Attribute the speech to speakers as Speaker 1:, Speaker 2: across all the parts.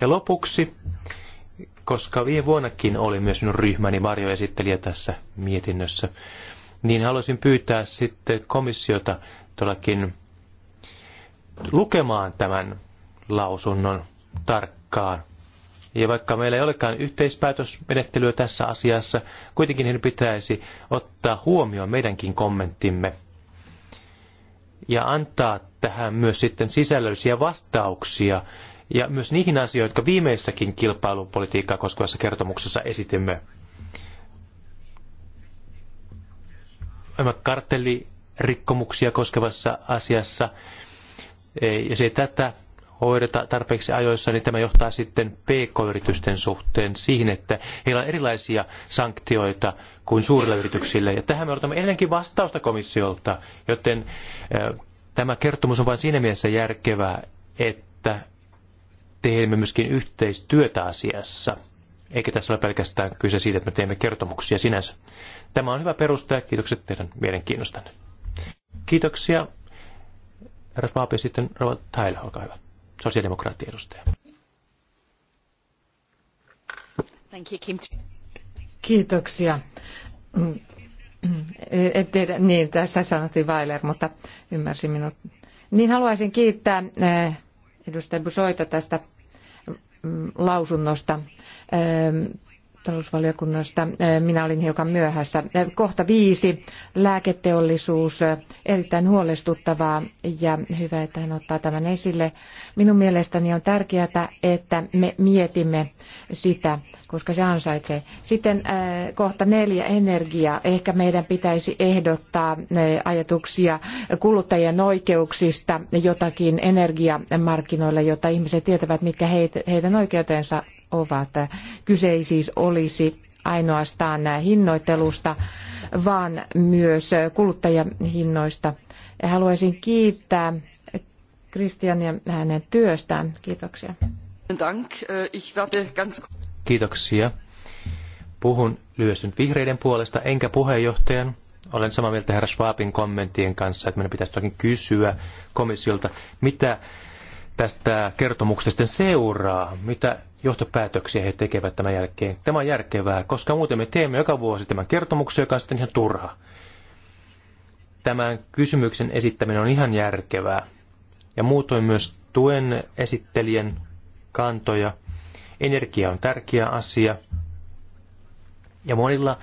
Speaker 1: Ja lopuksi, koska viime vuonnakin oli myös minun ryhmäni varjoesittelijä tässä mietinnössä, niin haluaisin pyytää sitten komissiota todellakin lukemaan tämän lausunnon tarkkaan. Ja vaikka meillä ei olekaan yhteispäätösmenettelyä tässä asiassa, kuitenkin heidän pitäisi ottaa huomioon meidänkin kommenttimme ja antaa tähän myös sitten sisällöllisiä vastauksia ja myös niihin asioihin, jotka viimeissäkin kilpailupolitiikkaa koskevassa kertomuksessa esitimme. kartellirikkomuksia koskevassa asiassa, e, jos ei tätä hoideta tarpeeksi ajoissa, niin tämä johtaa sitten pk-yritysten suhteen siihen, että heillä on erilaisia sanktioita kuin suurille yrityksille. Ja tähän me odotamme edelleenkin vastausta komissiolta, joten e, tämä kertomus on vain siinä mielessä järkevää, että teemme myöskin yhteistyötä asiassa, eikä tässä ole pelkästään kyse siitä, että me teemme kertomuksia sinänsä. Tämä on hyvä perusta ja kiitokset teidän mielenkiinnostanne. Kiitoksia. Eräs maapi sitten Rova Tyler, olkaa hyvä. Sosiaalidemokraattien edustaja.
Speaker 2: Kiitoksia. En tiedä, niin tässä sanottiin Weiler, mutta ymmärsin minut. Niin haluaisin kiittää eh, edustaja Busoita tästä lausunnosta talousvaliokunnasta. Minä olin hiukan myöhässä. Kohta viisi, lääketeollisuus, erittäin huolestuttavaa ja hyvä, että hän ottaa tämän esille. Minun mielestäni on tärkeää, että me mietimme sitä, koska se ansaitsee. Sitten kohta neljä, energia. Ehkä meidän pitäisi ehdottaa ajatuksia kuluttajien oikeuksista jotakin energiamarkkinoille, jotta ihmiset tietävät, mitkä heidän oikeutensa ovat. Kyse ei siis olisi ainoastaan hinnoittelusta, vaan myös kuluttajahinnoista. Haluaisin kiittää Kristiania hänen työstään. Kiitoksia.
Speaker 1: Kiitoksia. Puhun lyhyesti nyt vihreiden puolesta, enkä puheenjohtajan. Olen samaa mieltä herra Schwabin kommenttien kanssa, että meidän pitäisi toki kysyä komissiolta, mitä tästä kertomuksesta seuraa, mitä johtopäätöksiä he tekevät tämän jälkeen. Tämä on järkevää, koska muuten me teemme joka vuosi tämän kertomuksen, joka on sitten ihan turha. Tämän kysymyksen esittäminen on ihan järkevää. Ja muutoin myös tuen esittelijän kantoja. Energia on tärkeä asia. Ja monilla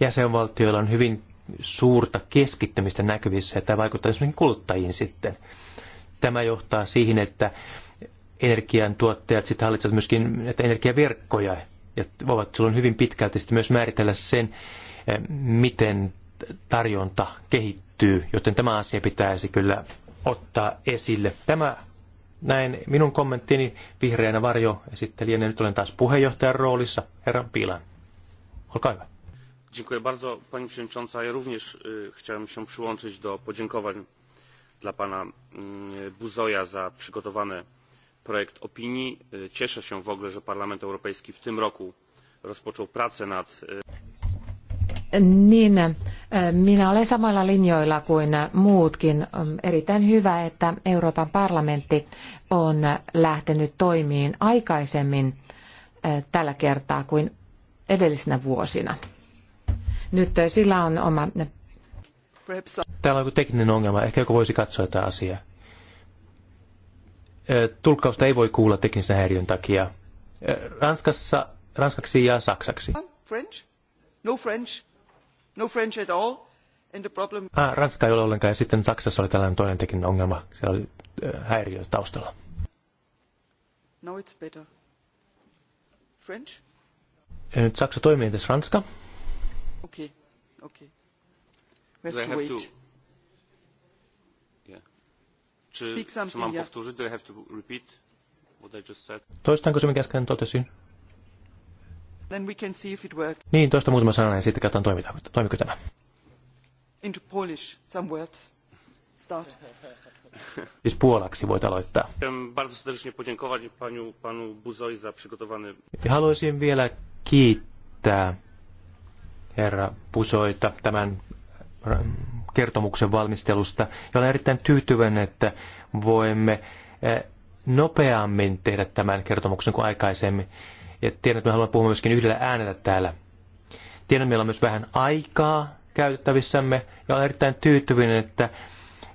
Speaker 1: jäsenvaltioilla on hyvin suurta keskittymistä näkyvissä, ja tämä vaikuttaa esimerkiksi kuluttajiin sitten tämä johtaa siihen, että energiantuottajat sitten hallitsevat myöskin näitä energiaverkkoja ja voivat silloin hyvin pitkälti sitten myös määritellä sen, eh, miten tarjonta kehittyy, joten tämä asia pitäisi kyllä ottaa esille. Tämä näin minun kommenttini vihreänä varjo esitteli, ja nyt olen taas puheenjohtajan roolissa, herran Pilan. Olkaa hyvä. Dziękuję bardzo, pani przewodnicząca. Ja również chciałem się przyłączyć do podziękowań dla pana mm, buzoya za przygotowany projekt opinii. cieszę się w ogóle że parlament europejski w tym roku rozpoczął pracę nad
Speaker 2: niin, e, minä olen samoilla linjoilla kuin muutkin. On erittäin hyvä, että Euroopan parlamentti on lähtenyt toimiin aikaisemmin e, tällä kertaa kuin edellisinä vuosina. Nyt e, sillä on oma
Speaker 1: Täällä on joku tekninen ongelma. Ehkä joku voisi katsoa tätä asiaa. Tulkkausta ei voi kuulla teknisen häiriön takia. Ranskassa, ranskaksi ja saksaksi. No
Speaker 3: French? No French. No French at all. And the problem... ah,
Speaker 1: Ranska ei ole ollenkaan ja sitten Saksassa oli tällainen toinen tekninen ongelma. Se oli häiriö taustalla.
Speaker 3: Now it's better. French?
Speaker 1: Ja nyt Saksa toimii, entäs Ranska? Okei,
Speaker 3: okay. okei. Okay.
Speaker 1: We Toistanko se, minkä äsken totesin?
Speaker 3: Then we can see if it works.
Speaker 1: Niin, toista muutama sana ja sitten katsotaan toimiko, tämä.
Speaker 3: Into Polish, some words. Start.
Speaker 1: Siis puolaksi voit aloittaa. Haluaisin vielä kiittää herra Pusoita tämän kertomuksen valmistelusta. Ja olen erittäin tyytyväinen, että voimme eh, nopeammin tehdä tämän kertomuksen kuin aikaisemmin. Ja tiedän, että me haluamme puhua myöskin yhdellä äänellä täällä. Tiedän, että meillä on myös vähän aikaa käytettävissämme, ja olen erittäin tyytyväinen, että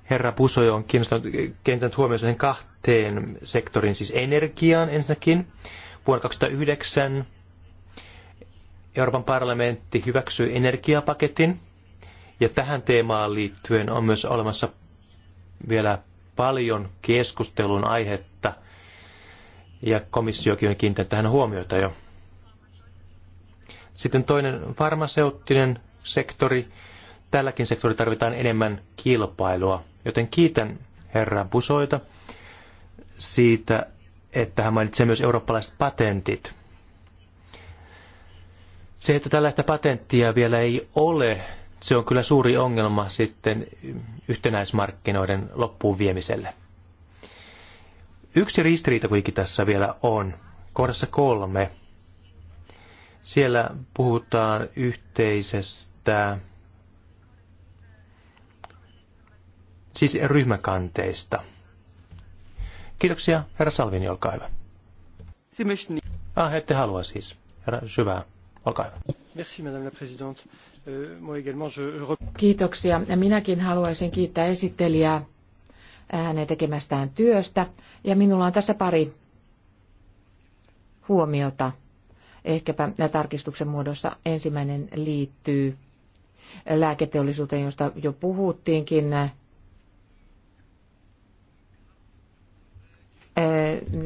Speaker 1: herra Pusojo on kiinnostunut, kiinnittänyt huomioon sen kahteen sektorin, siis energiaan ensinnäkin. Vuonna 2009 Euroopan parlamentti hyväksyi energiapaketin, ja tähän teemaan liittyen on myös olemassa vielä paljon keskustelun aihetta, ja komissiokin on kiinnittänyt tähän huomiota jo. Sitten toinen farmaseuttinen sektori. Tälläkin sektorilla tarvitaan enemmän kilpailua, joten kiitän herra Busoita siitä, että hän mainitsee myös eurooppalaiset patentit. Se, että tällaista patenttia vielä ei ole, se on kyllä suuri ongelma sitten yhtenäismarkkinoiden loppuun viemiselle. Yksi ristiriita kuitenkin tässä vielä on. Kohdassa kolme. Siellä puhutaan yhteisestä, siis ryhmäkanteista. Kiitoksia, herra Salvini, olkaa hyvä. Ah, ette halua siis, herra Syvää. Euh,
Speaker 2: Kiitoksia. Minäkin haluaisin kiittää esittelijää äh, hänen tekemästään työstä. Ja minulla on tässä pari huomiota. Ehkäpä tarkistuksen muodossa ensimmäinen liittyy lääketeollisuuteen, josta jo puhuttiinkin. Äh,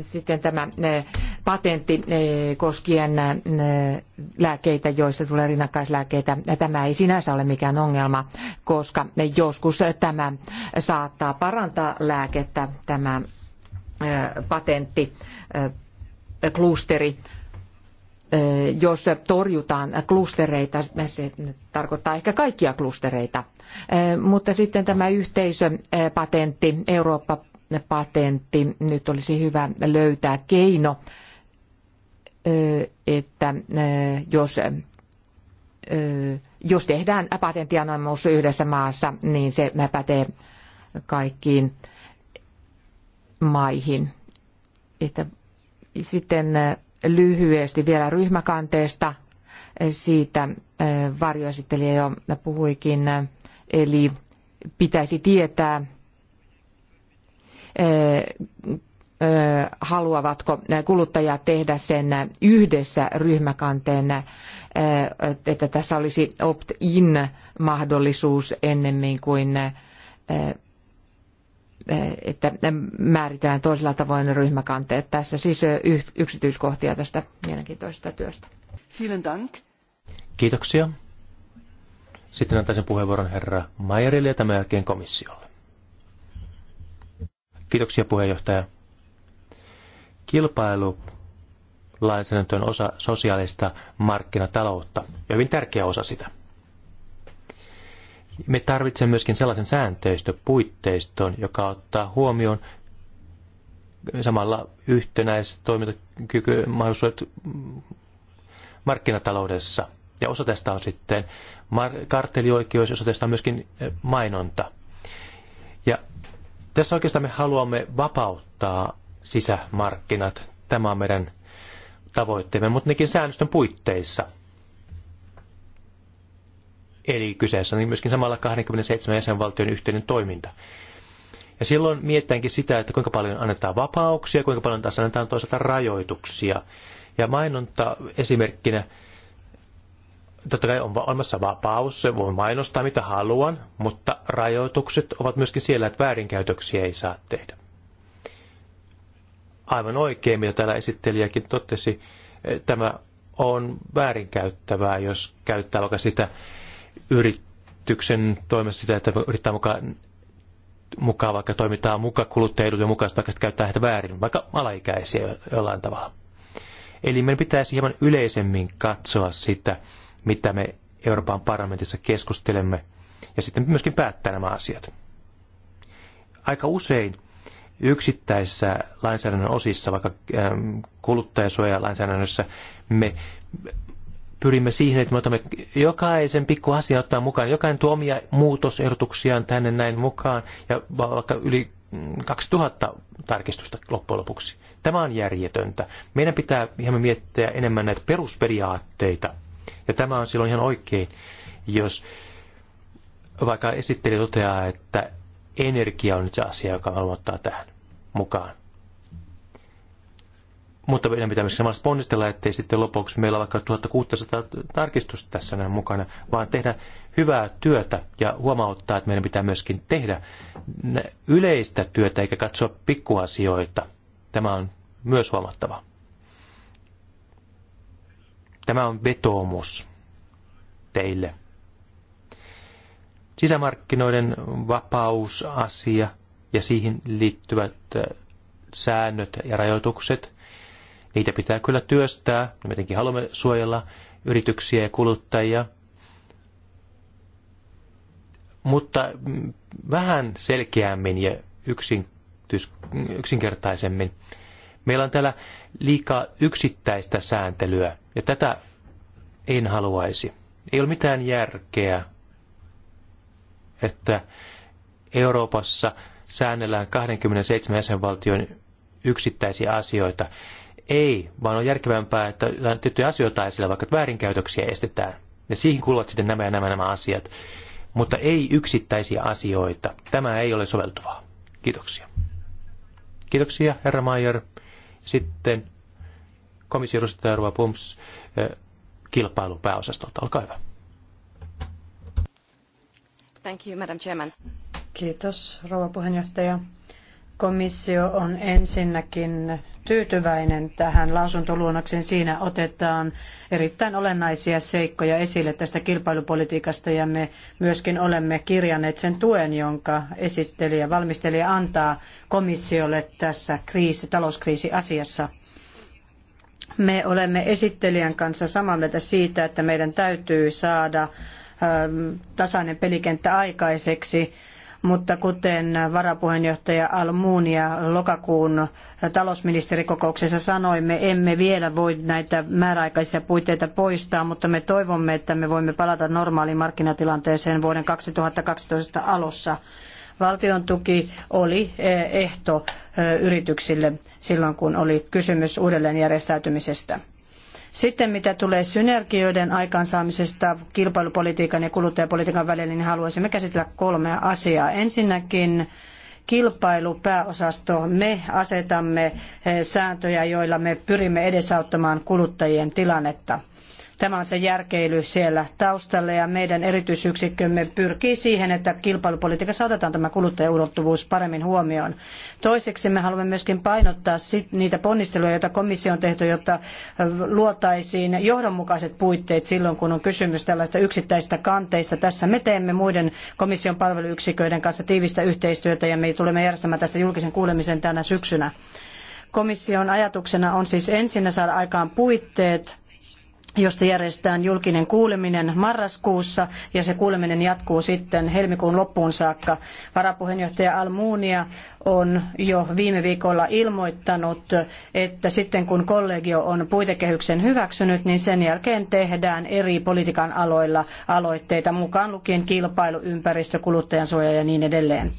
Speaker 2: sitten tämä äh, patentti eh, koskien eh, lääkkeitä, joista tulee rinnakkaislääkkeitä. Tämä ei sinänsä ole mikään ongelma, koska joskus tämä saattaa parantaa lääkettä, tämä eh, patentti, klusteri, jos torjutaan klustereita, se tarkoittaa ehkä kaikkia klustereita. Mutta sitten tämä yhteisöpatentti, Eurooppa-patentti, nyt olisi hyvä löytää keino että jos jos tehdään patenttianoimus yhdessä maassa, niin se pätee kaikkiin maihin. Että sitten lyhyesti vielä ryhmäkanteesta. Siitä varjoesittelijä jo puhuikin, eli pitäisi tietää haluavatko kuluttajat tehdä sen yhdessä ryhmäkanteen, että tässä olisi opt-in mahdollisuus ennemmin kuin että määritään toisella tavoin ryhmäkanteet. Tässä siis yksityiskohtia tästä mielenkiintoisesta työstä. Vielen dank.
Speaker 1: Kiitoksia. Sitten antaisin puheenvuoron herra Mayerille ja tämän jälkeen komissiolle. Kiitoksia puheenjohtaja. Kilpailu lainsäädäntö on osa sosiaalista markkinataloutta ja hyvin tärkeä osa sitä. Me tarvitsemme myöskin sellaisen sääntöistöpuitteiston, joka ottaa huomioon samalla yhtenäiset toimintakykymahdollisuudet markkinataloudessa. Ja osa tästä on sitten kartelioikeus, osa tästä on myöskin mainonta. Ja tässä oikeastaan me haluamme vapauttaa sisämarkkinat. Tämä on meidän tavoitteemme, mutta nekin säännösten puitteissa. Eli kyseessä on myöskin samalla 27 jäsenvaltion yhteinen toiminta. Ja silloin mietitäänkin sitä, että kuinka paljon annetaan vapauksia, kuinka paljon taas annetaan toisaalta rajoituksia. Ja mainonta esimerkkinä, totta kai on olemassa vapaus, se voi mainostaa mitä haluan, mutta rajoitukset ovat myöskin siellä, että väärinkäytöksiä ei saa tehdä aivan oikein, mitä täällä esittelijäkin totesi, eh, tämä on väärinkäyttävää, jos käyttää vaikka sitä yrityksen toimesta sitä, että yrittää mukaan mukaan, vaikka toimitaan muka kuluttajien ja mukaan, vaikka käyttää heitä väärin, vaikka alaikäisiä jollain tavalla. Eli meidän pitäisi hieman yleisemmin katsoa sitä, mitä me Euroopan parlamentissa keskustelemme, ja sitten myöskin päättää nämä asiat. Aika usein yksittäisissä lainsäädännön osissa, vaikka ähm, kuluttajasuojalainsäädännössä, me pyrimme siihen, että me otamme jokaisen pikku asian ottaa mukaan, jokainen tuo omia muutosehdotuksiaan tänne näin mukaan, ja vaikka yli 2000 mm, tarkistusta loppujen lopuksi. Tämä on järjetöntä. Meidän pitää hieman miettiä enemmän näitä perusperiaatteita, ja tämä on silloin ihan oikein, jos vaikka esittelijä toteaa, että energia on nyt se asia, joka haluan ottaa tähän mukaan. Mutta meidän pitää myös samalla ponnistella, ettei sitten lopuksi meillä ole vaikka 1600 tarkistusta tässä näin mukana, vaan tehdä hyvää työtä ja huomauttaa, että meidän pitää myöskin tehdä yleistä työtä eikä katsoa pikkuasioita. Tämä on myös huomattava. Tämä on vetoomus teille sisämarkkinoiden vapausasia ja siihen liittyvät säännöt ja rajoitukset. Niitä pitää kyllä työstää. Me tietenkin haluamme suojella yrityksiä ja kuluttajia. Mutta mm, vähän selkeämmin ja yksinkertaisemmin. Meillä on täällä liikaa yksittäistä sääntelyä ja tätä en haluaisi. Ei ole mitään järkeä että Euroopassa säännellään 27 jäsenvaltion yksittäisiä asioita. Ei, vaan on järkevämpää, että tiettyjä asioita esillä, vaikka väärinkäytöksiä estetään. Ja siihen kuuluvat sitten nämä ja nämä, nämä asiat. Mutta ei yksittäisiä asioita. Tämä ei ole soveltuvaa. Kiitoksia. Kiitoksia, herra Mayer. Sitten komission edustaja Rova Pumps eh, kilpailupääosastolta. Olkaa hyvä.
Speaker 4: Thank you, Madam Chairman. Kiitos, rouva puheenjohtaja. Komissio on ensinnäkin tyytyväinen tähän lausuntoluonnokseen. Siinä otetaan erittäin olennaisia seikkoja esille tästä kilpailupolitiikasta ja me myöskin olemme kirjanneet sen tuen, jonka esittelijä, valmistelija antaa komissiolle tässä kriisi, talouskriisiasiassa. Me olemme esittelijän kanssa samaa mieltä siitä, että meidän täytyy saada Ähm, tasainen pelikenttä aikaiseksi, mutta kuten varapuheenjohtaja Almunia lokakuun talousministerikokouksessa sanoi, me emme vielä voi näitä määräaikaisia puitteita poistaa, mutta me toivomme, että me voimme palata normaaliin markkinatilanteeseen vuoden 2012 alussa. Valtion tuki oli eh, ehto eh, yrityksille silloin, kun oli kysymys uudelleenjärjestäytymisestä. Sitten mitä tulee synergioiden aikaansaamisesta kilpailupolitiikan ja kuluttajapolitiikan välillä, niin haluaisimme käsitellä kolmea asiaa. Ensinnäkin kilpailupääosasto, me asetamme eh, sääntöjä, joilla me pyrimme edesauttamaan kuluttajien tilannetta. Tämä on se järkeily siellä taustalla ja meidän erityisyksikkömme pyrkii siihen, että kilpailupolitiikassa otetaan tämä kuluttajaulottuvuus paremmin huomioon. Toiseksi me haluamme myöskin painottaa niitä ponnisteluja, joita komissio on tehty, jotta luotaisiin johdonmukaiset puitteet silloin, kun on kysymys tällaista yksittäisistä kanteista. Tässä me teemme muiden komission palveluyksiköiden kanssa tiivistä yhteistyötä ja me tulemme järjestämään tästä julkisen kuulemisen tänä syksynä. Komission ajatuksena on siis ensinnä saada aikaan puitteet josta järjestetään julkinen kuuleminen marraskuussa ja se kuuleminen jatkuu sitten helmikuun loppuun saakka. Varapuheenjohtaja Almunia on jo viime viikolla ilmoittanut, että sitten kun kollegio on puitekehyksen hyväksynyt, niin sen jälkeen tehdään eri politiikan aloilla aloitteita, mukaan lukien kilpailu, ympäristö, kuluttajansuoja ja niin edelleen.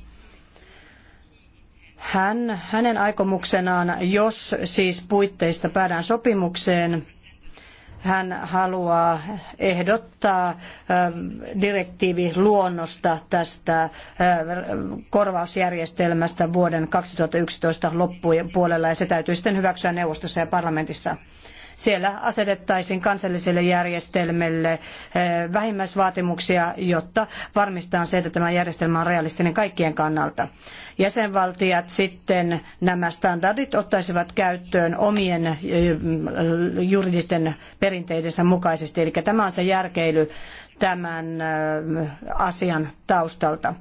Speaker 4: Hän, hänen aikomuksenaan, jos siis puitteista päädään sopimukseen, hän haluaa ehdottaa ähm, direktiiviluonnosta tästä äh, korvausjärjestelmästä vuoden 2011 loppupuolella ja se täytyy sitten hyväksyä neuvostossa ja parlamentissa siellä asetettaisiin kansalliselle järjestelmälle äh, vähimmäisvaatimuksia, jotta varmistetaan se, että tämä järjestelmä on realistinen kaikkien kannalta jäsenvaltiot sitten nämä standardit ottaisivat käyttöön omien eh, juridisten perinteidensä mukaisesti. Eli tämä on se järkeily tämän eh, asian taustalta.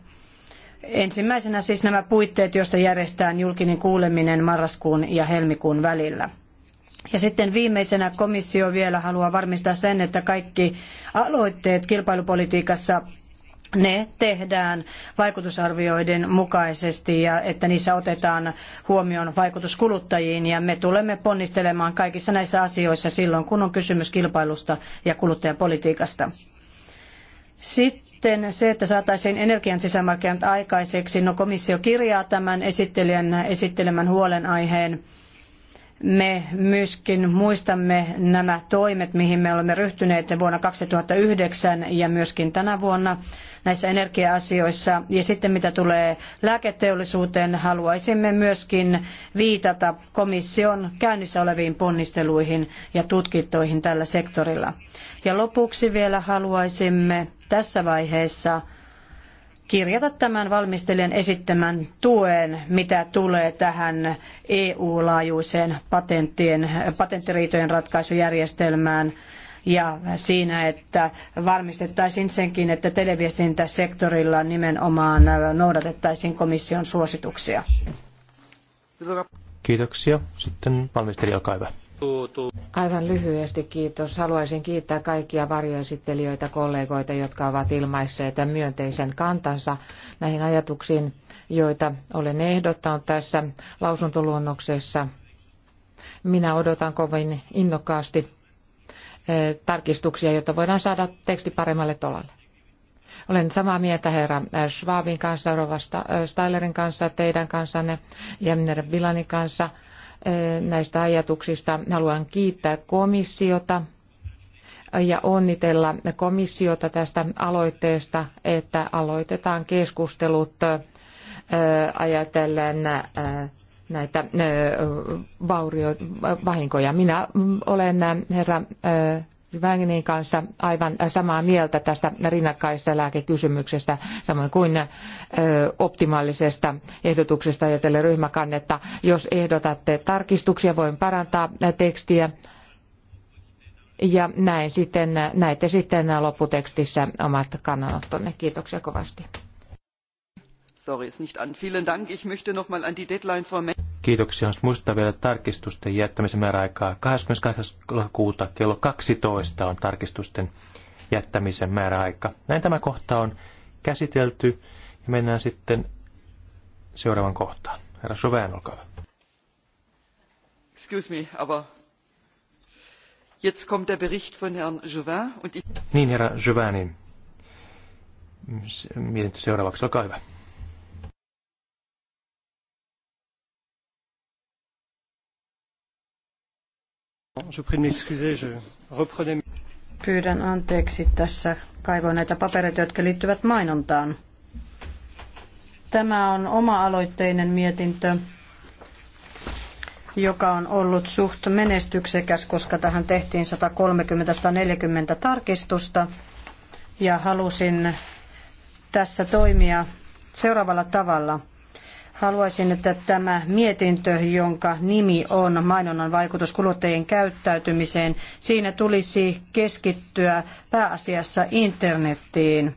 Speaker 4: Ensimmäisenä siis nämä puitteet, joista järjestetään julkinen kuuleminen marraskuun ja helmikuun välillä. Ja sitten viimeisenä komissio vielä haluaa varmistaa sen, että kaikki aloitteet kilpailupolitiikassa ne tehdään vaikutusarvioiden mukaisesti ja että niissä otetaan huomioon vaikutus kuluttajiin ja me tulemme ponnistelemaan kaikissa näissä asioissa silloin, kun on kysymys kilpailusta ja kuluttajapolitiikasta. Sitten se, että saataisiin energian sisämarkkinat aikaiseksi, no komissio kirjaa tämän esittelijän esittelemän huolenaiheen me myöskin muistamme nämä toimet, mihin me olemme ryhtyneet vuonna 2009 ja myöskin tänä vuonna näissä energia-asioissa. Ja sitten mitä tulee lääketeollisuuteen, haluaisimme myöskin viitata komission käynnissä oleviin ponnisteluihin ja tutkintoihin tällä sektorilla. Ja lopuksi vielä haluaisimme tässä vaiheessa kirjata tämän valmistelijan esittämän tuen, mitä tulee tähän EU-laajuiseen patenttien, patenttiriitojen ratkaisujärjestelmään – ja siinä, että varmistettaisiin senkin, että televiestintäsektorilla nimenomaan noudatettaisiin komission suosituksia.
Speaker 1: Kiitoksia. Sitten valmisteli, olkaa hyvä.
Speaker 2: Aivan lyhyesti kiitos. Haluaisin kiittää kaikkia varjoesittelijöitä, kollegoita, jotka ovat ilmaisseet myönteisen kantansa näihin ajatuksiin, joita olen ehdottanut tässä lausuntoluonnoksessa. Minä odotan kovin innokkaasti tarkistuksia, jotta voidaan saada teksti paremmalle tolalle. Olen samaa mieltä herra Schwabin kanssa, rovasta Stylerin kanssa, teidän kanssanne ja Minner Bilanin kanssa näistä ajatuksista. Haluan kiittää komissiota ja onnitella komissiota tästä aloitteesta, että aloitetaan keskustelut ajatellen näitä vaurio, vahinkoja. Minä mm, olen herra Vänginin kanssa aivan samaa mieltä tästä lääkekysymyksestä, samoin kuin optimaalisesta ehdotuksesta ajatellen ryhmäkannetta. Jos ehdotatte tarkistuksia, voin parantaa tekstiä ja näin sitten, näette sitten lopputekstissä omat kannanottonne. Kiitoksia kovasti.
Speaker 3: Sorry, ist nicht an. Vielen Dank. Ich möchte noch mal an die Deadline for
Speaker 1: Kiitoksia. vielä tarkistusten jättämisen määräaikaa. 28. lokakuuta kello 12 on tarkistusten jättämisen määräaika. Näin tämä kohta on käsitelty ja mennään sitten seuraavan kohtaan. Herra Chauvin, olkaa hyvä.
Speaker 3: Excuse me, aber jetzt kommt der Bericht von Herrn Chauvin und ich...
Speaker 1: Niin, herra Chauvinin mietintö seuraavaksi, olkaa hyvä.
Speaker 4: Pyydän anteeksi tässä kaivoin näitä papereita, jotka liittyvät mainontaan. Tämä on oma-aloitteinen mietintö, joka on ollut suht menestyksekäs, koska tähän tehtiin 130-140 tarkistusta. Ja halusin tässä toimia seuraavalla tavalla – Haluaisin, että tämä mietintö, jonka nimi on mainonnan vaikutus kuluttajien käyttäytymiseen, siinä tulisi keskittyä pääasiassa internettiin,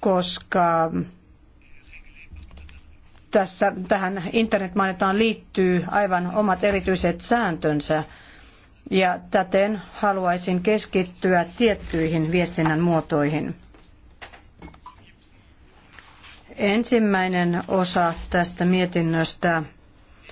Speaker 4: koska tässä, tähän internetmainontaan liittyy aivan omat erityiset sääntönsä. Ja täten haluaisin keskittyä tiettyihin viestinnän muotoihin. Ensimmäinen osa tästä mietinnöstä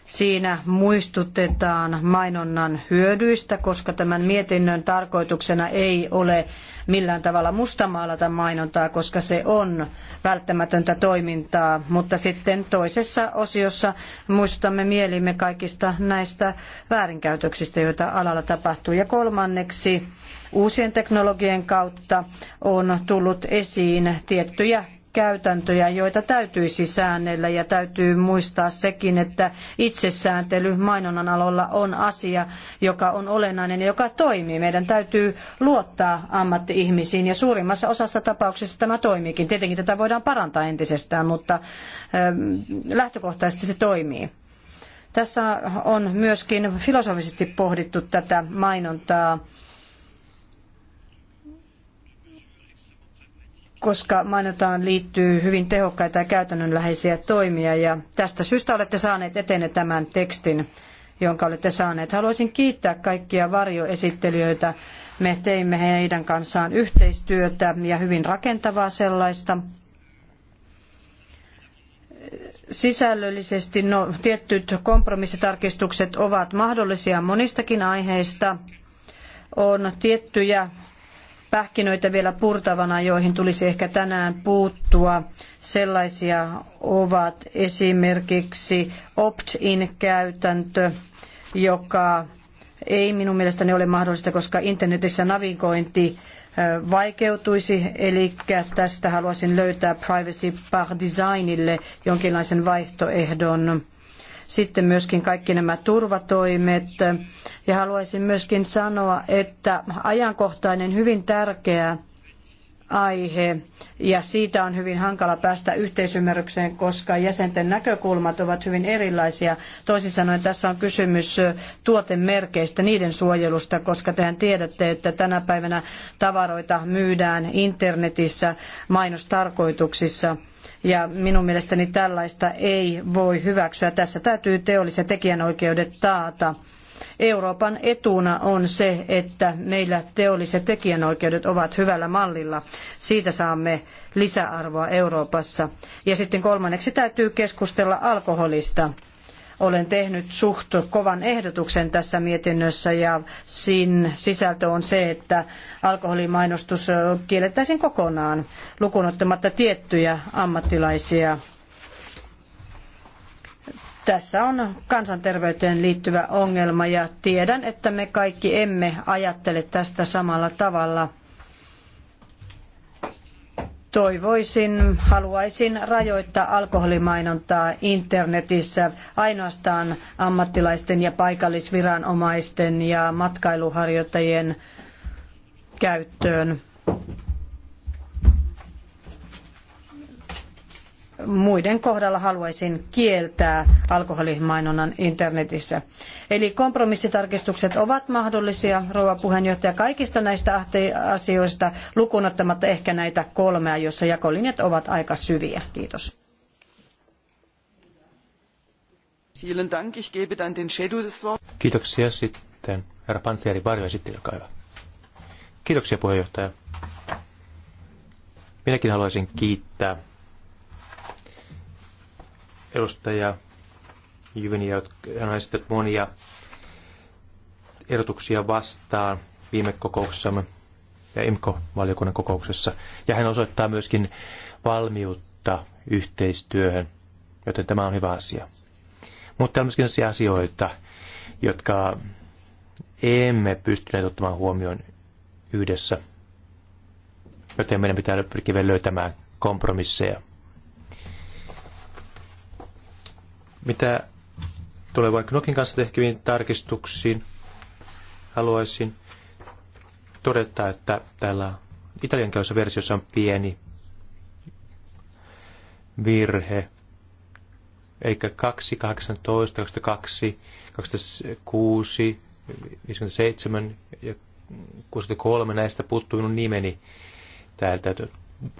Speaker 4: Siinä muistutetaan mainonnan hyödyistä, koska tämän mietinnön tarkoituksena ei ole millään tavalla mustamaalata mainontaa, koska se on välttämätöntä toimintaa. Mutta sitten toisessa osiossa muistutamme mielimme kaikista näistä väärinkäytöksistä, joita alalla tapahtuu. Ja kolmanneksi uusien teknologien kautta on tullut esiin tiettyjä käytäntöjä, joita täytyisi säännellä ja täytyy muistaa sekin, että itsesääntely mainonnan aloilla on asia, joka on olennainen ja joka toimii. Meidän täytyy luottaa ammatti-ihmisiin ja suurimmassa osassa tapauksissa tämä toimiikin. Tietenkin tätä voidaan parantaa entisestään, mutta ähm, lähtökohtaisesti se toimii. Tässä on myöskin filosofisesti pohdittu tätä mainontaa koska mainontaan liittyy hyvin tehokkaita ja käytännönläheisiä toimia ja tästä syystä olette saaneet eteenne tämän tekstin, jonka olette saaneet. Haluaisin kiittää kaikkia varjoesittelijöitä. Me teimme heidän kanssaan yhteistyötä ja hyvin rakentavaa sellaista sisällöllisesti no, tietyt kompromissitarkistukset ovat mahdollisia monistakin aiheista. On tiettyjä pähkinöitä vielä purtavana, joihin tulisi ehkä tänään puuttua. Sellaisia ovat esimerkiksi opt-in-käytäntö, joka ei minun mielestäni ole mahdollista, koska internetissä navigointi vaikeutuisi, eli tästä haluaisin löytää Privacy par Designille jonkinlaisen vaihtoehdon. Sitten myöskin kaikki nämä turvatoimet. Ja haluaisin myöskin sanoa, että ajankohtainen hyvin tärkeä aihe ja siitä on hyvin hankala päästä yhteisymmärrykseen, koska jäsenten näkökulmat ovat hyvin erilaisia. Toisin sanoen tässä on kysymys tuotemerkeistä, niiden suojelusta, koska tehän tiedätte, että tänä päivänä tavaroita myydään internetissä mainostarkoituksissa. Ja minun mielestäni tällaista ei voi hyväksyä. Tässä täytyy teolliset tekijänoikeudet taata. Euroopan etuna on se, että meillä teolliset tekijänoikeudet ovat hyvällä mallilla. Siitä saamme lisäarvoa Euroopassa. Ja sitten kolmanneksi täytyy keskustella alkoholista olen tehnyt suht kovan ehdotuksen tässä mietinnössä ja sin sisältö on se, että alkoholimainostus kiellettäisiin kokonaan, lukuun ottamatta tiettyjä ammattilaisia tässä on kansanterveyteen liittyvä ongelma ja tiedän, että me kaikki emme ajattele tästä samalla tavalla. Toivoisin, haluaisin rajoittaa alkoholimainontaa internetissä ainoastaan ammattilaisten ja paikallisviranomaisten ja matkailuharjoittajien käyttöön. muiden kohdalla haluaisin kieltää alkoholimainonnan internetissä. Eli kompromissitarkistukset ovat mahdollisia, rouva puheenjohtaja, kaikista näistä asioista, lukunottamatta ehkä näitä kolmea, joissa jakolinjat ovat aika syviä. Kiitos.
Speaker 1: Kiitoksia sitten. Herra Pansieri, varjo esittely, Kiitoksia puheenjohtaja. Minäkin haluaisin kiittää edustaja Jyviniä, hän on esittänyt monia erotuksia vastaan viime kokouksessamme ja IMKO-valiokunnan kokouksessa. Ja hän osoittaa myöskin valmiutta yhteistyöhön, joten tämä on hyvä asia. Mutta on myöskin sellaisia asioita, jotka emme pystyneet ottamaan huomioon yhdessä, joten meidän pitää pyrkiä löytämään kompromisseja Mitä tulee vaikka Nokin kanssa tehtäviin tarkistuksiin, haluaisin todeta, että täällä italiankielisessä versiossa on pieni virhe. Eli 2, 18, 22, 26, 57 ja 63 näistä puuttuu minun nimeni täältä.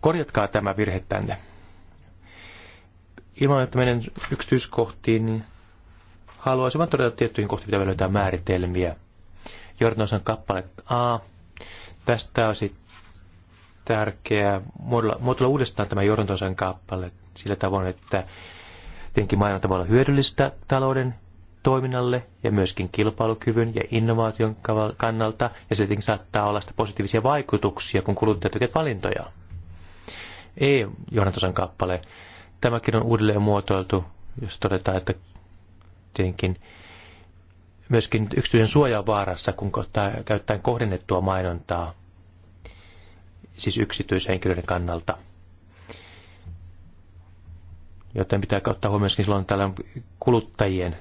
Speaker 1: Korjatkaa tämä virhe tänne ilman, että menen yksityiskohtiin, niin haluaisin vain todeta, tiettyihin kohtiin mitä löytää määritelmiä. Jordanosan kappale A. Tästä olisi tärkeää muodolla uudestaan tämä Jordanosan kappale sillä tavoin, että tietenkin mainonta voi olla hyödyllistä talouden toiminnalle ja myöskin kilpailukyvyn ja innovaation kannalta, ja se tietenkin saattaa olla sitä positiivisia vaikutuksia, kun kuluttajat tekevät valintoja. Ei johdantosan kappale tämäkin on uudelleen muotoiltu, jos todetaan, että tietenkin myöskin yksityisen suoja on vaarassa, kun käyttää kohdennettua mainontaa, siis yksityishenkilöiden kannalta. Joten pitää ottaa huomioon myöskin silloin tällainen kuluttajien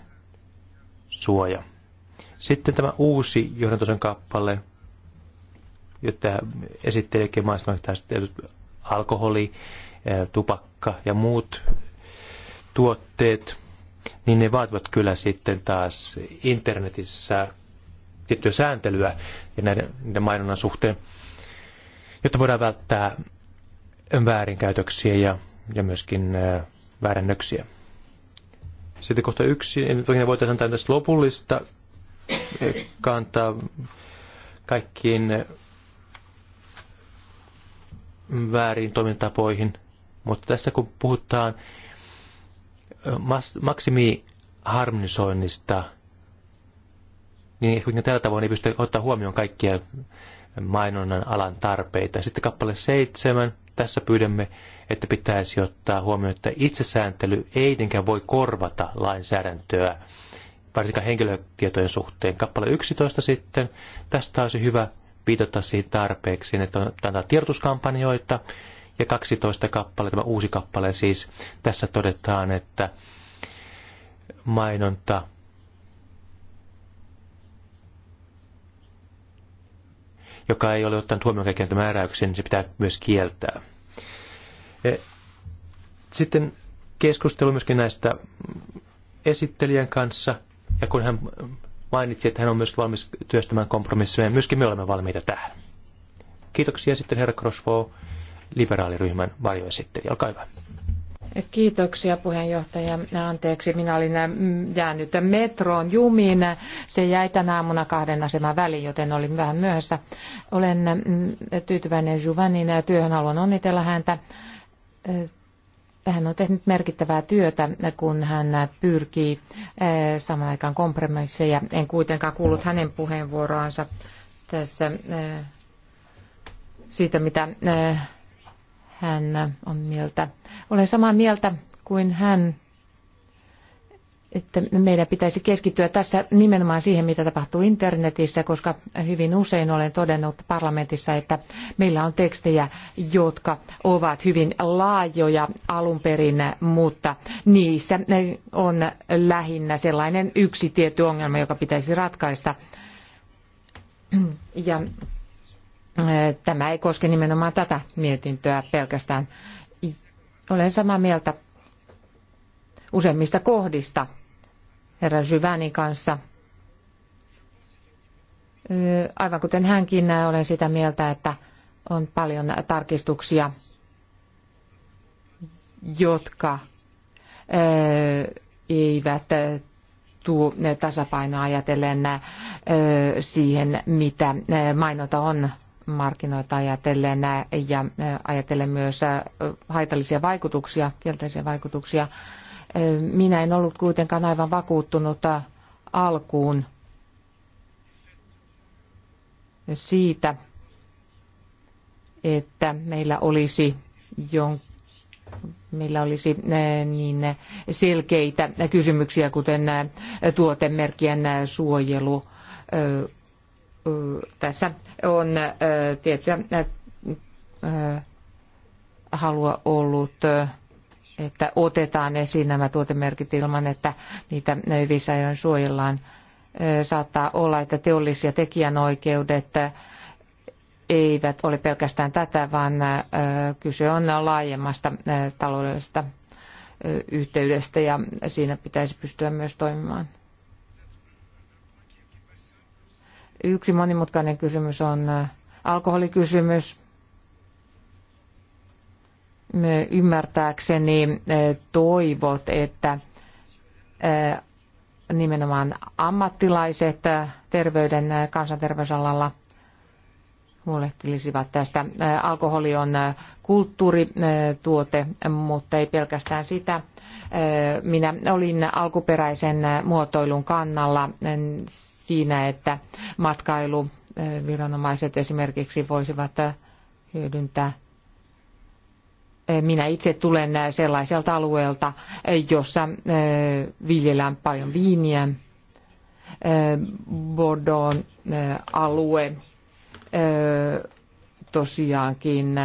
Speaker 1: suoja. Sitten tämä uusi johdantosen kappale, jota esittelijäkin mainitsivat, alkoholi tupakka ja muut tuotteet, niin ne vaativat kyllä sitten taas internetissä tiettyä sääntelyä ja näiden, näiden mainonnan suhteen, jotta voidaan välttää väärinkäytöksiä ja, ja myöskin väärännöksiä. Sitten kohta yksi, voitaisiin antaa tästä lopullista kantaa kaikkiin väärin toimintatapoihin – mutta tässä kun puhutaan maksimiharmonisoinnista, niin ehkä tällä tavoin ei pysty ottaa huomioon kaikkia mainonnan alan tarpeita. Sitten kappale seitsemän. Tässä pyydämme, että pitäisi ottaa huomioon, että itsesääntely ei tietenkään voi korvata lainsäädäntöä, varsinkaan henkilötietojen suhteen. Kappale 11 sitten. Tästä olisi hyvä viitata siihen tarpeeksi, että on tiedotuskampanjoita, ja 12 kappale, tämä uusi kappale siis. Tässä todetaan, että mainonta joka ei ole ottanut huomioon kaikkien määräyksen, niin se pitää myös kieltää. E, sitten keskustelu myöskin näistä esittelijän kanssa, ja kun hän mainitsi, että hän on myös valmis työstämään kompromisseja, myöskin me olemme valmiita tähän. Kiitoksia sitten herra Crossfow liberaaliryhmän varjoesittelijä. Olkaa hyvä.
Speaker 2: Kiitoksia puheenjohtaja. Anteeksi, minä olin ähm, jäänyt metroon jumiin. Se jäi tänä aamuna kahden aseman väliin, joten olin vähän myöhässä. Olen mm, tyytyväinen Juvanin työhön. Haluan onnitella häntä. Äh, hän on tehnyt merkittävää työtä, kun hän pyrkii äh, samaan aikaan kompromisseja. En kuitenkaan kuullut hänen puheenvuoroansa tässä äh, siitä, mitä hän on mieltä. Olen samaa mieltä kuin hän, että meidän pitäisi keskittyä tässä nimenomaan siihen, mitä tapahtuu internetissä, koska hyvin usein olen todennut parlamentissa, että meillä on tekstejä, jotka ovat hyvin laajoja alun perin, mutta niissä on lähinnä sellainen yksi tietty ongelma, joka pitäisi ratkaista. Ja Tämä ei koske nimenomaan tätä mietintöä pelkästään. Olen samaa mieltä useimmista kohdista herra Syvänin kanssa. Aivan kuten hänkin, olen sitä mieltä, että on paljon tarkistuksia, jotka eivät tuo tasapainoa ajatellen siihen, mitä mainonta on markkinoita ajatellen ja ajatellen myös haitallisia vaikutuksia, kielteisiä vaikutuksia. Minä en ollut kuitenkaan aivan vakuuttunut alkuun siitä, että meillä olisi jon, meillä olisi niin selkeitä kysymyksiä, kuten tuotemerkien suojelu, tässä on tiettyä halua ollut, että otetaan esiin nämä tuotemerkit ilman, että niitä hyvissä ajoin suojellaan. Saattaa olla, että teollis- ja tekijänoikeudet eivät ole pelkästään tätä, vaan kyse on laajemmasta taloudellisesta yhteydestä ja siinä pitäisi pystyä myös toimimaan. Yksi monimutkainen kysymys on äh, alkoholikysymys. Ymmärtääkseni äh, toivot, että äh, nimenomaan ammattilaiset terveyden kansanterveysalalla huolehtilisivat tästä. Alkoholi on kulttuurituote, mutta ei pelkästään sitä. Minä olin alkuperäisen muotoilun kannalla siinä, että matkailuviranomaiset esimerkiksi voisivat äh, hyödyntää. Äh, minä itse tulen äh, sellaiselta alueelta, jossa viljellään paljon viiniä. Bordon alue tosiaankin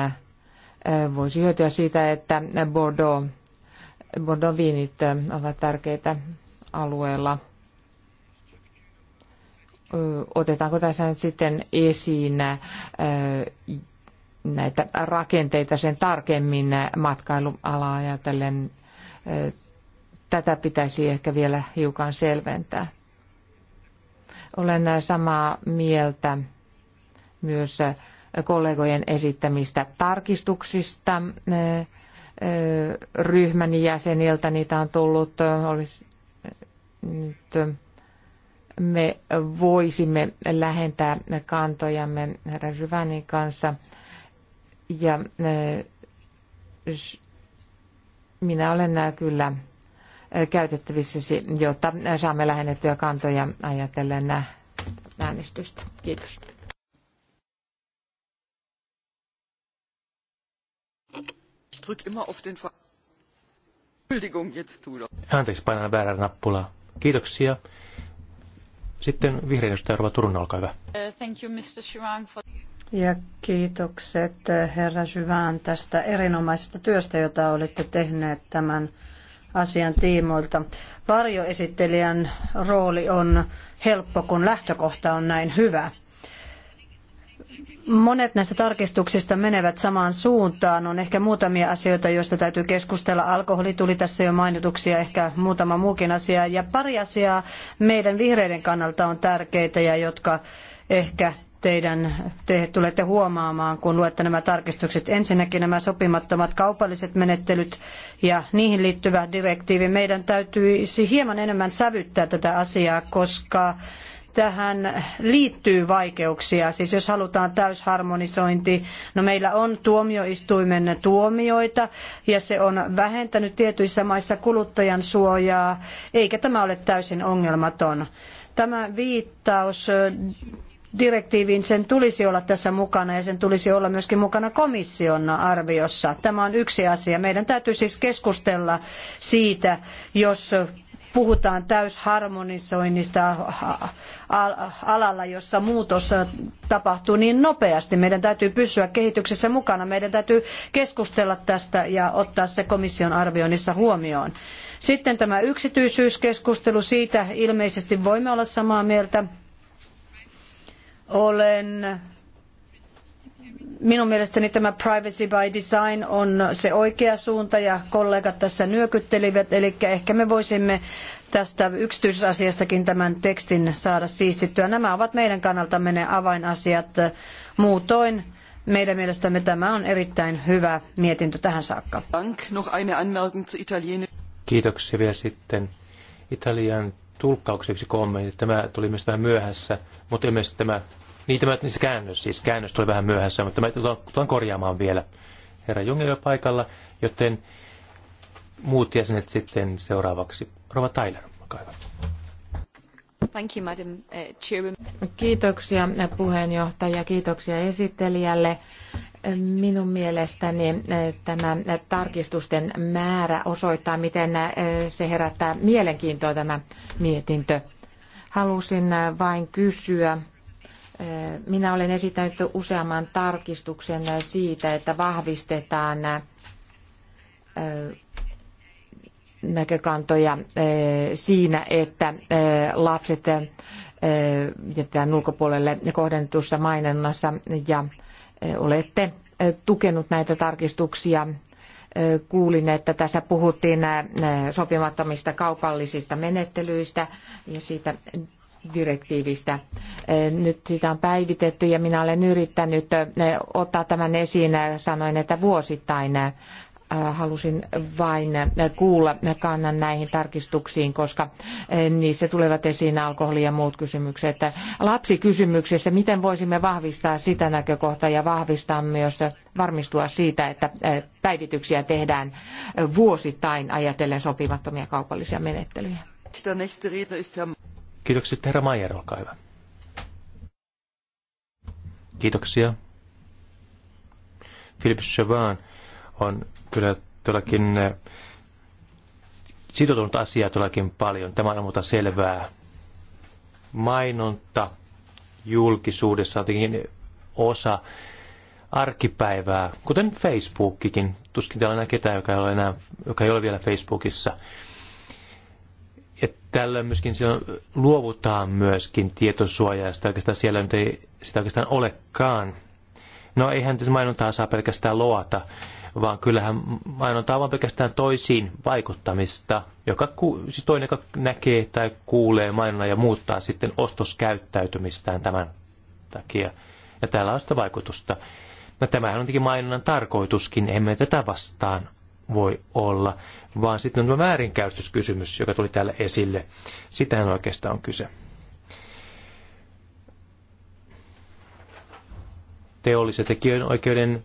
Speaker 2: voisi hyötyä siitä, että Bordeaux, Bordeaux viinit ovat tärkeitä alueella otetaanko tässä nyt sitten esiin näitä rakenteita sen tarkemmin matkailualaa ajatellen. Tätä pitäisi ehkä vielä hiukan selventää. Olen samaa mieltä myös kollegojen esittämistä tarkistuksista ryhmän jäseniltä. Niitä on tullut, olisi nyt me voisimme lähentää kantojamme herra Jyvänin kanssa. Ja eh, minä olen eh, kyllä eh, käytettävissäsi, jotta saamme lähennettyä kantoja ajatellen äänestystä. Kiitos.
Speaker 1: Anteeksi, painan väärää nappulaa. Kiitoksia. Sitten vihreän edustaja Rova Turun, olkaa hyvä.
Speaker 2: Thank you, Mr. for...
Speaker 4: Ja kiitokset eh, herra Syvään tästä erinomaisesta työstä, jota olette tehneet tämän asian tiimoilta. Varjoesittelijän rooli on helppo, kun lähtökohta on näin hyvä. Monet näistä tarkistuksista menevät samaan suuntaan. On ehkä muutamia asioita, joista täytyy keskustella. Alkoholi tuli tässä jo mainituksi ja ehkä muutama muukin asia. Ja pari asiaa meidän vihreiden kannalta on tärkeitä ja jotka ehkä teidän te tulette huomaamaan, kun luette nämä tarkistukset. Ensinnäkin nämä sopimattomat kaupalliset menettelyt ja niihin liittyvä direktiivi. Meidän täytyisi hieman enemmän sävyttää tätä asiaa, koska tähän liittyy vaikeuksia. Siis jos halutaan täysharmonisointi, no meillä on tuomioistuimen tuomioita ja se on vähentänyt tietyissä maissa kuluttajan suojaa, eikä tämä ole täysin ongelmaton. Tämä viittaus direktiiviin sen tulisi olla tässä mukana ja sen tulisi olla myöskin mukana komission arviossa. Tämä on yksi asia. Meidän täytyy siis keskustella siitä, jos puhutaan täysharmonisoinnista alalla, jossa muutos tapahtuu niin nopeasti. Meidän täytyy pysyä kehityksessä mukana. Meidän täytyy keskustella tästä ja ottaa se komission arvioinnissa huomioon. Sitten tämä yksityisyyskeskustelu, siitä ilmeisesti voimme olla samaa mieltä. Olen Minun mielestäni tämä privacy by design on se oikea suunta ja kollegat tässä nyökyttelivät, eli ehkä me voisimme tästä yksityisasiastakin tämän tekstin saada siistittyä. Nämä ovat meidän kannaltamme ne avainasiat. Muutoin meidän mielestämme tämä on erittäin hyvä mietintö tähän saakka.
Speaker 1: Kiitoksia vielä sitten Italian tulkkaukseksi kommentti. Tämä tuli myös vähän myöhässä, mutta ilmeisesti tämä niin tämä niin käännös, siis käännös tuli vähän myöhässä, mutta mä tulen korjaamaan vielä. Herra Jungel paikalla, joten muut jäsenet sitten seuraavaksi. Rova Tyler, olkaa
Speaker 2: Thank you, Madam eh, Chairman. Kiitoksia eh, puheenjohtaja, kiitoksia esittelijälle. Minun mielestäni eh, tämä tarkistusten määrä osoittaa, miten se herättää mielenkiintoa tämä mietintö. Halusin vain kysyä, minä olen esittänyt useamman tarkistuksen siitä, että vahvistetaan näkökantoja siinä, että lapset jätetään ulkopuolelle kohdennetussa mainonnassa ja olette tukenut näitä tarkistuksia. Kuulin, että tässä puhuttiin sopimattomista kaupallisista menettelyistä ja siitä direktiivistä. Eh, nyt sitä on päivitetty ja minä olen yrittänyt eh, ottaa tämän esiin. Eh, sanoin, että vuosittain halusin vain kuulla kannan näihin tarkistuksiin, koska niissä tulevat esiin alkoholi ja muut kysymykset. Lapsikysymyksessä, miten voisimme vahvistaa sitä näkökohtaa ja vahvistaa myös varmistua siitä, että päivityksiä tehdään vuosittain ajatellen sopimattomia kaupallisia menettelyjä.
Speaker 1: Kiitoksia. herra Maier, olkaa hyvä. Kiitoksia. Philip Chauvin on kyllä todellakin eh, sitoutunut asiaa todellakin paljon. Tämä on muuta selvää. Mainonta julkisuudessa on osa arkipäivää, kuten Facebookikin. Tuskin täällä on enää ketään, joka ei ole, enää, joka ei ole vielä Facebookissa tällöin myöskin silloin luovutaan myöskin tietosuojasta, oikeastaan siellä nyt ei sitä oikeastaan olekaan. No eihän nyt mainontaa saa pelkästään loata, vaan kyllähän mainontaa on vaan pelkästään toisiin vaikuttamista, joka ku, siis toinen, joka näkee tai kuulee mainonnan ja muuttaa sitten ostoskäyttäytymistään tämän takia. Ja täällä on sitä vaikutusta. No tämähän on tietenkin mainonnan tarkoituskin, emme tätä vastaan voi olla, vaan sitten on tämä väärinkäytöskysymys, joka tuli täällä esille. Sitähän oikeastaan on kyse. Teollisen oikeuden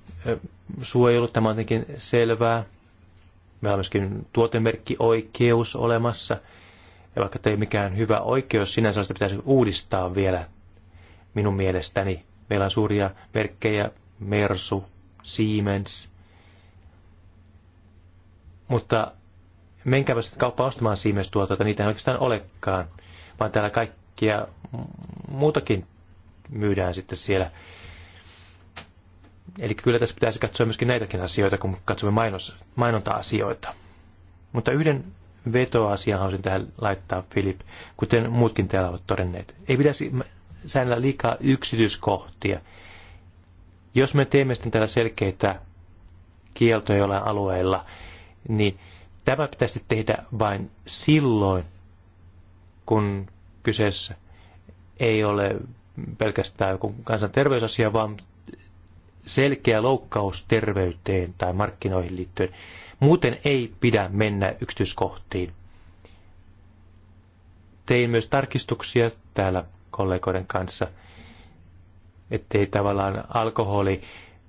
Speaker 1: suojelu, tämä on tietenkin selvää. Meillä on myöskin tuotemerkkioikeus olemassa. Ja vaikka ei mikään hyvä oikeus, sinänsä sitä pitäisi uudistaa vielä minun mielestäni. Meillä on suuria merkkejä, Mersu, Siemens – mutta menkääpä sitten kauppaan ostamaan siemens niitä ei oikeastaan olekaan, vaan täällä kaikkia muutakin myydään sitten siellä. Eli kyllä tässä pitäisi katsoa myöskin näitäkin asioita, kun katsomme mainos, mainonta-asioita. Mutta yhden vetoasian haluaisin tähän laittaa, Filip, kuten muutkin täällä ovat todenneet. Ei pitäisi säännellä liikaa yksityiskohtia. Jos me teemme sitten täällä selkeitä kieltoja jollain alueilla, niin tämä pitäisi tehdä vain silloin, kun kyseessä ei ole pelkästään joku kansanterveysasia, vaan selkeä loukkaus terveyteen tai markkinoihin liittyen. Muuten ei pidä mennä yksityiskohtiin. Tein myös tarkistuksia täällä kollegoiden kanssa, ettei tavallaan alkoholi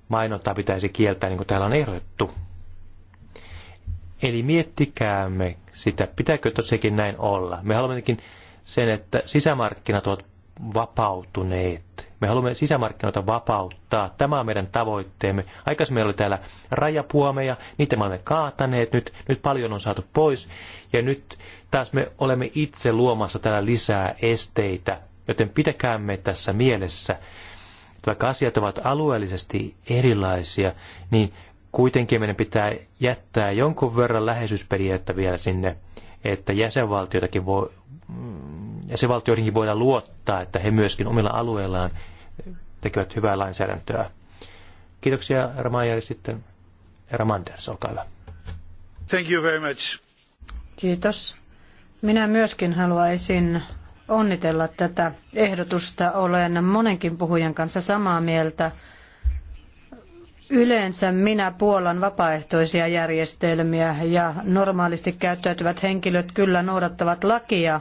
Speaker 1: mainontaa pitäisi kieltää, niin kuin täällä on ehdotettu Eli miettikäämme sitä, pitääkö tosiaankin näin olla. Me haluamme sen, että sisämarkkinat ovat vapautuneet. Me haluamme sisämarkkinoita vapauttaa. Tämä on meidän tavoitteemme. Aikaisemmin oli täällä rajapuomeja, niitä me olemme kaataneet, nyt, nyt paljon on saatu pois. Ja nyt taas me olemme itse luomassa täällä lisää esteitä, joten pitäkäämme tässä mielessä, että vaikka asiat ovat alueellisesti erilaisia, niin kuitenkin meidän pitää jättää jonkun verran läheisyysperiaatetta vielä sinne, että jäsenvaltioitakin voi, mm, jäsenvaltioidenkin voidaan luottaa, että he myöskin omilla alueillaan tekevät hyvää lainsäädäntöä. Kiitoksia Ramajari sitten. Ramanders, olkaa hyvä.
Speaker 4: Thank you very much. Kiitos. Minä myöskin haluaisin onnitella tätä ehdotusta. Olen monenkin puhujan kanssa samaa mieltä Yleensä minä puolan vapaaehtoisia järjestelmiä ja normaalisti käyttäytyvät henkilöt kyllä noudattavat lakia,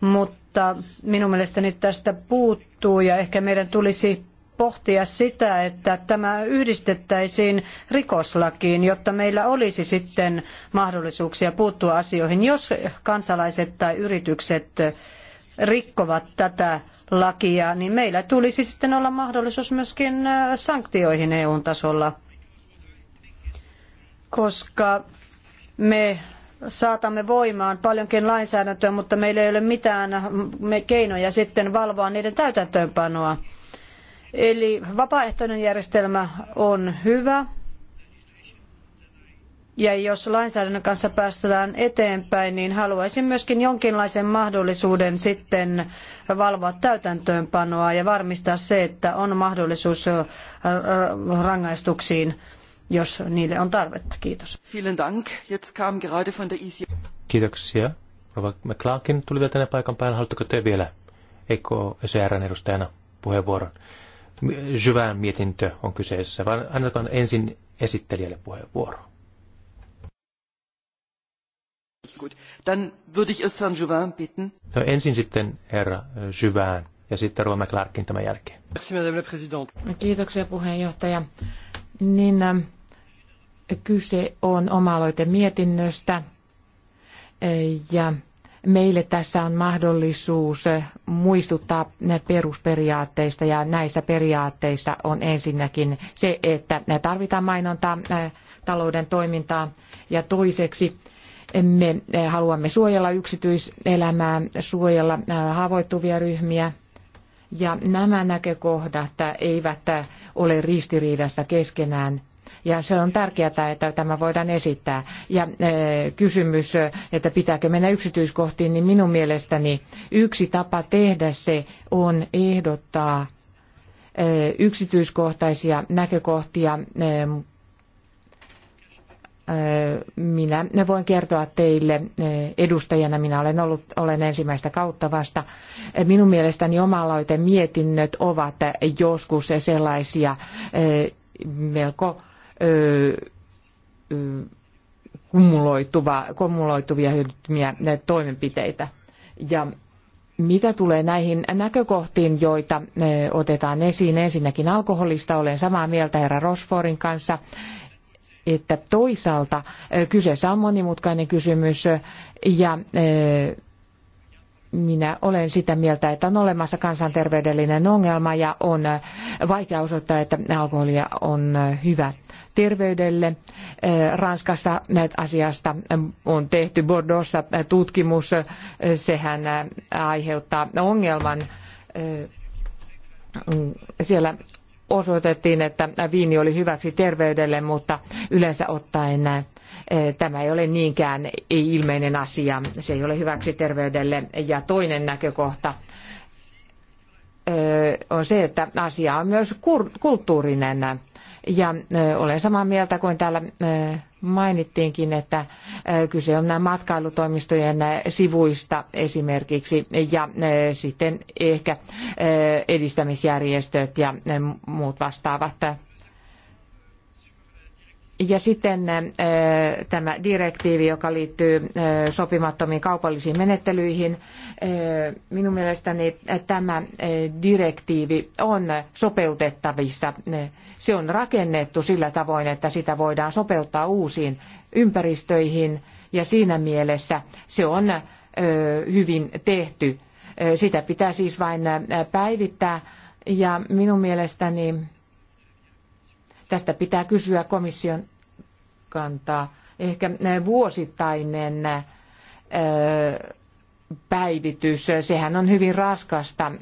Speaker 4: mutta minun mielestäni tästä puuttuu ja ehkä meidän tulisi pohtia sitä, että tämä yhdistettäisiin rikoslakiin, jotta meillä olisi sitten mahdollisuuksia puuttua asioihin, jos kansalaiset tai yritykset rikkovat tätä lakia, niin meillä tulisi sitten olla mahdollisuus myöskin sanktioihin EUn tasolla, koska me saatamme voimaan paljonkin lainsäädäntöä, mutta meillä ei ole mitään keinoja sitten valvoa niiden täytäntöönpanoa. Eli vapaaehtoinen järjestelmä on hyvä, ja jos lainsäädännön kanssa päästään eteenpäin, niin haluaisin myöskin jonkinlaisen mahdollisuuden sitten valvoa täytäntöönpanoa ja varmistaa se, että on mahdollisuus rangaistuksiin,
Speaker 3: jos niille on tarvetta. Kiitos.
Speaker 1: Kiitoksia. Rova McClarkin tuli vielä tänne paikan päälle. Haluatteko te vielä EKSRn edustajana puheenvuoron? Jyvään mietintö on kyseessä, vaan annetaan ensin esittelijälle puheenvuoro.
Speaker 3: Gut. Dann würde ich erst Herrn Juvin bitten.
Speaker 1: No, ensin sitten herra Juvin ja sitten Rova McClarkin tämän jälkeen.
Speaker 3: Merci, madame la présidente.
Speaker 2: Kiitoksia puheenjohtaja. Niin, ähm, kyse on oma-aloite mietinnöstä äh, ja meille tässä on mahdollisuus muistuttaa perusperiaatteista ja näissä periaatteissa on ensinnäkin se, että tarvitaan mainontaa, äh, talouden toimintaa ja toiseksi me eh, haluamme suojella yksityiselämää, suojella eh, haavoittuvia ryhmiä, ja nämä näkökohdat eivät eh, ole ristiriidassa keskenään. Ja se on tärkeää, että tämä voidaan esittää. Ja kysymys, että pitääkö mennä yksityiskohtiin, niin minun mielestäni yksi tapa tehdä se on ehdottaa yksityiskohtaisia näkökohtia, minä voin kertoa teille eh, edustajana, minä olen ollut olen ensimmäistä kautta vasta. Minun mielestäni oma-aloite mietinnöt ovat joskus sellaisia eh, melko eh, kumuloituva, kumuloituvia hyödyttömiä toimenpiteitä. Ja mitä tulee näihin näkökohtiin, joita otetaan esiin, ensinnäkin alkoholista olen samaa mieltä herra Rosforin kanssa että toisaalta kyseessä on monimutkainen kysymys ja minä olen sitä mieltä, että on olemassa kansanterveydellinen ongelma ja on vaikea osoittaa, että alkoholia on hyvä terveydelle. Ranskassa näitä asiasta on tehty Bordeauxssa tutkimus. Sehän aiheuttaa ongelman. Siellä osoitettiin, että viini oli hyväksi terveydelle, mutta yleensä ottaen eh, tämä ei ole niinkään ei ilmeinen asia. Se ei ole hyväksi terveydelle. Ja toinen näkökohta eh, on se, että asia on myös kulttuurinen ja olen samaa mieltä kuin täällä mainittiinkin, että kyse on nämä matkailutoimistojen sivuista esimerkiksi ja sitten ehkä edistämisjärjestöt ja muut vastaavat ja sitten äh, tämä direktiivi, joka liittyy äh, sopimattomiin kaupallisiin menettelyihin. Äh, minun mielestäni tämä direktiivi on sopeutettavissa. Se on rakennettu sillä tavoin, että sitä voidaan sopeuttaa uusiin ympäristöihin ja siinä mielessä se on hyvin tehty. Sitä pitää siis vain päivittää ja minun mielestäni Tästä pitää kysyä komission kantaa. Ehkä vuosittainen päivitys, sehän on hyvin raskasta,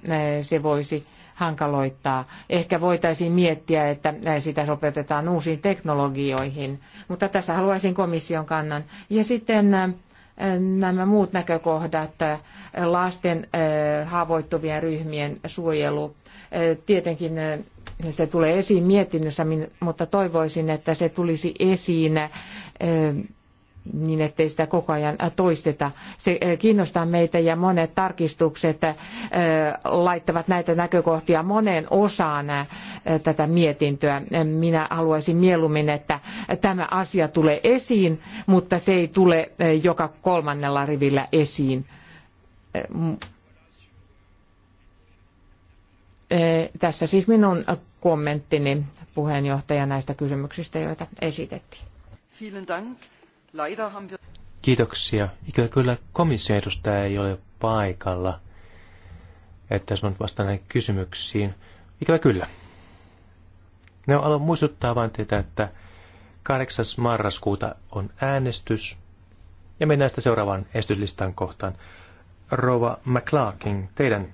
Speaker 2: se voisi hankaloittaa. Ehkä voitaisiin miettiä, että sitä sopeutetaan uusiin teknologioihin, mutta tässä haluaisin komission kannan. Ja sitten nämä muut näkökohdat, lasten haavoittuvien ryhmien suojelu. Tietenkin se tulee esiin mietinnössä, mutta toivoisin, että se tulisi esiin niin, ettei sitä koko ajan toisteta. Se kiinnostaa meitä ja monet tarkistukset laittavat näitä näkökohtia moneen osaan tätä mietintöä. Minä haluaisin mieluummin, että tämä asia tulee esiin, mutta se ei tule joka kolmannella rivillä esiin tässä siis minun kommenttini puheenjohtaja näistä kysymyksistä, joita esitettiin.
Speaker 1: Kiitoksia. Ikävä kyllä komission edustaja ei ole paikalla, että nyt vasta näihin kysymyksiin. Ikävä kyllä. Ne No, haluan muistuttaa vain teitä, että 8. marraskuuta on äänestys. Ja mennään sitten seuraavaan estyslistan kohtaan. Rova McClarkin, teidän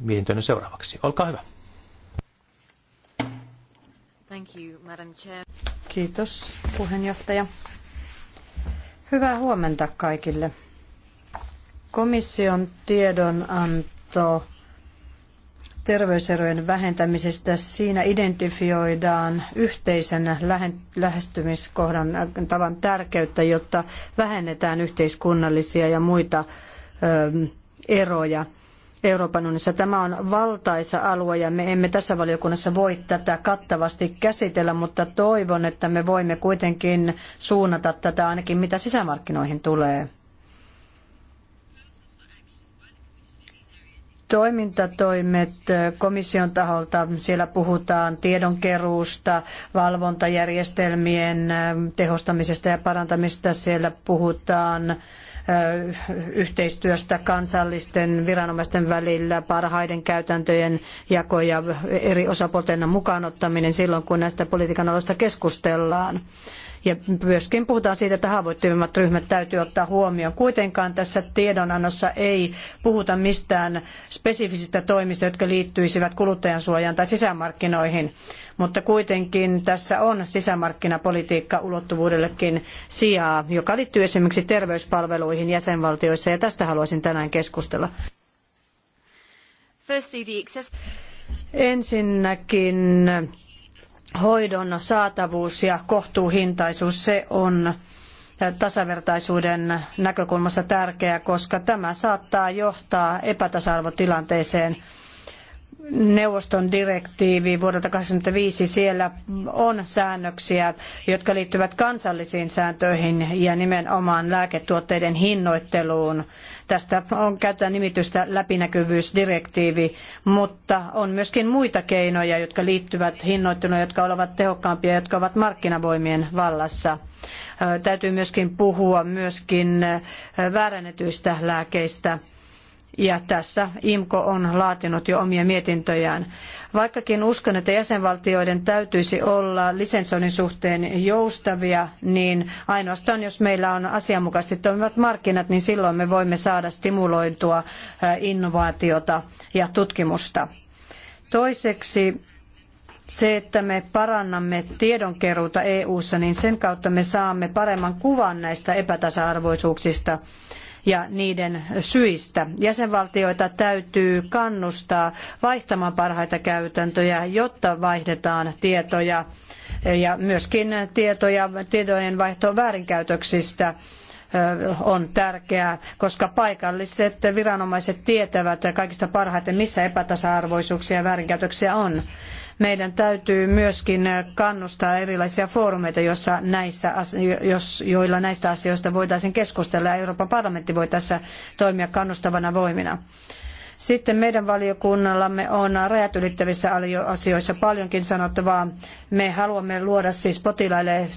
Speaker 1: mietintönne seuraavaksi. Olkaa hyvä. Thank you, Madam Chair.
Speaker 4: Kiitos, puheenjohtaja. Hyvää huomenta kaikille. Komission tiedonanto terveyserojen vähentämisestä. Siinä identifioidaan yhteisen lähestymiskohdan äh, tavan tärkeyttä, jotta vähennetään yhteiskunnallisia ja muita ähm, eroja. Euroopan unionissa. Tämä on valtaisa alue ja me emme tässä valiokunnassa voi tätä kattavasti käsitellä, mutta toivon, että me voimme kuitenkin suunnata tätä ainakin mitä sisämarkkinoihin tulee. toimintatoimet komission taholta. Siellä puhutaan tiedonkeruusta, valvontajärjestelmien tehostamisesta ja parantamisesta. Siellä puhutaan yhteistyöstä kansallisten viranomaisten välillä, parhaiden käytäntöjen jako ja eri osapuolten mukaanottaminen silloin, kun näistä politiikan aloista keskustellaan. Ja myöskin puhutaan siitä, että haavoittuvimmat ryhmät täytyy ottaa huomioon. Kuitenkaan tässä tiedonannossa ei puhuta mistään spesifisistä toimista, jotka liittyisivät kuluttajansuojaan tai sisämarkkinoihin. Mutta kuitenkin tässä on sisämarkkinapolitiikka ulottuvuudellekin sijaa, joka liittyy esimerkiksi terveyspalveluihin jäsenvaltioissa, ja tästä haluaisin tänään keskustella. Ensinnäkin hoidon saatavuus ja kohtuuhintaisuus, se on tasavertaisuuden näkökulmasta tärkeää, koska tämä saattaa johtaa epätasa-arvotilanteeseen neuvoston direktiivi vuodelta 1985, siellä on säännöksiä, jotka liittyvät kansallisiin sääntöihin ja nimenomaan lääketuotteiden hinnoitteluun. Tästä on käytetään nimitystä läpinäkyvyysdirektiivi, mutta on myöskin muita keinoja, jotka liittyvät hinnoitteluun, jotka ovat tehokkaampia, jotka ovat markkinavoimien vallassa. Täytyy myöskin puhua myöskin väärännetyistä lääkeistä ja tässä IMKO on laatinut jo omia mietintöjään. Vaikkakin uskon, että jäsenvaltioiden täytyisi olla lisensoinnin suhteen joustavia, niin ainoastaan jos meillä on asianmukaisesti toimivat markkinat, niin silloin me voimme saada stimuloitua eh, innovaatiota ja tutkimusta. Toiseksi se, että me parannamme tiedonkeruuta EU-ssa, niin sen kautta me saamme paremman kuvan näistä epätasa-arvoisuuksista ja niiden syistä. Jäsenvaltioita täytyy kannustaa vaihtamaan parhaita käytäntöjä, jotta vaihdetaan tietoja ja myöskin tietoja, tietojen vaihto väärinkäytöksistä on tärkeää, koska paikalliset viranomaiset tietävät kaikista parhaiten, missä epätasa-arvoisuuksia ja väärinkäytöksiä on meidän täytyy myöskin kannustaa erilaisia foorumeita, joissa näissä, jos, joilla näistä asioista voitaisiin keskustella. Euroopan parlamentti voi tässä toimia kannustavana voimina. Sitten meidän valiokunnallamme on rajat ylittävissä asioissa paljonkin sanottavaa. Me haluamme luoda siis potilaille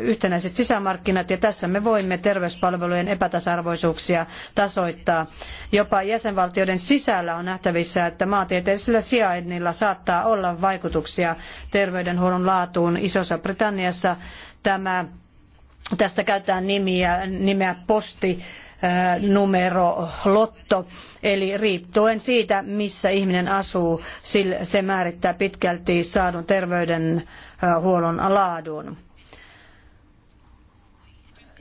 Speaker 4: yhtenäiset sisämarkkinat ja tässä me voimme terveyspalvelujen epätasa-arvoisuuksia tasoittaa. Jopa jäsenvaltioiden sisällä on nähtävissä, että maantieteellisellä sijainnilla saattaa olla vaikutuksia terveydenhuollon laatuun. Isossa Britanniassa tämä, tästä käytetään nimiä, nimeä posti numero lotto. Eli riippuen siitä, missä ihminen asuu, se määrittää pitkälti saadun terveydenhuollon laadun.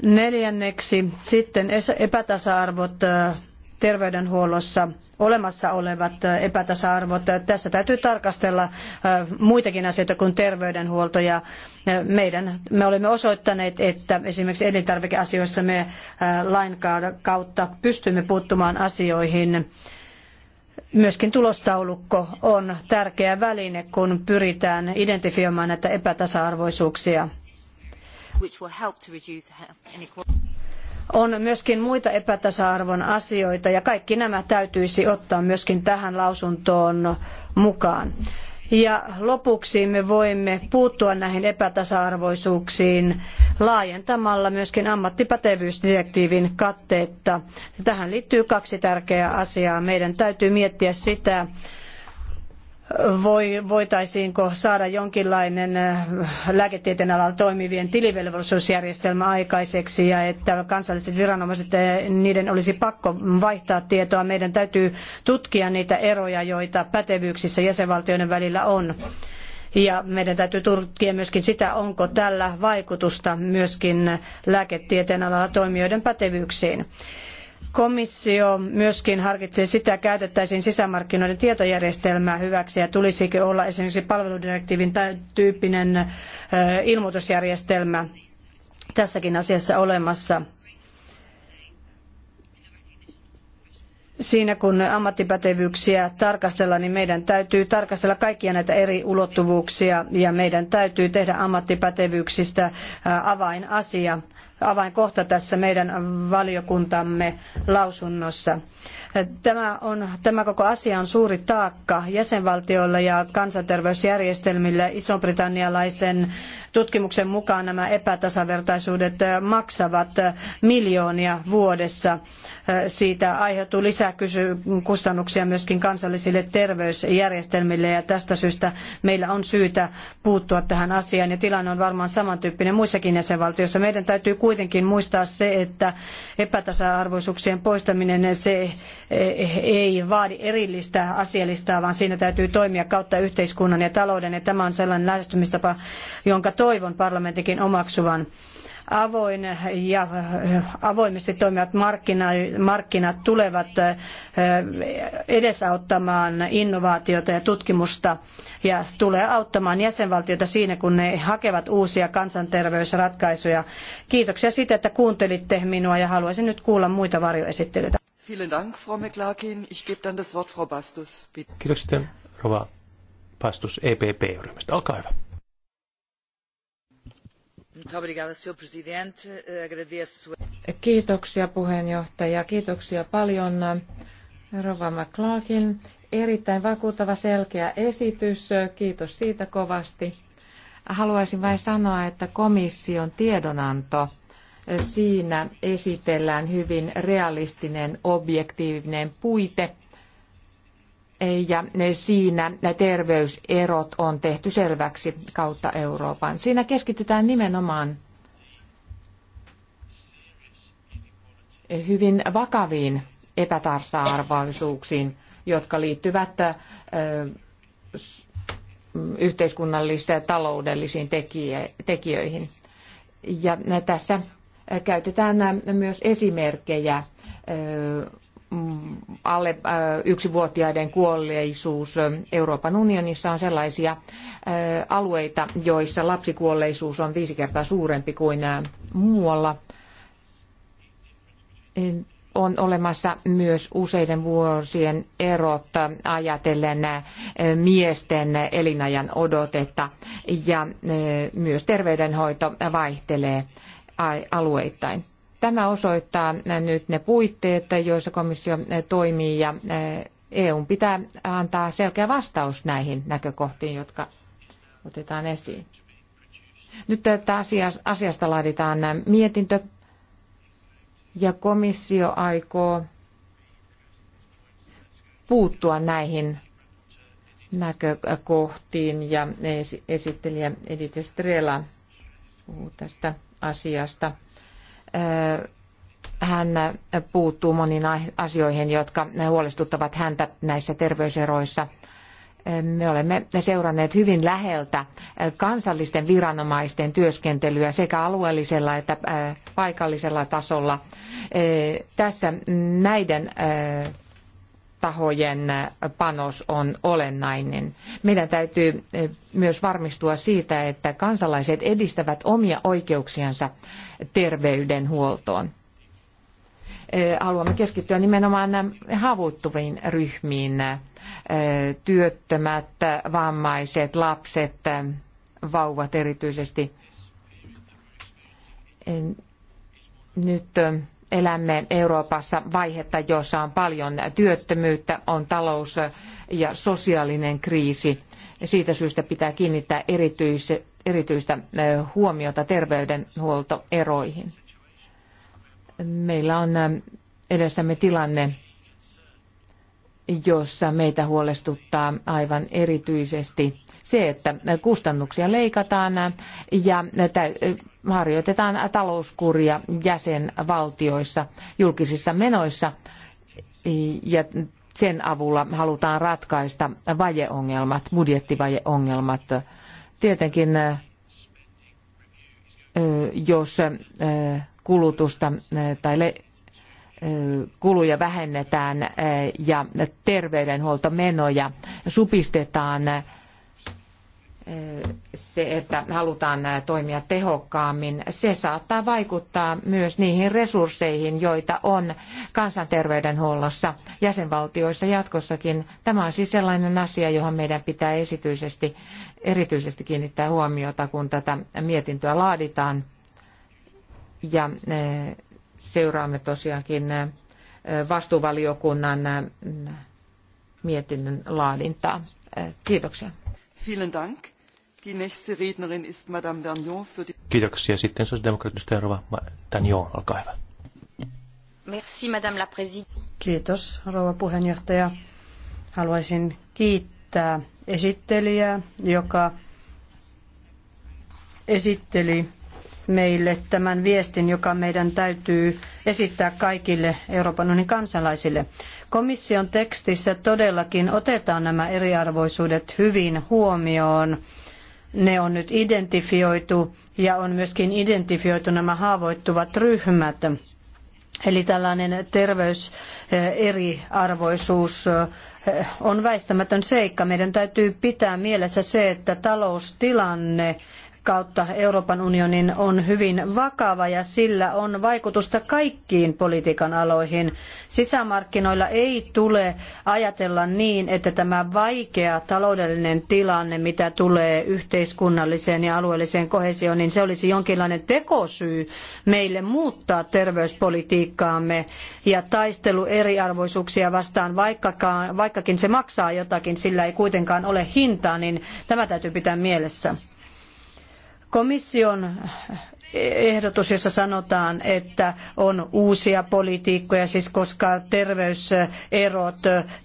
Speaker 4: Neljänneksi sitten epätasa-arvot terveydenhuollossa olemassa olevat äh, epätasa-arvot. Tässä täytyy tarkastella äh, muitakin asioita kuin terveydenhuolto ja äh, meidän, me olemme osoittaneet, että esimerkiksi elintarvikeasioissa me lain kautta pystymme puuttumaan asioihin. Myöskin tulostaulukko on tärkeä väline, kun pyritään identifioimaan näitä epätasa-arvoisuuksia. On myöskin muita epätasa-arvon asioita ja kaikki nämä täytyisi ottaa myöskin tähän lausuntoon mukaan. Ja lopuksi me voimme puuttua näihin epätasa-arvoisuuksiin laajentamalla myöskin ammattipätevyysdirektiivin katteetta. Tähän liittyy kaksi tärkeää asiaa. Meidän täytyy miettiä sitä, voi, voitaisiinko saada jonkinlainen äh, lääketieteen alalla toimivien tilivelvollisuusjärjestelmä aikaiseksi ja että kansalliset viranomaiset, äh, niiden olisi pakko vaihtaa tietoa. Meidän täytyy tutkia niitä eroja, joita pätevyyksissä jäsenvaltioiden välillä on. Ja meidän täytyy tutkia myöskin sitä, onko tällä vaikutusta myöskin lääketieteen alalla toimijoiden pätevyyksiin. Komissio myöskin harkitsee sitä, käytettäisiin sisämarkkinoiden tietojärjestelmää hyväksi ja tulisikö olla esimerkiksi palveludirektiivin tyyppinen ilmoitusjärjestelmä tässäkin asiassa olemassa. siinä kun ammattipätevyyksiä tarkastellaan, niin meidän täytyy tarkastella kaikkia näitä eri ulottuvuuksia ja meidän täytyy tehdä ammattipätevyyksistä avainasia avainkohta tässä meidän valiokuntamme lausunnossa. Tämä, on, tämä koko asia on suuri taakka jäsenvaltioille ja kansanterveysjärjestelmille. Iso-britannialaisen tutkimuksen mukaan nämä epätasavertaisuudet maksavat miljoonia vuodessa. Siitä aiheutuu lisäkustannuksia myöskin kansallisille terveysjärjestelmille ja tästä syystä meillä on syytä puuttua tähän asiaan ja tilanne on varmaan samantyyppinen muissakin jäsenvaltioissa. Meidän täytyy kuitenkin muistaa se, että epätasa-arvoisuuksien poistaminen se Eh, ei vaadi erillistä asialistaa, vaan siinä täytyy toimia kautta yhteiskunnan ja talouden. Ja tämä on sellainen lähestymistapa, jonka toivon parlamentikin omaksuvan avoin ja eh, avoimesti toimivat markkinat tulevat eh, edesauttamaan innovaatiota ja tutkimusta ja tulee auttamaan jäsenvaltioita siinä, kun ne hakevat uusia kansanterveysratkaisuja. Kiitoksia siitä, että kuuntelitte minua ja haluaisin nyt kuulla muita varjoesittelyitä.
Speaker 3: Vielen Dank, Frau McLarkin. Ich gebe dann das Wort Frau Bastus.
Speaker 1: Bitte. Kiitos sitten, Rova Bastus EPP-ryhmästä. Olkaa hyvä. Eh,
Speaker 2: Kiitoksia puheenjohtaja. Kiitoksia paljon Rova McLarkin. Erittäin vakuuttava selkeä esitys. Kiitos siitä kovasti. Haluaisin vain sanoa, että komission tiedonanto – Siinä esitellään hyvin realistinen, objektiivinen puite ja siinä terveyserot on tehty selväksi kautta Euroopan. Siinä keskitytään nimenomaan hyvin vakaviin epätasa-arvoisuuksiin, jotka liittyvät yhteiskunnallisiin ja taloudellisiin tekijöihin. Ja tässä käytetään myös esimerkkejä mm, alle yksivuotiaiden kuolleisuus. Euroopan unionissa on sellaisia alueita, joissa lapsikuolleisuus on viisi kertaa suurempi kuin muualla. On olemassa myös useiden vuosien erot ajatellen miesten elinajan odotetta ja myös terveydenhoito vaihtelee alueittain. Tämä osoittaa nyt ne puitteet, joissa komissio toimii ja EUn pitää antaa selkeä vastaus näihin näkökohtiin, jotka otetaan esiin. Nyt tästä asiasta laaditaan mietintö ja komissio aikoo puuttua näihin näkökohtiin ja esittelijä Edith Strela puhuu tästä asiasta. Hän puuttuu moniin asioihin, jotka huolestuttavat häntä näissä terveyseroissa. Me olemme seuranneet hyvin läheltä kansallisten viranomaisten työskentelyä sekä alueellisella että paikallisella tasolla. Tässä näiden tahojen panos on olennainen. Meidän täytyy eh, myös varmistua siitä, että kansalaiset edistävät omia oikeuksiansa terveydenhuoltoon. Eh, haluamme keskittyä nimenomaan havuttuviin ryhmiin, eh, työttömät, vammaiset, lapset, vauvat erityisesti. Nyt elämme Euroopassa vaihetta, jossa on paljon työttömyyttä, on talous ja sosiaalinen kriisi. Siitä syystä pitää kiinnittää erityistä huomiota terveydenhuoltoeroihin. Meillä on edessämme tilanne, jossa meitä huolestuttaa aivan erityisesti se, että kustannuksia leikataan ja harjoitetaan talouskuria jäsenvaltioissa julkisissa menoissa ja sen avulla halutaan ratkaista vajeongelmat, budjettivajeongelmat. Tietenkin jos kulutusta tai kuluja vähennetään ja terveydenhuoltomenoja supistetaan, se, että halutaan toimia tehokkaammin, se saattaa vaikuttaa myös niihin resursseihin, joita on kansanterveydenhuollossa jäsenvaltioissa jatkossakin. Tämä on siis sellainen asia, johon meidän pitää esityisesti, erityisesti kiinnittää huomiota, kun tätä mietintöä laaditaan. Ja e, seuraamme tosiaankin e, vastuuvaliokunnan e, mietinnön laadintaa. Kiitoksia.
Speaker 3: Vielen Dank. Die nächste Rednerin ist Madame Dagnon für die...
Speaker 1: Kiitoksia. Sitten sosiaalidemokraattista Rova Dagnon, olkaa hyvä.
Speaker 2: Merci, Madame la Présidente.
Speaker 4: Kiitos, rouva puheenjohtaja.
Speaker 3: Haluaisin
Speaker 4: kiittää esittelijää, joka esitteli meille tämän viestin, joka meidän täytyy esittää kaikille Euroopan unionin kansalaisille. Komission tekstissä todellakin otetaan nämä eriarvoisuudet hyvin huomioon ne on nyt identifioitu ja on myöskin identifioitu nämä haavoittuvat ryhmät. Eli tällainen terveyseriarvoisuus eh, eh, on väistämätön seikka. Meidän täytyy pitää mielessä se, että taloustilanne kautta Euroopan unionin on hyvin vakava ja sillä on vaikutusta kaikkiin politiikan aloihin. Sisämarkkinoilla ei tule ajatella niin, että tämä vaikea taloudellinen tilanne, mitä tulee yhteiskunnalliseen ja alueelliseen kohesioon, niin se olisi jonkinlainen tekosyy meille muuttaa terveyspolitiikkaamme ja taistelu eriarvoisuuksia vastaan, vaikkakin se maksaa jotakin, sillä ei kuitenkaan ole hintaa, niin tämä täytyy pitää mielessä. Komission ehdotus, jossa sanotaan, että on uusia politiikkoja, siis koska terveyserot,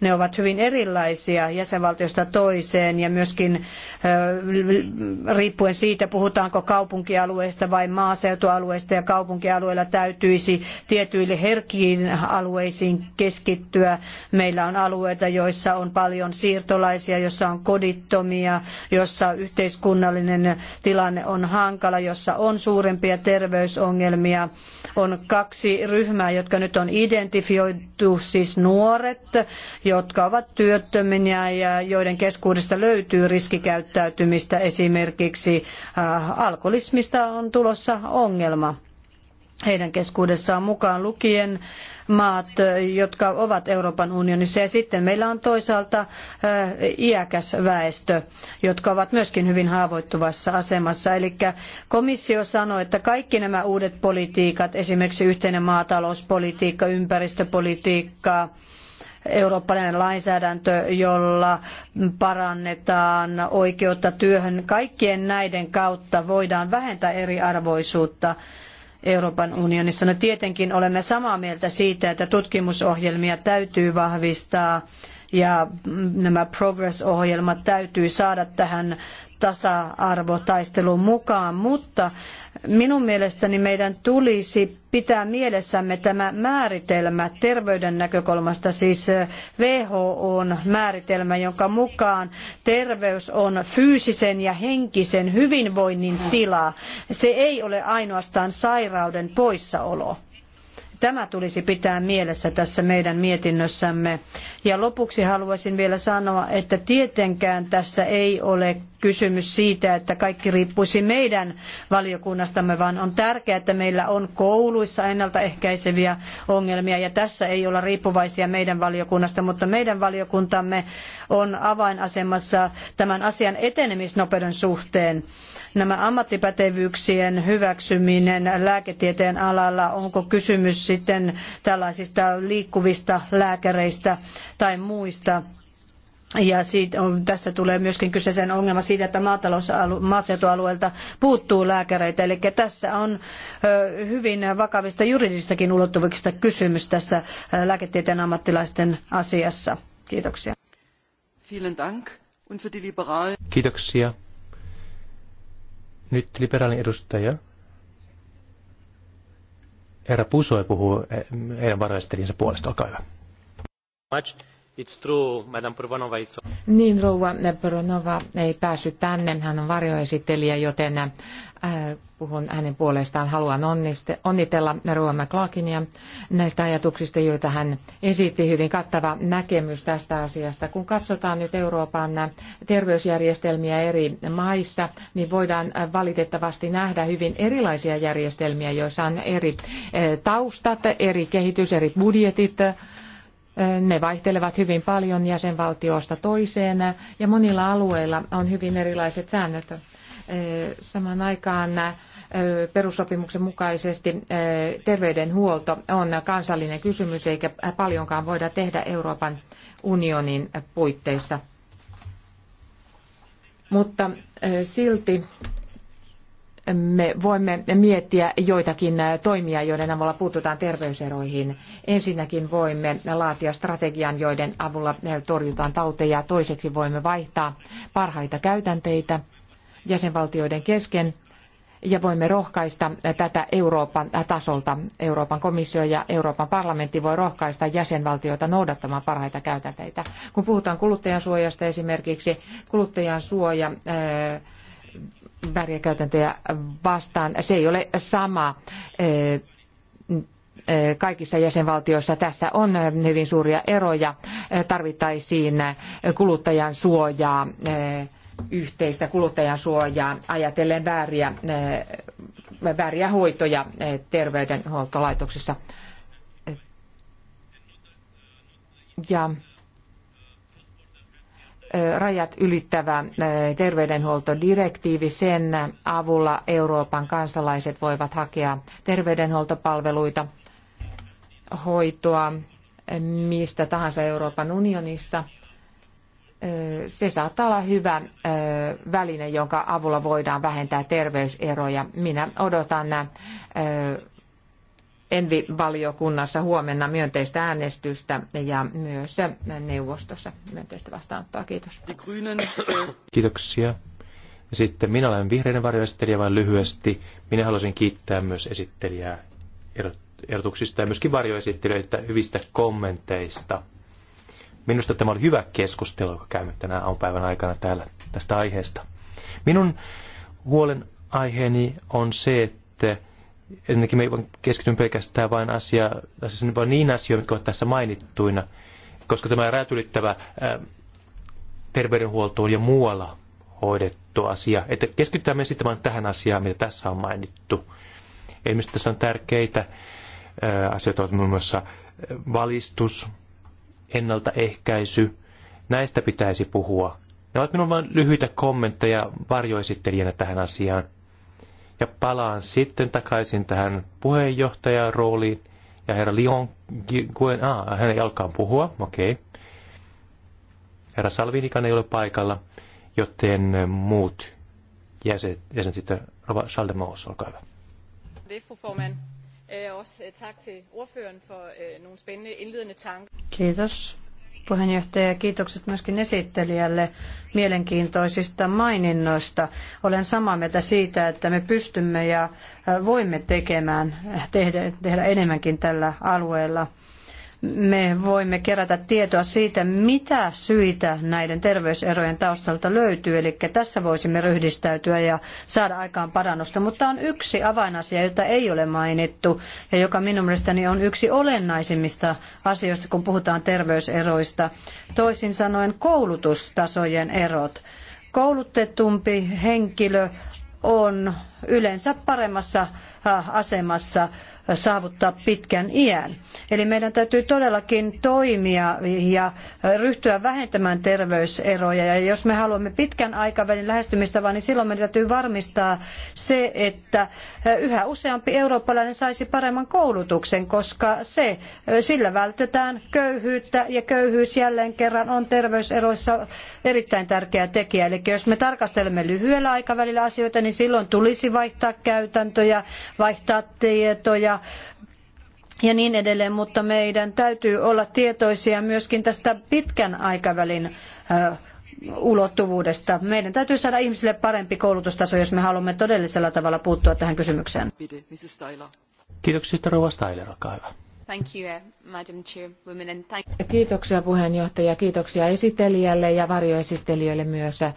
Speaker 4: ne ovat hyvin erilaisia jäsenvaltiosta toiseen ja myöskin riippuen siitä, puhutaanko kaupunkialueista vai maaseutualueista ja kaupunkialueilla täytyisi tietyille herkkiin alueisiin keskittyä. Meillä on alueita, joissa on paljon siirtolaisia, jossa on kodittomia, jossa yhteiskunnallinen tilanne on hankala, jossa on suurempi suurempia terveysongelmia. On kaksi ryhmää, jotka nyt on identifioitu, siis nuoret, jotka ovat työttöminä ja joiden keskuudesta löytyy riskikäyttäytymistä. Esimerkiksi äh, alkoholismista on tulossa ongelma heidän keskuudessaan mukaan lukien maat, jotka ovat Euroopan unionissa. Ja sitten meillä on toisaalta iäkäs väestö, jotka ovat myöskin hyvin haavoittuvassa asemassa. Eli komissio sanoi, että kaikki nämä uudet politiikat, esimerkiksi yhteinen maatalouspolitiikka, ympäristöpolitiikka, eurooppalainen lainsäädäntö, jolla parannetaan oikeutta työhön. Kaikkien näiden kautta voidaan vähentää eriarvoisuutta Euroopan unionissa. No tietenkin olemme samaa mieltä siitä, että tutkimusohjelmia täytyy vahvistaa ja nämä progress-ohjelmat täytyy saada tähän tasa-arvotaisteluun mukaan, mutta Minun mielestäni meidän tulisi pitää mielessämme tämä määritelmä terveyden näkökulmasta, siis WHOn määritelmä, jonka mukaan terveys on fyysisen ja henkisen hyvinvoinnin tila. Se ei ole ainoastaan sairauden poissaolo. Tämä tulisi pitää mielessä tässä meidän mietinnössämme. Ja lopuksi haluaisin vielä sanoa, että tietenkään tässä ei ole kysymys siitä, että kaikki riippuisi meidän valiokunnastamme, vaan on tärkeää, että meillä on kouluissa ennaltaehkäiseviä ongelmia ja tässä ei olla riippuvaisia meidän valiokunnasta, mutta meidän valiokuntamme on avainasemassa tämän asian etenemisnopeuden suhteen. Nämä ammattipätevyyksien hyväksyminen lääketieteen alalla, onko kysymys sitten tällaisista liikkuvista lääkäreistä, tai muista. Ja siitä on, tässä tulee myöskin kyseisen ongelma siitä, että maaseutualueelta puuttuu lääkäreitä. Eli tässä on ö, hyvin vakavista juridistakin ulottuvuuksista kysymys tässä ö, lääketieteen ammattilaisten asiassa. Kiitoksia.
Speaker 1: Kiitoksia. Nyt liberaalin edustaja. Herra Pusoi puhuu eh, heidän varjoistelijansa puolesta, olkaa hyvä.
Speaker 2: Niin, rouva Purvanova ei päässyt tänne. Hän on varjoesittelijä, joten äh, puhun hänen puolestaan. Haluan onnitella rouva McLaughlinia näistä ajatuksista, joita hän esitti. Hyvin kattava näkemys tästä asiasta. Kun katsotaan nyt Euroopan terveysjärjestelmiä eri maissa, niin voidaan valitettavasti nähdä hyvin erilaisia järjestelmiä, joissa on eri äh, taustat, eri kehitys, eri budjetit, ne vaihtelevat hyvin paljon jäsenvaltioista toiseen ja monilla alueilla on hyvin erilaiset säännöt. Samaan aikaan perussopimuksen mukaisesti terveydenhuolto on kansallinen kysymys eikä paljonkaan voida tehdä Euroopan unionin puitteissa. Mutta silti me voimme miettiä joitakin toimia, joiden avulla puututaan terveyseroihin. Ensinnäkin voimme laatia strategian, joiden avulla torjutaan tauteja. Toiseksi voimme vaihtaa parhaita käytänteitä jäsenvaltioiden kesken ja voimme rohkaista tätä Euroopan tasolta. Euroopan komissio ja Euroopan parlamentti voi rohkaista jäsenvaltioita noudattamaan parhaita käytänteitä. Kun puhutaan kuluttajansuojasta esimerkiksi, kuluttajansuoja suoja vääriä käytäntöjä vastaan. Se ei ole sama kaikissa jäsenvaltioissa. Tässä on hyvin suuria eroja. Tarvittaisiin kuluttajan suojaa, yhteistä kuluttajan suojaa ajatellen vääriä, vääriä hoitoja terveydenhuoltolaitoksissa. Ja rajat ylittävä terveydenhuoltodirektiivi. Sen avulla Euroopan kansalaiset voivat hakea terveydenhuoltopalveluita, hoitoa mistä tahansa Euroopan unionissa. Se saattaa olla hyvä väline, jonka avulla voidaan vähentää terveyseroja. Minä odotan Envi-valiokunnassa huomenna myönteistä äänestystä ja myös neuvostossa myönteistä vastaanottoa. Kiitos. Äh,
Speaker 1: Kiitoksia. Sitten minä olen vihreiden varjoesittelijä vain lyhyesti. Minä haluaisin kiittää myös esittelijää erotuksista ja myöskin varjoesittelijöitä hyvistä kommenteista. Minusta tämä oli hyvä keskustelu, joka käymme tänään aamupäivän aikana täällä tästä aiheesta. Minun huolen aiheeni on se, että ennenkin me keskityn pelkästään vain asia, siis vain niin asioihin, jotka ovat tässä mainittuina, koska tämä räätylittävä ylittävä terveydenhuoltoon ja muualla hoidettu asia. Että keskitytään me sitten vain tähän asiaan, mitä tässä on mainittu. mistä tässä on tärkeitä asioita, ovat muun muassa valistus, ennaltaehkäisy. Näistä pitäisi puhua. Ne ovat minun vain lyhyitä kommentteja varjoesittelijänä tähän asiaan. Ja palaan sitten takaisin tähän puheenjohtajan rooliin. Ja herra Lyon Guen, ah, hän ei alkaa puhua, okei. Okay. Herra Salvinikan ei ole paikalla, joten muut jäsenet, jäsenet sitten. Rova Schaldemose, olkaa hyvä.
Speaker 2: Øh, øh, for øh,
Speaker 4: Kiitos puheenjohtaja ja kiitokset myöskin esittelijälle mielenkiintoisista maininnoista. Olen samaa mieltä siitä, että me pystymme ja voimme tekemään, tehdä, tehdä enemmänkin tällä alueella me voimme kerätä tietoa siitä, mitä syitä näiden terveyserojen taustalta löytyy. Eli tässä voisimme ryhdistäytyä ja saada aikaan parannusta. Mutta on yksi avainasia, jota ei ole mainittu ja joka minun mielestäni on yksi olennaisimmista asioista, kun puhutaan terveyseroista. Toisin sanoen koulutustasojen erot. Koulutetumpi henkilö on yleensä paremmassa äh, asemassa saavuttaa pitkän iän. Eli meidän täytyy todellakin toimia ja ryhtyä vähentämään terveyseroja. Ja jos me haluamme pitkän aikavälin lähestymistavan, niin silloin meidän täytyy varmistaa se, että yhä useampi eurooppalainen saisi paremman koulutuksen, koska se, sillä vältetään köyhyyttä ja köyhyys jälleen kerran on terveyseroissa erittäin tärkeä tekijä. Eli jos me tarkastelemme lyhyellä aikavälillä asioita, niin silloin tulisi vaihtaa käytäntöjä, vaihtaa tietoja, ja niin edelleen, mutta meidän täytyy olla tietoisia myöskin tästä pitkän aikavälin ulottuvuudesta. Meidän täytyy saada ihmisille parempi koulutustaso, jos me haluamme todellisella tavalla
Speaker 1: puuttua tähän kysymykseen. Kiitoksia, Rouva Styler, olkaa hyvä.
Speaker 4: Thank you, eh, Madam Chairwoman,
Speaker 2: Kiitoksia puheenjohtaja, kiitoksia esittelijälle ja varjoesittelijöille myös. Eh,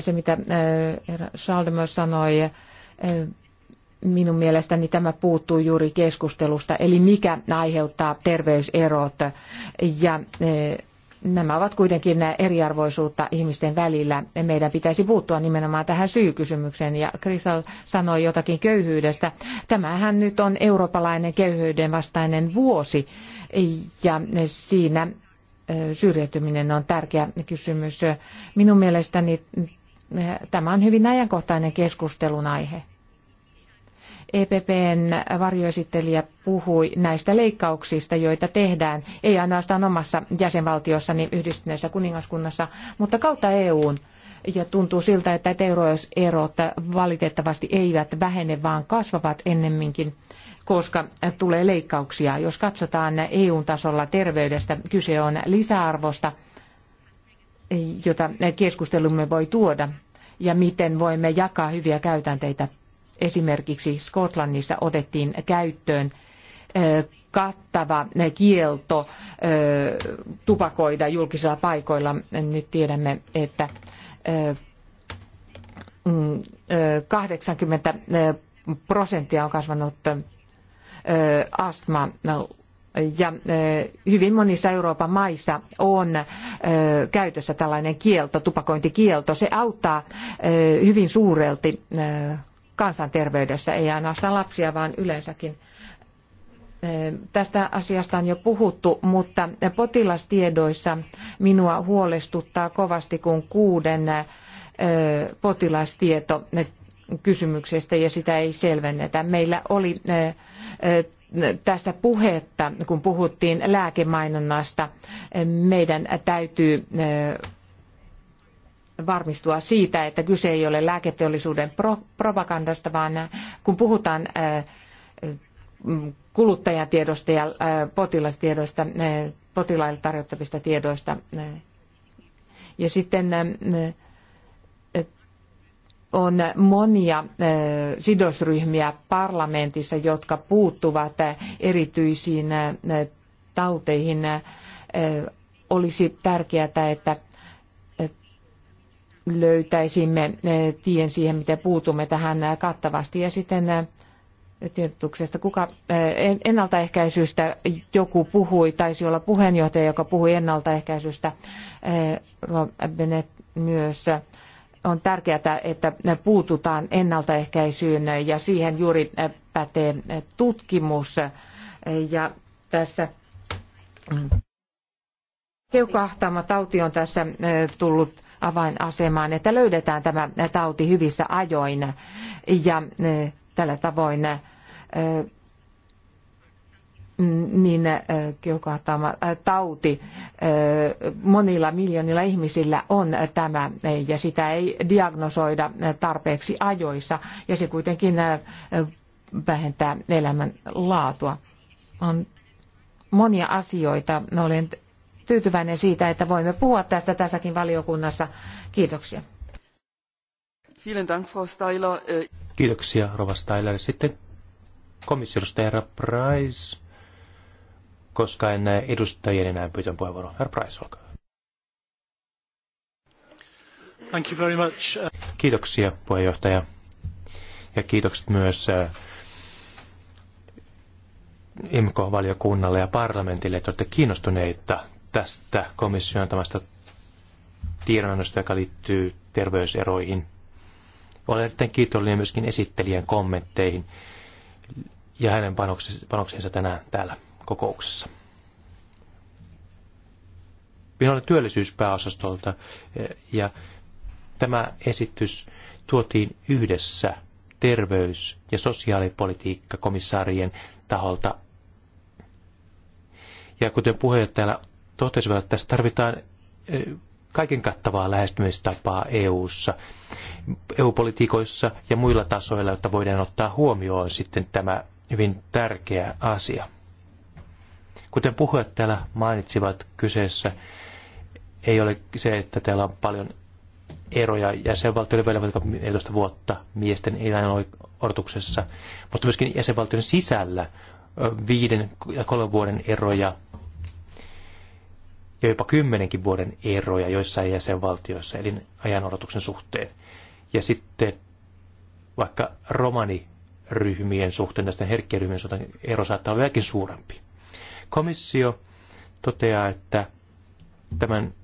Speaker 2: se, mitä eh, herra Schaldemus sanoi, minun mielestäni tämä puuttuu juuri keskustelusta, eli mikä aiheuttaa terveyserot. Ja e, nämä ovat kuitenkin eriarvoisuutta ihmisten välillä. Meidän pitäisi puuttua nimenomaan tähän syykysymykseen. Ja Krisal sanoi jotakin köyhyydestä. Tämähän nyt on eurooppalainen köyhyyden vastainen vuosi. Ja siinä e, syrjäytyminen on tärkeä kysymys. Minun mielestäni e, tämä on hyvin ajankohtainen keskustelun aihe. EPPn varjoesittelijä puhui näistä leikkauksista, joita tehdään, ei ainoastaan omassa jäsenvaltiossani yhdistyneessä kuningaskunnassa, mutta kautta EUn. Ja tuntuu siltä, että euroerot valitettavasti eivät vähene, vaan kasvavat ennemminkin, koska tulee leikkauksia. Jos katsotaan EU-tasolla terveydestä, kyse on lisäarvosta, jota keskustelumme voi tuoda ja miten voimme jakaa hyviä käytänteitä esimerkiksi Skotlannissa otettiin käyttöön kattava kielto tupakoida julkisilla paikoilla. Nyt tiedämme, että 80 mm, prosenttia on kasvanut astma ja hyvin monissa Euroopan maissa on käytössä tällainen kielto, tupakointikielto. Se auttaa hyvin suurelti kansanterveydessä, ei ainoastaan lapsia, vaan yleensäkin. Tästä asiasta on jo puhuttu, mutta potilastiedoissa minua huolestuttaa kovasti, kun kuuden potilastieto kysymyksestä ja sitä ei selvennetä. Meillä oli tässä puhetta, kun puhuttiin lääkemainonnasta. Meidän täytyy varmistua siitä, että kyse ei ole lääketeollisuuden propagandasta, vaan äh, kun puhutaan äh, äh, kuluttajatiedosta ja potilastiedoista, potilaille tarjottavista tiedoista. Ja sitten on monia sidosryhmiä parlamentissa, jotka puuttuvat erityisiin tauteihin. Olisi tärkeää, että löytäisimme eh, tien siihen, miten puutumme tähän kattavasti. Ja sitten eh, tiedotuksesta, kuka eh, ennaltaehkäisystä joku puhui, taisi olla puheenjohtaja, joka puhui ennaltaehkäisystä, Benet myös on tärkeää, että puututaan ennaltaehkäisyyn ja siihen juuri pätee tutkimus. Ja tässä mm, keuhkoahtaama tauti on tässä tullut avainasemaan, että löydetään tämä tauti hyvissä ajoin ja e, tällä tavoin e, niin e, keuhkohtaama tauti monilla miljoonilla ihmisillä on tämä ja sitä ei diagnosoida tarpeeksi ajoissa ja se kuitenkin vähentää elämän On monia asioita. Olen tyytyväinen siitä, että voimme puhua tästä tässäkin valiokunnassa. Kiitoksia.
Speaker 1: Kiitoksia, Rova Steiler. Sitten komissiosta herra Price, koska en näe edustajien enää pyytän puheenvuoroa. Herra Price, olkaa Thank you very much. Kiitoksia puheenjohtaja. Ja kiitokset myös äh, IMKO-valiokunnalle ja parlamentille, että olette kiinnostuneita tästä komission antamasta tiedonannosta, joka liittyy terveyseroihin. Olen erittäin kiitollinen myöskin esittelijän kommentteihin ja hänen panoksensa tänään täällä kokouksessa. Minä olen työllisyyspääosastolta eh, ja tämä esitys tuotiin yhdessä terveys- ja sosiaalipolitiikka komissaarien taholta. Ja kuten puheenjohtaja totesivat, että tässä tarvitaan eh, kaiken kattavaa lähestymistapaa EU-ssa, EU-politiikoissa ja muilla tasoilla, jotta voidaan ottaa huomioon sitten tämä hyvin tärkeä asia. Kuten puhujat täällä mainitsivat, kyseessä ei ole se, että täällä on paljon eroja jäsenvaltioiden välillä vaikka 14 vuotta miesten eläinortuksessa, mutta myöskin jäsenvaltioiden sisällä viiden ja kolmen vuoden eroja ja jopa kymmenenkin vuoden eroja joissain jäsenvaltioissa eli ajanodotuksen suhteen. Ja sitten vaikka romaniryhmien suhteen, näisten herkkien ryhmien suhteen, ero saattaa olla vieläkin suurempi. Komissio toteaa, että tämän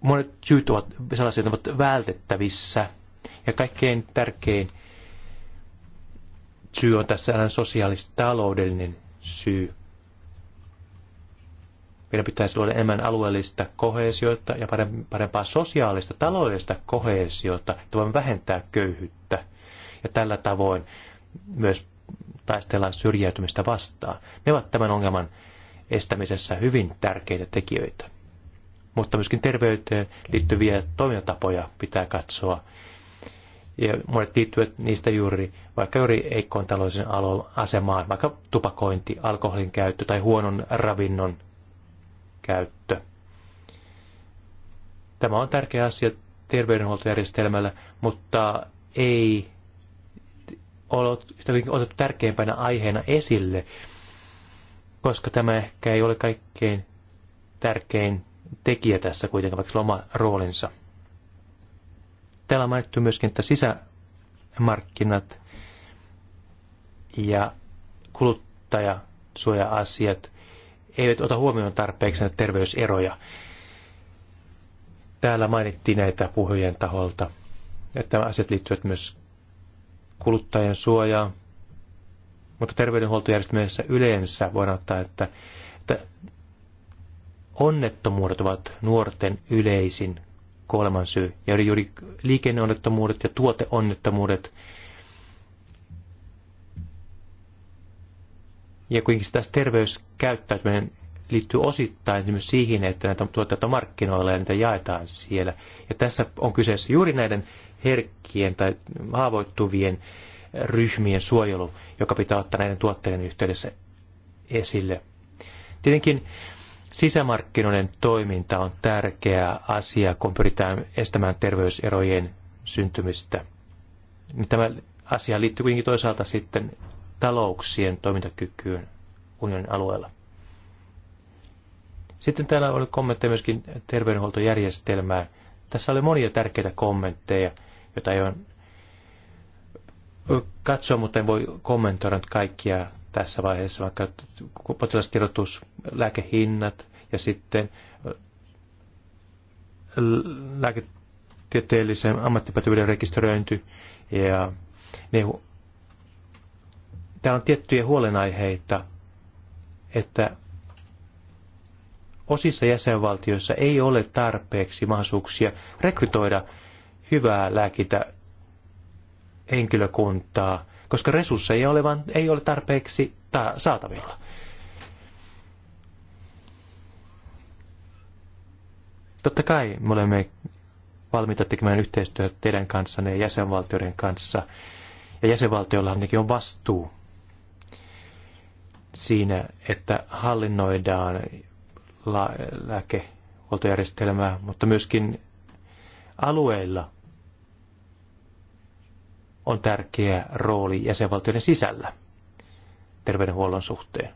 Speaker 1: monet syyt ovat sellaisia, että ovat vältettävissä. Ja kaikkein tärkein syy on tässä taloudellinen syy. Meidän pitäisi luoda enemmän alueellista kohesiota ja parempaa sosiaalista, taloudellista kohesiota, että voimme vähentää köyhyyttä. Ja tällä tavoin myös taistellaan syrjäytymistä vastaan. Ne ovat tämän ongelman estämisessä hyvin tärkeitä tekijöitä. Mutta myöskin terveyteen liittyviä toimintatapoja pitää katsoa. Ja monet liittyvät niistä juuri, vaikka juuri heikkoon taloudellisen asemaan, vaikka tupakointi, alkoholin käyttö tai huonon ravinnon käyttö. Tämä on tärkeä asia terveydenhuoltojärjestelmällä, mutta ei ole otettu tärkeimpänä aiheena esille, koska tämä ehkä ei ole kaikkein tärkein tekijä tässä kuitenkin, vaikka oma roolinsa. Täällä on mainittu myöskin, että sisämarkkinat ja kuluttajasuoja-asiat eivät ota huomioon tarpeeksi näitä terveyseroja. Täällä mainittiin näitä puhujien taholta, että nämä asiat liittyvät myös kuluttajien suojaan, mutta terveydenhuoltojärjestelmässä yleensä voidaan ottaa, että, että onnettomuudet ovat nuorten yleisin kuolemansyy. Ja juuri liikenneonnettomuudet ja tuoteonnettomuudet Ja kuitenkin tässä terveyskäyttäytyminen liittyy osittain myös siihen, että näitä tuotteita markkinoilla ja niitä jaetaan siellä. Ja tässä on kyseessä juuri näiden herkkien tai haavoittuvien ryhmien suojelu, joka pitää ottaa näiden tuotteiden yhteydessä esille. Tietenkin sisämarkkinoiden toiminta on tärkeä asia, kun pyritään estämään terveyserojen syntymistä. Niin tämä asia liittyy kuitenkin toisaalta sitten talouksien toimintakykyyn unionin alueella. Sitten täällä oli kommentteja myöskin terveydenhuoltojärjestelmään. Tässä oli monia tärkeitä kommentteja, joita ei ole katsoa, mutta en voi kommentoida nyt kaikkia tässä vaiheessa, vaikka potilastiedotus, lääkehinnat ja sitten äh, lääketieteellisen ammattipätevyyden rekisteröinti ja Täällä on tiettyjä huolenaiheita, että osissa jäsenvaltioissa ei ole tarpeeksi mahdollisuuksia rekrytoida hyvää lääkintä henkilökuntaa, koska resursseja ole, vaan ei ole tarpeeksi ta- saatavilla. Totta kai me olemme valmiita tekemään yhteistyötä teidän kanssanne ja jäsenvaltioiden kanssa. Ja jäsenvaltioilla ainakin on vastuu siinä, että hallinnoidaan lääkehuoltojärjestelmää, mutta myöskin alueilla on tärkeä rooli jäsenvaltioiden sisällä terveydenhuollon suhteen.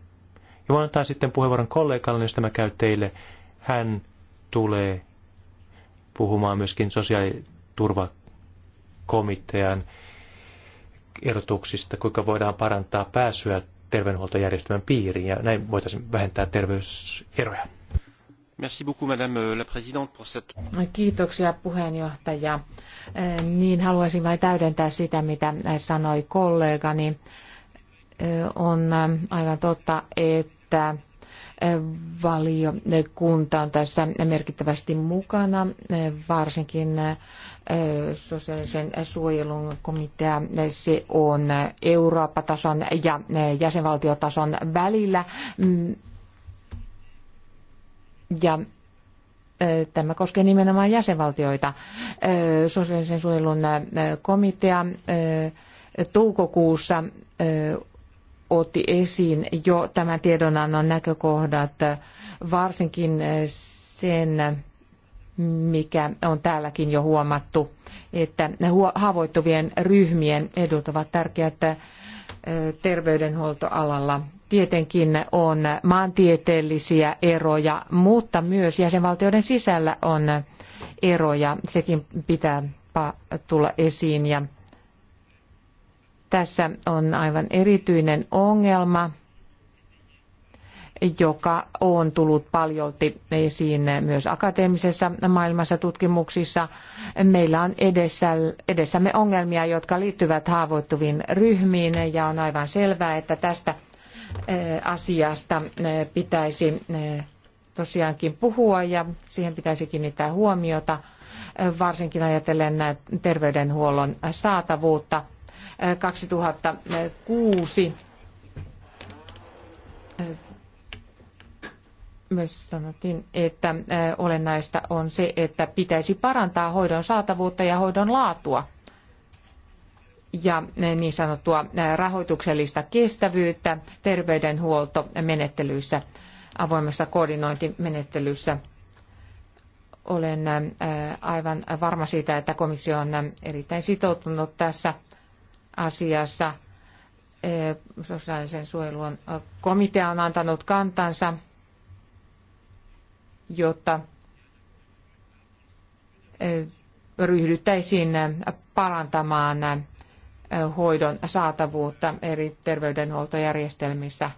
Speaker 1: Ja voin antaa sitten puheenvuoron kollegalle, josta mä käyn teille. Hän tulee puhumaan myöskin sosiaaliturvakomitean erotuksista, kuinka voidaan parantaa pääsyä terveydenhuoltojärjestelmän piiriin ja näin voitaisiin vähentää terveyseroja. Merci beaucoup, Madame la Présidente, pour cette...
Speaker 2: Kiitoksia puheenjohtaja. Äh, niin haluaisin vain täydentää sitä, mitä sanoi kollegani. Äh, on äh, aivan totta, että valiokunta on tässä merkittävästi mukana, varsinkin sosiaalisen suojelun komitea. Se on Eurooppa-tason ja jäsenvaltiotason välillä. Ja e, Tämä koskee nimenomaan jäsenvaltioita. E, sosiaalisen suojelun e, komitea toukokuussa otti esiin jo tämän tiedonannon näkökohdat, varsinkin sen mikä on täälläkin jo huomattu, että haavoittuvien ryhmien edut ovat tärkeät terveydenhuoltoalalla. Tietenkin on maantieteellisiä eroja, mutta myös jäsenvaltioiden sisällä on eroja. Sekin pitää tulla esiin. Ja tässä on aivan erityinen ongelma joka on tullut paljolti esiin myös akateemisessa maailmassa tutkimuksissa. Meillä on edessä, edessämme ongelmia, jotka liittyvät haavoittuviin ryhmiin ja on aivan selvää, että tästä eh, asiasta eh, pitäisi eh, tosiaankin puhua ja siihen pitäisi kiinnittää huomiota, varsinkin ajatellen terveydenhuollon saatavuutta. 2006 myös sanottiin, että äh, olennaista on se, että pitäisi parantaa hoidon saatavuutta ja hoidon laatua ja äh, niin sanottua äh, rahoituksellista kestävyyttä terveydenhuoltomenettelyissä, avoimessa koordinointimenettelyssä. Olen aivan varma siitä, että komissio on erittäin sitoutunut tässä asiassa. Sosiaalisen suojelun komitea on antanut kantansa jotta ryhdyttäisiin parantamaan hoidon saatavuutta eri terveydenhuoltojärjestelmissä.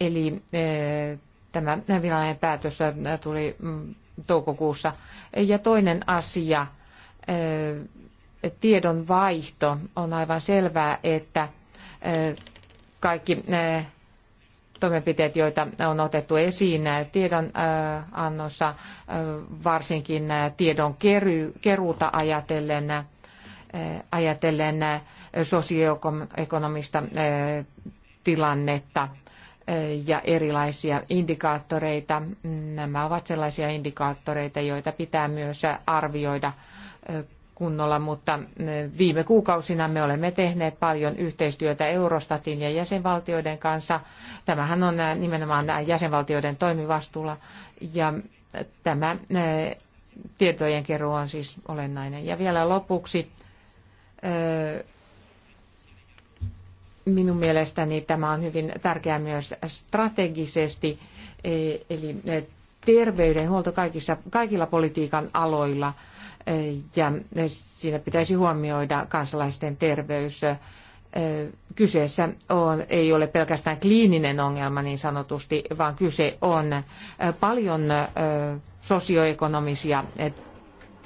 Speaker 2: Eli tämä virallinen päätös tuli mm, toukokuussa. Ja toinen asia, tiedon vaihto. On aivan selvää, että kaikki toimenpiteet, joita on otettu esiin äh, äh, tiedon annossa, varsinkin tiedon keruuta ajatellen, äh, ajatellen sosioekonomista tilannetta ja erilaisia indikaattoreita. Nämä ovat sellaisia indikaattoreita, joita pitää myös arvioida kunnolla, mutta eh, viime kuukausina me olemme tehneet paljon yhteistyötä Eurostatin ja jäsenvaltioiden kanssa. Tämähän on eh, nimenomaan jäsenvaltioiden toimivastuulla ja eh, tämä tietojen keruu on siis olennainen. Ja vielä lopuksi minun mielestäni tämä on hyvin tärkeää myös strategisesti, eli terveydenhuolto kaikissa, kaikilla politiikan aloilla ja siinä pitäisi huomioida kansalaisten terveys. Kyseessä on, ei ole pelkästään kliininen ongelma niin sanotusti, vaan kyse on paljon sosioekonomisia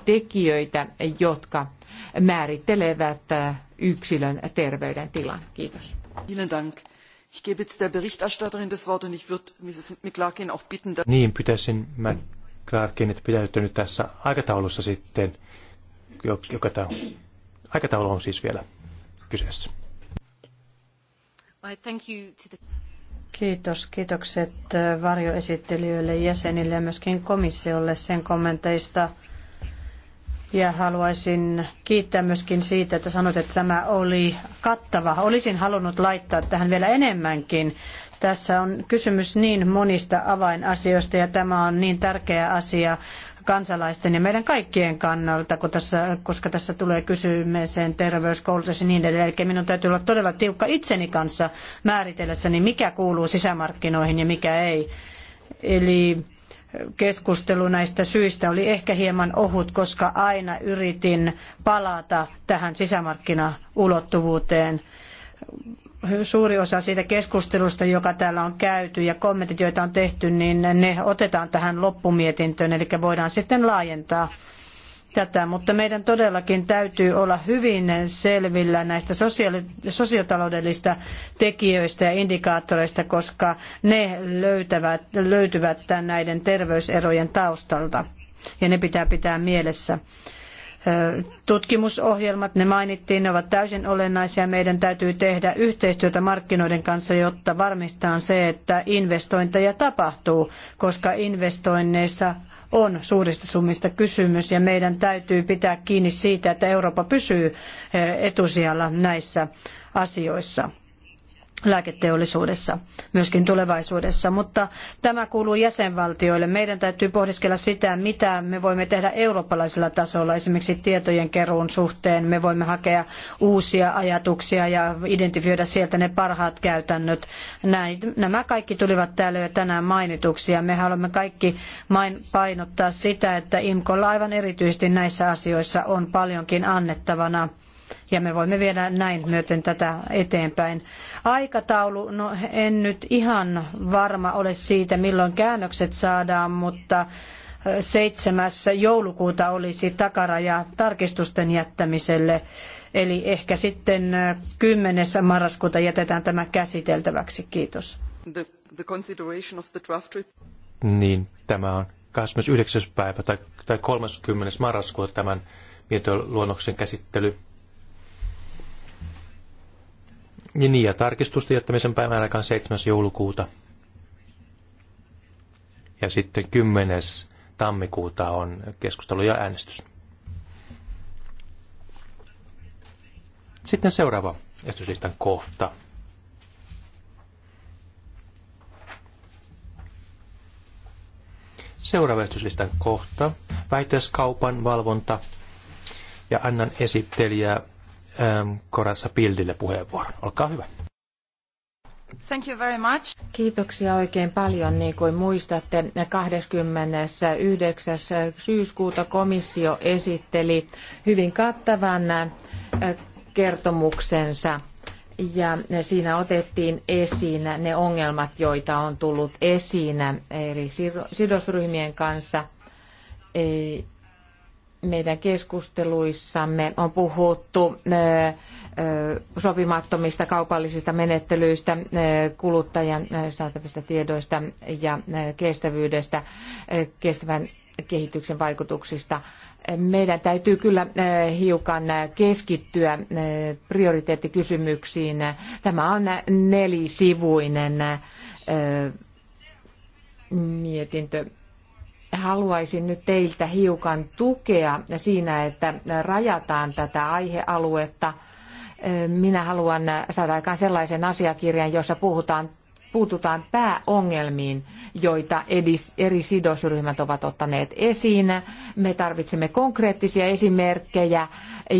Speaker 2: tekijöitä, jotka määrittelevät yksilön terveydentilan. Kiitos.
Speaker 3: Vielen Dank. Ich gebe jetzt der Berichterstatterin das Wort und ich würde Mrs. McLarkin auch bitten, dass... Niin,
Speaker 1: pitäisin Clarkin, että pitäytynyt tässä aikataulussa sitten, joka tämä aikataulu on siis vielä kyseessä.
Speaker 4: Kiitos, kiitokset äh, varjoesittelijöille, jäsenille ja myöskin komissiolle sen kommenteista. Ja haluaisin kiittää myöskin siitä, että sanoit, että tämä oli kattava. Olisin halunnut laittaa tähän vielä enemmänkin. Tässä on kysymys niin monista avainasioista ja tämä on niin tärkeä asia kansalaisten ja meidän kaikkien kannalta, kun tässä, koska tässä tulee kysymykseen terveyskoulutus ja niin edelleen. Eli minun täytyy olla todella tiukka itseni kanssa määritellessäni, mikä kuuluu sisämarkkinoihin ja mikä ei. Eli keskustelu näistä syistä oli ehkä hieman ohut, koska aina yritin palata tähän sisämarkkinaulottuvuuteen. Suuri osa siitä keskustelusta, joka täällä on käyty ja kommentit, joita on tehty, niin ne otetaan tähän loppumietintöön, eli voidaan sitten laajentaa tätä, mutta meidän todellakin täytyy olla hyvin selvillä näistä sosiaali- sosiotaloudellista tekijöistä ja indikaattoreista, koska ne löytävät, löytyvät tämän näiden terveyserojen taustalta ja ne pitää pitää mielessä. Tutkimusohjelmat, ne mainittiin, ne ovat täysin olennaisia. Meidän täytyy tehdä yhteistyötä markkinoiden kanssa, jotta varmistetaan se, että investointeja tapahtuu, koska investoinneissa on suurista summista kysymys ja meidän täytyy pitää kiinni siitä, että Eurooppa pysyy eh, etusijalla näissä asioissa lääketeollisuudessa myöskin tulevaisuudessa, mutta tämä kuuluu jäsenvaltioille. Meidän täytyy pohdiskella sitä, mitä me voimme tehdä eurooppalaisella tasolla, esimerkiksi tietojen keruun suhteen. Me voimme hakea uusia ajatuksia ja identifioida sieltä ne parhaat käytännöt. Näin, nämä kaikki tulivat täällä jo tänään mainituksi ja me haluamme kaikki painottaa sitä, että IMKOlla aivan erityisesti näissä asioissa on paljonkin annettavana ja me voimme viedä näin myöten tätä eteenpäin. Aikataulu, no en nyt ihan varma ole siitä, milloin käännökset saadaan, mutta 7. joulukuuta olisi takaraja tarkistusten jättämiselle. Eli ehkä sitten 10. marraskuuta jätetään tämä käsiteltäväksi. Kiitos.
Speaker 3: The, the
Speaker 1: niin, tämä on 29. päivä tai, tai 30. marraskuuta tämän mietintöluonnoksen käsittely. Ja niin, niin, ja tarkistusten jättämisen päivän aikaan 7. joulukuuta. Ja sitten 10. tammikuuta on keskustelu ja äänestys. Sitten seuraava esityslistan kohta. Seuraava esityslistan kohta. Väitöskaupan valvonta. Ja annan esittelijä Ähm, Korassa Pildille puheenvuoron. Olkaa hyvä.
Speaker 2: Thank you very much. Kiitoksia oikein paljon. Niin kuin muistatte, 29. syyskuuta komissio esitteli hyvin kattavan äh, kertomuksensa ja siinä otettiin esiin ne ongelmat, joita on tullut esiin eri sidosryhmien kanssa meidän keskusteluissamme on puhuttu sopimattomista kaupallisista menettelyistä, kuluttajan saatavista tiedoista ja kestävyydestä, kestävän kehityksen vaikutuksista. Meidän täytyy kyllä hiukan keskittyä prioriteettikysymyksiin. Tämä on nelisivuinen mietintö haluaisin nyt teiltä hiukan tukea siinä, että rajataan tätä aihealuetta. Minä haluan saada aikaan sellaisen asiakirjan, jossa puhutaan, puututaan pääongelmiin, joita eri sidosryhmät ovat ottaneet esiin. Me tarvitsemme konkreettisia esimerkkejä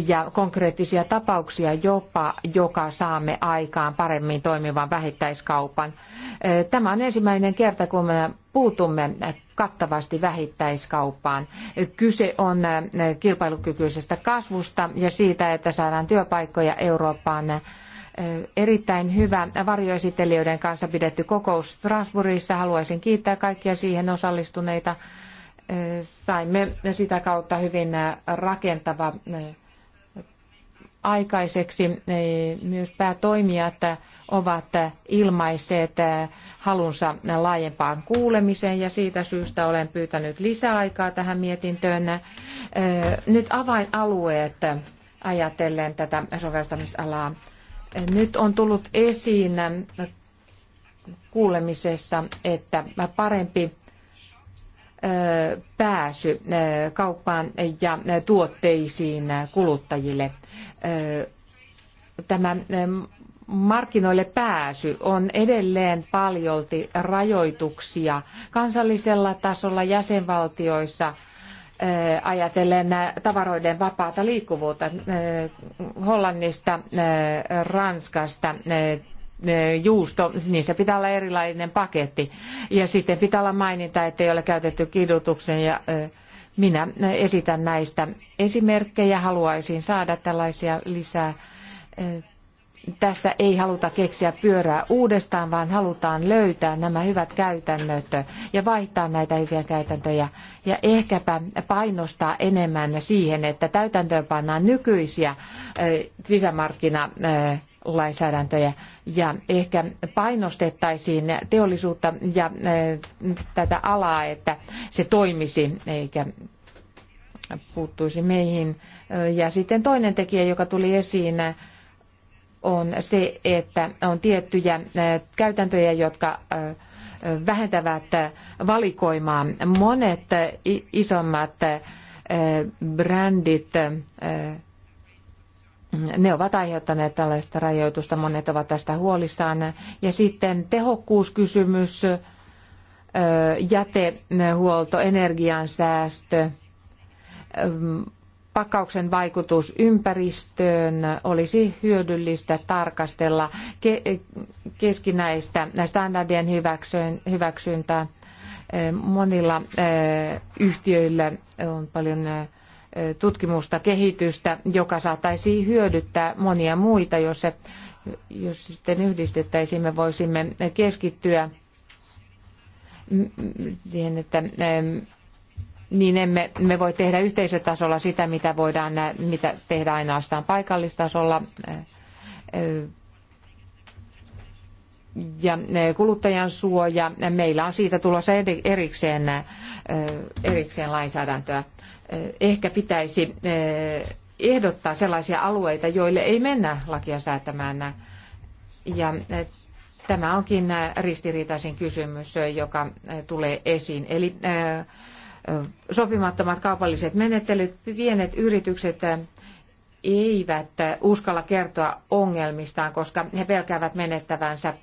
Speaker 2: ja konkreettisia tapauksia jopa, joka saamme aikaan paremmin toimivan vähittäiskaupan. Tämä on ensimmäinen kerta, kun me puutumme kattavasti vähittäiskauppaan. Kyse on kilpailukykyisestä kasvusta ja siitä, että saadaan työpaikkoja Eurooppaan erittäin hyvä varjoesittelijöiden kanssa pidetty kokous Strasbourgissa. Haluaisin kiittää kaikkia siihen osallistuneita. Saimme sitä kautta hyvin rakentava aikaiseksi. E, myös päätoimijat ovat ilmaisseet halunsa laajempaan kuulemiseen ja siitä syystä olen pyytänyt lisäaikaa tähän mietintöön. E, nyt avainalueet ajatellen tätä soveltamisalaa. E, nyt on tullut esiin kuulemisessa, että parempi pääsy kauppaan ja tuotteisiin kuluttajille tämä markkinoille pääsy on edelleen paljolti rajoituksia kansallisella tasolla jäsenvaltioissa ajatellen tavaroiden vapaata liikkuvuutta Hollannista, Ranskasta, juusto, niissä pitää olla erilainen paketti. Ja sitten pitää olla maininta, ettei ole käytetty kidutuksen ja minä esitän näistä esimerkkejä, haluaisin saada tällaisia lisää. Tässä ei haluta keksiä pyörää uudestaan, vaan halutaan löytää nämä hyvät käytännöt ja vaihtaa näitä hyviä käytäntöjä ja ehkäpä painostaa enemmän siihen, että täytäntöön pannaan nykyisiä sisämarkkina lainsäädäntöjä ja ehkä painostettaisiin teollisuutta ja eh, tätä alaa, että se toimisi eikä puuttuisi meihin. Eh, ja sitten toinen tekijä, joka tuli esiin, on se, että on tiettyjä eh, käytäntöjä, jotka vähentävät valikoimaa. Monet isommat brändit ne ovat aiheuttaneet tällaista rajoitusta, monet ovat tästä huolissaan. Ja sitten tehokkuuskysymys, jätehuolto, energiansäästö, pakkauksen vaikutus ympäristöön olisi hyödyllistä tarkastella keskinäistä standardien hyväksyntää. Monilla yhtiöillä on paljon tutkimusta, kehitystä, joka saattaisi hyödyttää monia muita, jos, se, jos se sitten yhdistettäisiin, me voisimme keskittyä siihen, että niin emme me voi tehdä yhteisötasolla sitä, mitä voidaan mitä tehdä ainoastaan paikallistasolla. Ja kuluttajan suoja, meillä on siitä tulossa erikseen, erikseen lainsäädäntöä. Eh, ehkä pitäisi eh, ehdottaa sellaisia alueita, joille ei mennä lakia säätämään. Ja eh, tämä onkin ristiriitaisin kysymys, joka tulee esiin. Eli sopimattomat kaupalliset menettelyt, pienet yritykset eivät uskalla kertoa ongelmistaan, koska he pelkäävät menettävänsä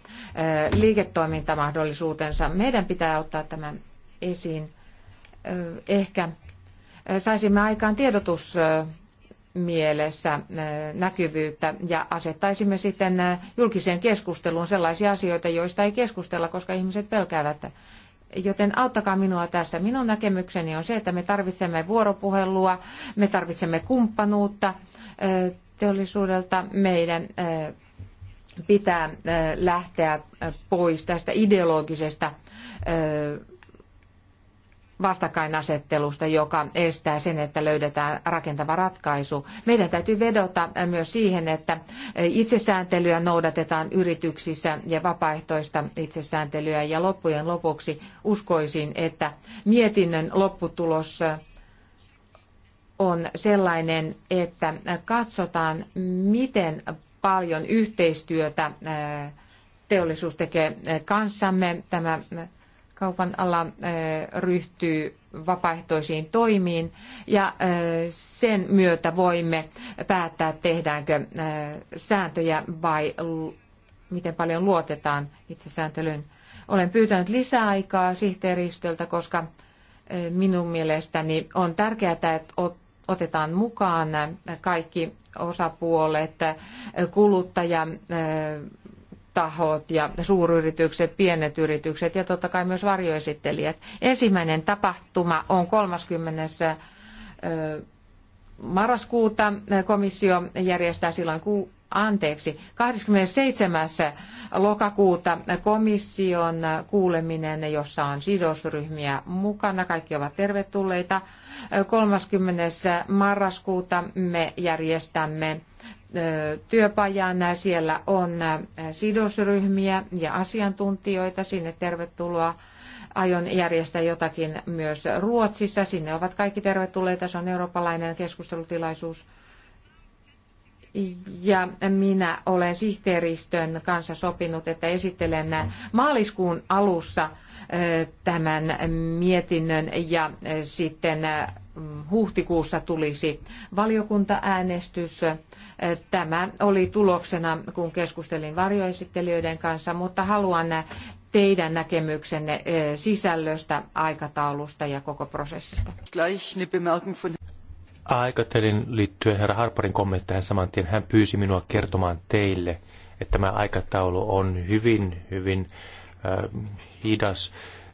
Speaker 2: liiketoimintamahdollisuutensa. Meidän pitää ottaa tämä esiin. Ehkä saisimme aikaan tiedotusmielessä näkyvyyttä ja asettaisimme sitten julkiseen keskusteluun sellaisia asioita, joista ei keskustella, koska ihmiset pelkäävät. Joten auttakaa minua tässä. Minun näkemykseni on se, että me tarvitsemme vuoropuhelua, me tarvitsemme kumppanuutta teollisuudelta. Meidän pitää lähteä pois tästä ideologisesta vastakkainasettelusta, joka estää sen, että löydetään rakentava ratkaisu. Meidän täytyy vedota myös siihen, että itsesääntelyä noudatetaan yrityksissä ja vapaaehtoista itsesääntelyä. Ja loppujen lopuksi uskoisin, että mietinnön lopputulos on sellainen, että katsotaan, miten paljon yhteistyötä teollisuus tekee kanssamme. Tämä kaupan ala eh, ryhtyy vapaaehtoisiin toimiin ja eh, sen myötä voimme päättää, tehdäänkö eh, sääntöjä vai miten paljon luotetaan itse sääntelyyn. Olen pyytänyt lisäaikaa sihteeristöltä, koska minun mielestäni on tärkeää, että otetaan mukaan kaikki osapuolet, kuluttaja, tahot ja suuryritykset, pienet yritykset ja totta kai myös varjoesittelijät. Ensimmäinen tapahtuma on 30. marraskuuta. Komissio järjestää silloin anteeksi, 27. lokakuuta komission kuuleminen, jossa on sidosryhmiä mukana. Kaikki ovat tervetulleita. 30. marraskuuta me järjestämme työpajan. Siellä on sidosryhmiä ja asiantuntijoita. Sinne tervetuloa. Aion järjestää jotakin myös Ruotsissa. Sinne ovat kaikki tervetulleita. Se on eurooppalainen keskustelutilaisuus ja minä olen sihteeristön kanssa sopinut, että esittelen maaliskuun alussa tämän mietinnön ja sitten huhtikuussa tulisi valiokuntaäänestys. Tämä oli tuloksena, kun keskustelin varjoesittelijöiden kanssa, mutta haluan teidän näkemyksenne sisällöstä, aikataulusta ja koko prosessista.
Speaker 1: Aikotelin liittyen herra Harparin kommentteihin saman tien. Hän pyysi minua kertomaan teille, että tämä aikataulu on hyvin, hyvin äh, hidas.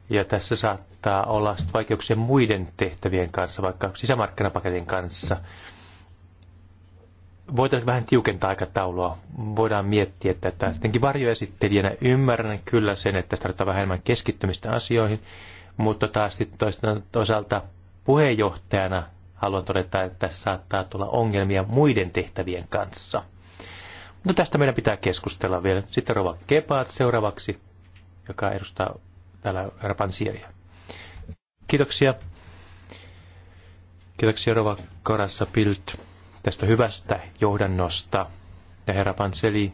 Speaker 1: Ja tässä saattaa olla vaikeuksia muiden tehtävien kanssa, vaikka sisämarkkinapaketin kanssa. Voitaisiin vähän tiukentaa aikataulua. Voidaan miettiä tätä. Tietenkin varjoesittelijänä ymmärrän kyllä sen, että tarvitaan vähemmän keskittymistä asioihin, mutta taas sitten toisaalta puheenjohtajana haluan todeta, että tässä saattaa tulla ongelmia muiden tehtävien kanssa. No tästä meidän pitää keskustella vielä. Sitten Rova Kepaat seuraavaksi, joka edustaa täällä Rapansieria. Kiitoksia. Kiitoksia Rova Korassa Pilt tästä hyvästä johdannosta. Ja herra Panseli,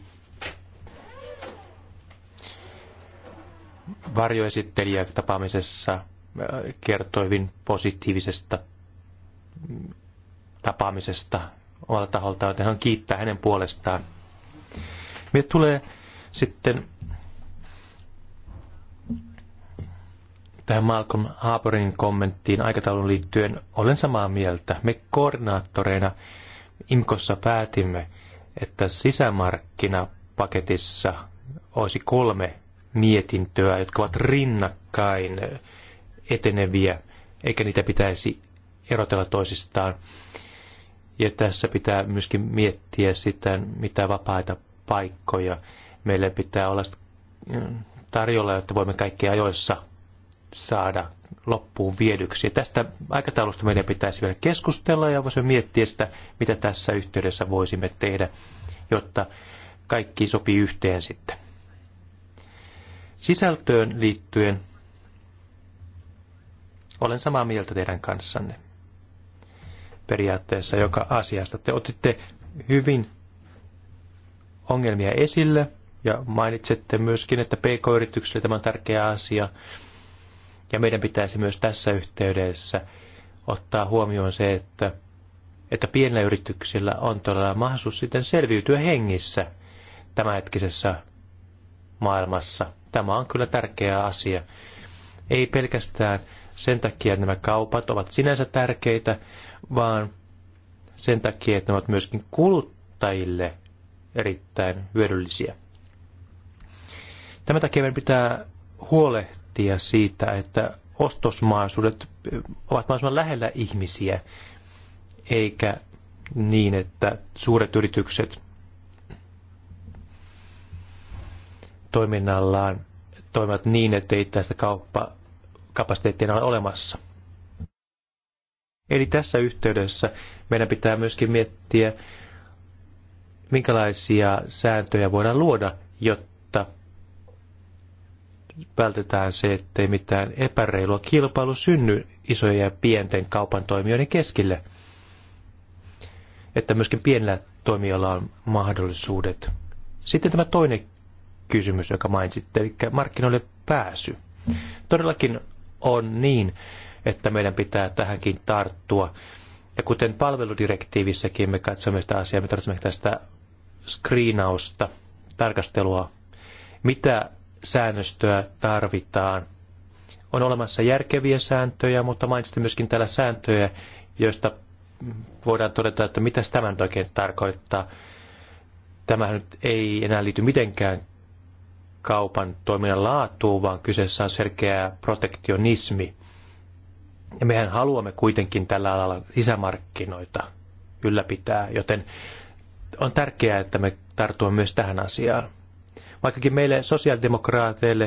Speaker 1: varjoesittelijä tapaamisessa äh, kertoi hyvin positiivisesta tapaamisesta omalta taholta, joten hän kiittää hänen puolestaan. Meille tulee sitten tähän Malcolm Harbourin kommenttiin aikataulun liittyen olen samaa mieltä. Me koordinaattoreina IMKossa päätimme, että sisämarkkinapaketissa olisi kolme mietintöä, jotka ovat rinnakkain eteneviä, eikä niitä pitäisi erotella toisistaan. Ja tässä pitää myöskin miettiä sitä, mitä vapaita paikkoja meille pitää olla tarjolla, että voimme kaikki ajoissa saada loppuun viedyksi. Ja tästä aikataulusta meidän pitäisi vielä keskustella ja voisimme miettiä sitä, mitä tässä yhteydessä voisimme tehdä, jotta kaikki sopii yhteen sitten. Sisältöön liittyen olen samaa mieltä teidän kanssanne periaatteessa joka asiasta. Te otitte hyvin ongelmia esille ja mainitsette myöskin, että PK-yrityksille tämä on tärkeä asia. Ja meidän pitäisi myös tässä yhteydessä ottaa huomioon se, että, että pienillä yrityksillä on todella mahdollisuus sitten selviytyä hengissä tämänhetkisessä maailmassa. Tämä on kyllä tärkeä asia. Ei pelkästään sen takia, että nämä kaupat ovat sinänsä tärkeitä, vaan sen takia, että ne ovat myöskin kuluttajille erittäin hyödyllisiä. Tämän takia meidän pitää huolehtia siitä, että ostosmaisuudet ovat mahdollisimman lähellä ihmisiä, eikä niin, että suuret yritykset toiminnallaan toimivat niin, että ei tästä kauppa ole olemassa. Eli tässä yhteydessä meidän pitää myöskin miettiä, minkälaisia sääntöjä voidaan luoda, jotta vältetään se, ettei mitään epäreilua kilpailu synny isojen ja pienten kaupan toimijoiden keskille. Että myöskin pienellä toimijoilla on mahdollisuudet. Sitten tämä toinen kysymys, joka mainitsitte, eli markkinoille pääsy. Todellakin on niin, että meidän pitää tähänkin tarttua. Ja kuten palveludirektiivissäkin me katsomme sitä asiaa, me tarvitsemme tästä screenausta, tarkastelua, mitä säännöstöä tarvitaan. On olemassa järkeviä sääntöjä, mutta mainitsin myöskin täällä sääntöjä, joista voidaan todeta, että mitä tämä nyt oikein tarkoittaa. Tämähän nyt ei enää liity mitenkään kaupan toiminnan laatuun, vaan kyseessä on selkeä protektionismi. Ja mehän haluamme kuitenkin tällä alalla sisämarkkinoita ylläpitää, joten on tärkeää, että me tartumme myös tähän asiaan. Vaikkakin meille sosiaalidemokraateille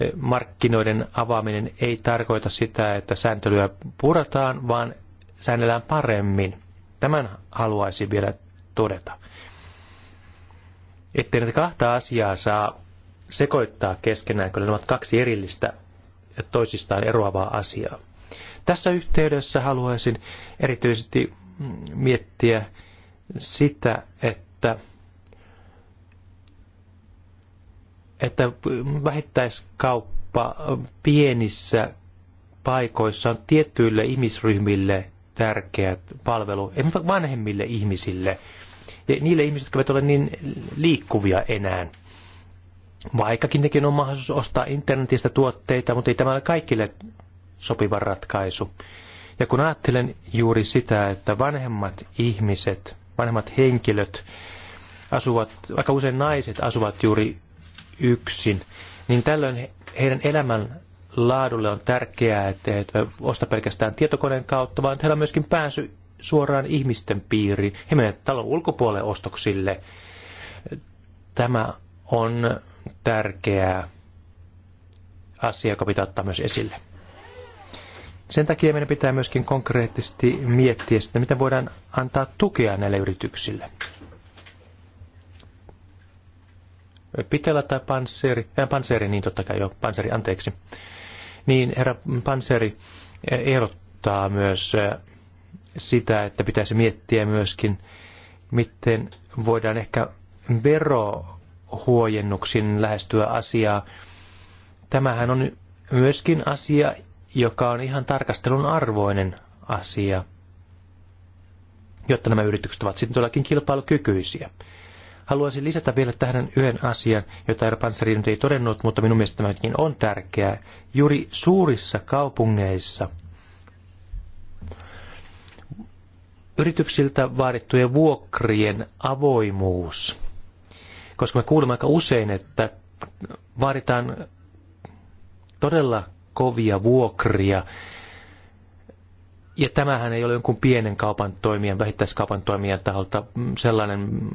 Speaker 1: eh, markkinoiden avaaminen ei tarkoita sitä, että sääntelyä purataan, vaan säännellään paremmin. Tämän haluaisin vielä todeta. Ettei näitä kahta asiaa saa sekoittaa keskenään, kun ne ovat kaksi erillistä ja toisistaan eroavaa asiaa. Tässä yhteydessä haluaisin erityisesti miettiä sitä, että, että vähittäiskauppa pienissä paikoissa on tietyille ihmisryhmille tärkeä palvelu, ei vanhemmille ihmisille, ja niille ihmisille, jotka eivät ole niin liikkuvia enää. Vaikkakin nekin on mahdollisuus ostaa internetistä tuotteita, mutta ei tämä ole kaikille sopiva ratkaisu. Ja kun ajattelen juuri sitä, että vanhemmat ihmiset, vanhemmat henkilöt asuvat, aika usein naiset asuvat juuri yksin, niin tällöin heidän elämän laadulle on tärkeää, että he osta pelkästään tietokoneen kautta, vaan heillä on myöskin pääsy suoraan ihmisten piiriin. He menevät talon ulkopuolelle ostoksille. Tämä on tärkeää asia, joka pitää ottaa myös esille. Sen takia meidän pitää myöskin konkreettisesti miettiä sitä, miten voidaan antaa tukea näille yrityksille. Pitellä tai panseri, äh, panseri, niin totta kai jo, panseri, anteeksi. Niin herra panseri eh, ehdottaa myös eh, sitä, että pitäisi miettiä myöskin, miten voidaan ehkä verohuojennuksin lähestyä asiaa. Tämähän on myöskin asia, joka on ihan tarkastelun arvoinen asia, jotta nämä yritykset ovat sitten todellakin kilpailukykyisiä. Haluaisin lisätä vielä tähän yhden asian, jota Erpansari nyt ei todennut, mutta minun mielestä tämäkin on tärkeää. Juuri suurissa kaupungeissa yrityksiltä vaadittujen vuokrien avoimuus. Koska me kuulemme aika usein, että vaaditaan todella kovia vuokria. Ja tämähän ei ole jonkun pienen kaupan toimijan, vähittäiskaupan toimijan taholta mm, sellainen mm,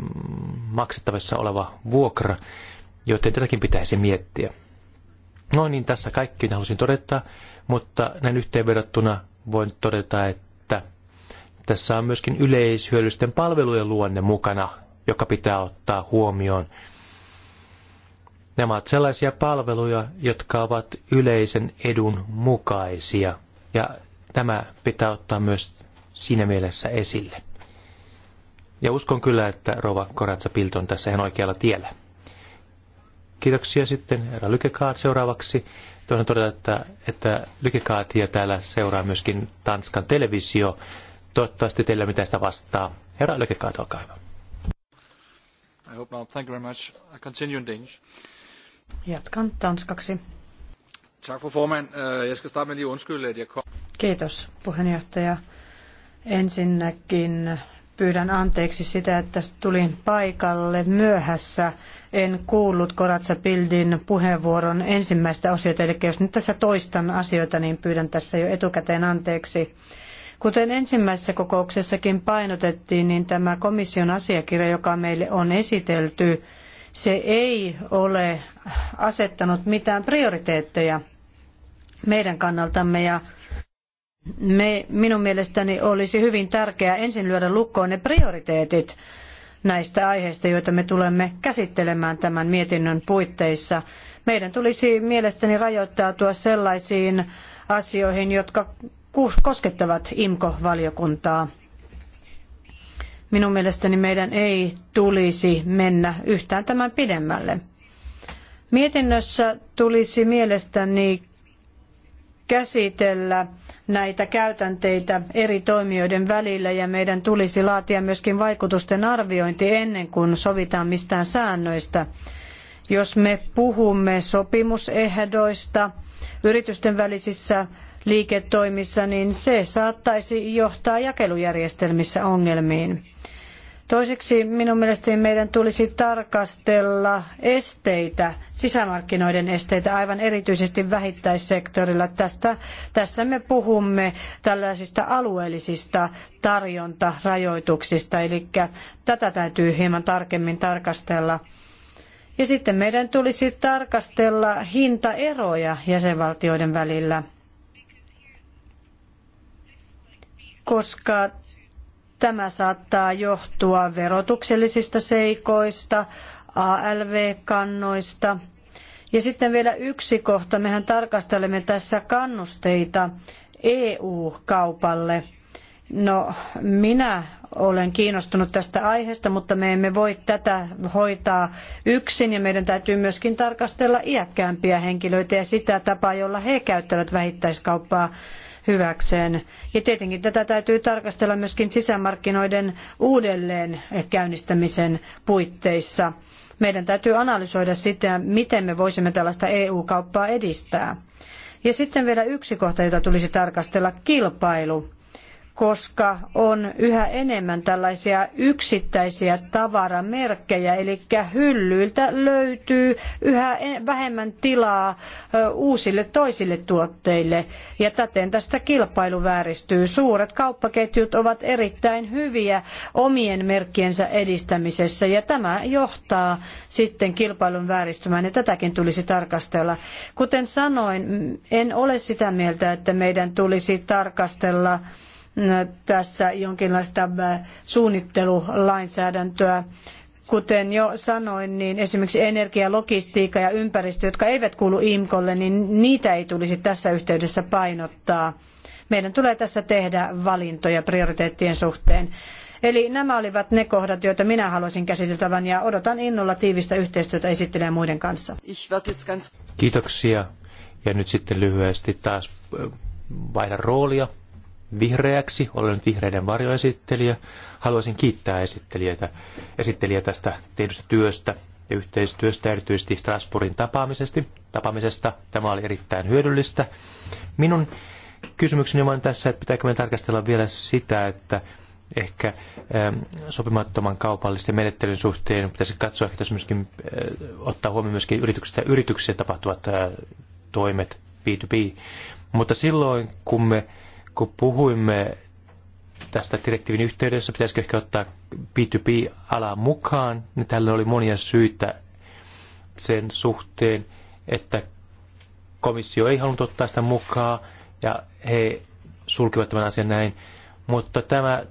Speaker 1: maksettavissa oleva vuokra, joten tätäkin pitäisi miettiä. No niin, tässä kaikki halusin todeta, mutta näin yhteenvedottuna voin todeta, että tässä on myöskin yleishyödyllisten palvelujen luonne mukana, joka pitää ottaa huomioon. Nämä ovat sellaisia palveluja, jotka ovat yleisen edun mukaisia. Ja tämä pitää ottaa myös siinä mielessä esille. Ja uskon kyllä, että Rova Koratsa Pilton on tässä ihan oikealla tiellä. Kiitoksia sitten herra Lykekaat seuraavaksi. Toinen todeta, että, että Lykekaatia täällä seuraa myöskin Tanskan televisio. Toivottavasti teillä mitä sitä vastaa. Herra Lykekaat, olkaa hyvä. I hope not. Thank you very much. I continue in Danish.
Speaker 4: Jatkan tanskaksi.
Speaker 1: Tak for formand. Øh, jeg skal starte med lige undskylde, at jeg kom.
Speaker 4: Kiitos puheenjohtaja. Ensinnäkin pyydän anteeksi sitä, että tulin paikalle myöhässä. En kuullut Koratsa Bildin puheenvuoron ensimmäistä osiota, eli jos nyt tässä toistan asioita, niin pyydän tässä jo etukäteen anteeksi. Kuten ensimmäisessä kokouksessakin painotettiin, niin tämä komission asiakirja, joka meille on esitelty, se ei ole asettanut mitään prioriteetteja meidän kannaltamme ja me, minun mielestäni olisi hyvin tärkeää ensin lyödä lukkoon ne prioriteetit näistä aiheista, joita me tulemme käsittelemään tämän mietinnön puitteissa. Meidän tulisi mielestäni rajoittautua sellaisiin asioihin, jotka koskettavat IMKO-valiokuntaa Minun mielestäni meidän ei tulisi mennä yhtään tämän pidemmälle. Mietinnössä tulisi mielestäni käsitellä näitä käytänteitä eri toimijoiden välillä ja meidän tulisi laatia myöskin vaikutusten arviointi ennen kuin sovitaan mistään säännöistä. Jos me puhumme sopimusehdoista yritysten välisissä liiketoimissa, niin se saattaisi johtaa jakelujärjestelmissä ongelmiin. Toiseksi minun mielestäni meidän tulisi tarkastella esteitä, sisämarkkinoiden esteitä aivan erityisesti vähittäissektorilla. Tästä, tässä me puhumme tällaisista alueellisista tarjontarajoituksista, eli tätä täytyy hieman tarkemmin tarkastella. Ja sitten meidän tulisi tarkastella hintaeroja jäsenvaltioiden välillä. koska tämä saattaa johtua verotuksellisista seikoista, ALV-kannoista. Ja sitten vielä yksi kohta. Mehän tarkastelemme tässä kannusteita EU-kaupalle. No, minä olen kiinnostunut tästä aiheesta, mutta me emme voi tätä hoitaa yksin ja meidän täytyy myöskin tarkastella iäkkäämpiä henkilöitä ja sitä tapaa, jolla he käyttävät vähittäiskauppaa hyväkseen. Ja tietenkin tätä täytyy tarkastella myöskin sisämarkkinoiden uudelleen käynnistämisen puitteissa. Meidän täytyy analysoida sitä, miten me voisimme tällaista EU-kauppaa edistää. Ja sitten vielä yksi kohta, jota tulisi tarkastella, kilpailu koska on yhä enemmän tällaisia yksittäisiä tavaramerkkejä, eli hyllyiltä löytyy yhä vähemmän tilaa uusille toisille tuotteille, ja täten tästä kilpailu vääristyy. Suuret kauppaketjut ovat erittäin hyviä omien merkkiensä edistämisessä, ja tämä johtaa sitten kilpailun vääristymään, ja tätäkin tulisi tarkastella. Kuten sanoin, en ole sitä mieltä, että meidän tulisi tarkastella tässä jonkinlaista äh, suunnittelulainsäädäntöä. Kuten jo sanoin, niin esimerkiksi energia, logistiikka ja ympäristö, jotka eivät kuulu IMKOlle, niin niitä ei tulisi tässä yhteydessä painottaa. Meidän tulee tässä tehdä valintoja prioriteettien suhteen. Eli nämä olivat ne kohdat, joita minä haluaisin käsiteltävän ja odotan innolla tiivistä yhteistyötä esittelijän muiden kanssa.
Speaker 1: Kiitoksia. Ja nyt sitten lyhyesti taas äh, vaihda roolia vihreäksi. Olen vihreiden varjoesittelijä. Haluaisin kiittää esittelijöitä, esittelijä tästä tehdystä työstä ja yhteistyöstä, erityisesti Strasbourgin tapaamisesti, tapaamisesta. Tämä oli erittäin hyödyllistä. Minun kysymykseni on tässä, että pitääkö me tarkastella vielä sitä, että ehkä ähm, sopimattoman kaupallisten menettelyn suhteen pitäisi katsoa että tässä myöskin, äh, ottaa huomioon myöskin yrityksistä ja yrityksissä tapahtuvat äh, toimet, B2B. Mutta silloin, kun me kun puhuimme tästä direktiivin yhteydessä, pitäisikö ehkä ottaa B2B-ala mukaan, niin tällä oli monia syitä sen suhteen, että komissio ei halunnut ottaa sitä mukaan ja he sulkivat tämän asian näin. Mutta tämä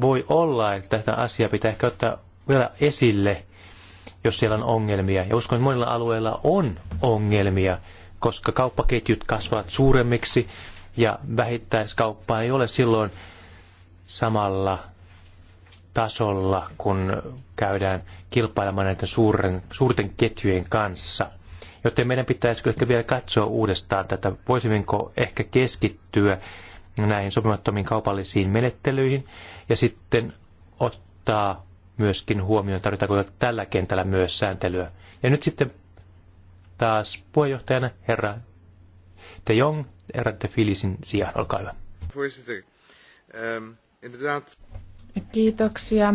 Speaker 1: voi olla, että tätä asiaa pitää ehkä ottaa vielä esille, jos siellä on ongelmia. Ja uskon, että monilla alueilla on ongelmia, koska kauppaketjut kasvavat suuremmiksi ja vähittäiskauppa ei ole silloin samalla tasolla, kun käydään kilpailemaan näiden suuren, suurten ketjujen kanssa. Joten meidän pitäisi ehkä vielä katsoa uudestaan tätä, voisimmeko ehkä keskittyä näihin sopimattomiin kaupallisiin menettelyihin ja sitten ottaa myöskin huomioon, tarvitaanko tällä kentällä myös sääntelyä. Ja nyt sitten taas puheenjohtajana herra De Jong, Erad de Filisin sijaan. Olkaa hyvä.
Speaker 2: Ehm, Kiitoksia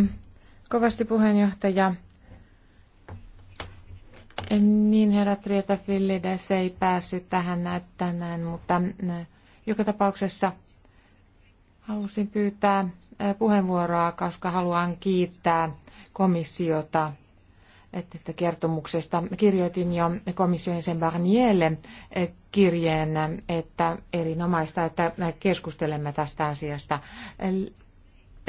Speaker 2: kovasti puheenjohtaja. Niin, herra Fillides ei päässyt tähän tänään, mutta eh, joka tapauksessa halusin pyytää eh, puheenvuoroa, koska haluan kiittää komissiota tästä kertomuksesta. Kirjoitin jo komission sen Barnierlle eh, kirjeen, että erinomaista, että keskustelemme tästä asiasta. Eh,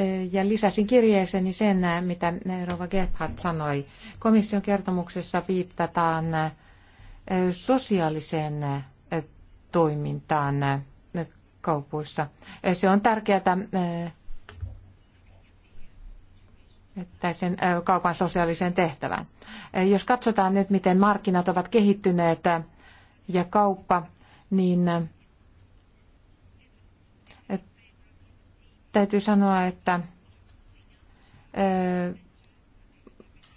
Speaker 2: eh, ja lisäsin kirjeeseeni sen, mitä Rova Gebhardt sanoi. Komission kertomuksessa viittataan sosiaaliseen toimintaan kaupoissa. Se on tärkeää tai sen kaupan sosiaaliseen tehtävään. Jos katsotaan nyt, miten markkinat ovat kehittyneet ja kauppa, niin täytyy sanoa, että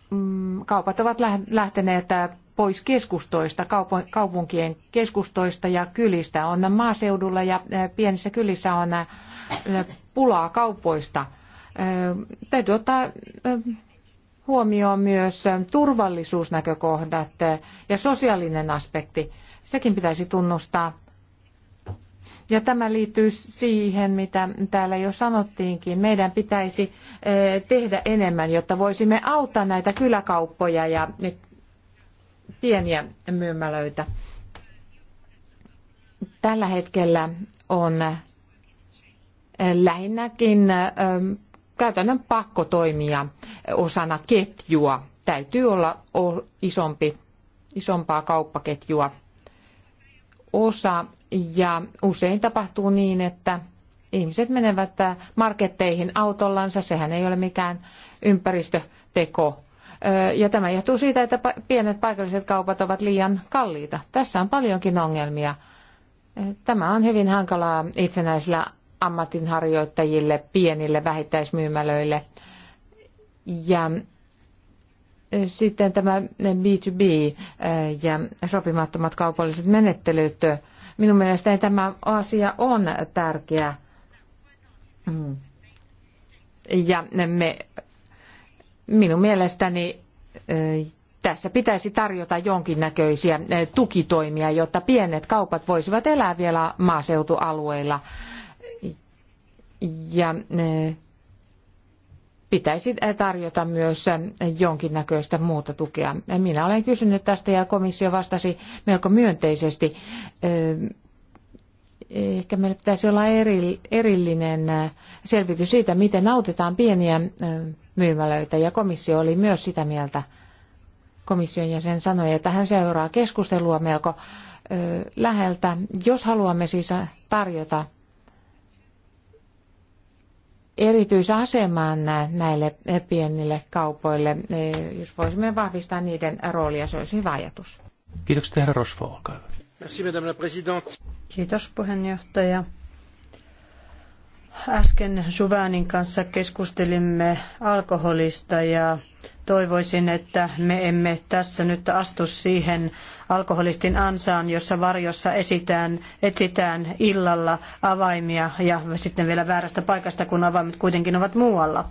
Speaker 2: mm, kaupat ovat lähteneet pois keskustoista, kaupunkien keskustoista ja kylistä. On maaseudulla ja pienissä kylissä on pulaa kaupoista – Täytyy ottaa huomioon myös turvallisuusnäkökohdat ja sosiaalinen aspekti. Sekin pitäisi tunnustaa. Ja tämä liittyy siihen, mitä täällä jo sanottiinkin. Meidän pitäisi tehdä enemmän, jotta voisimme auttaa näitä kyläkauppoja ja pieniä myymälöitä. Tällä hetkellä on lähinnäkin käytännön pakko toimia osana ketjua. Täytyy olla isompi, isompaa kauppaketjua osa ja usein tapahtuu niin, että ihmiset menevät äh, marketteihin autollansa, sehän ei ole mikään ympäristöteko. Ja tämä johtuu siitä, että pienet paikalliset kaupat ovat liian kalliita. Tässä on paljonkin ongelmia. Tämä on hyvin hankalaa itsenäisillä ammatinharjoittajille, pienille vähittäismyymälöille. Ja sitten tämä B2B ja sopimattomat kaupalliset menettelyt. Minun mielestäni tämä asia on tärkeä. Ja me, minun mielestäni tässä pitäisi tarjota jonkinnäköisiä tukitoimia, jotta pienet kaupat voisivat elää vielä maaseutualueilla ja e, pitäisi tarjota myös jonkinnäköistä muuta tukea. Minä olen kysynyt tästä ja komissio vastasi melko myönteisesti. E, ehkä meillä pitäisi olla eri, erillinen selvitys siitä, miten autetaan pieniä e, myymälöitä ja komissio oli myös sitä mieltä. Komission jäsen sanoi, että hän seuraa keskustelua melko läheltä. Jos haluamme siis tarjota erityisasemaan näille pienille kaupoille. Jos voisimme vahvistaa niiden roolia, se olisi hyvä ajatus.
Speaker 1: Kiitokset, herra Rosvo, olkaa hyvä. Merci, madame la présidente.
Speaker 2: Kiitos, puheenjohtaja.
Speaker 4: Äsken Suvanin kanssa keskustelimme alkoholista ja toivoisin, että me emme tässä nyt astu siihen alkoholistin ansaan, jossa varjossa esitään, etsitään illalla avaimia ja sitten vielä väärästä paikasta, kun avaimet kuitenkin ovat muualla.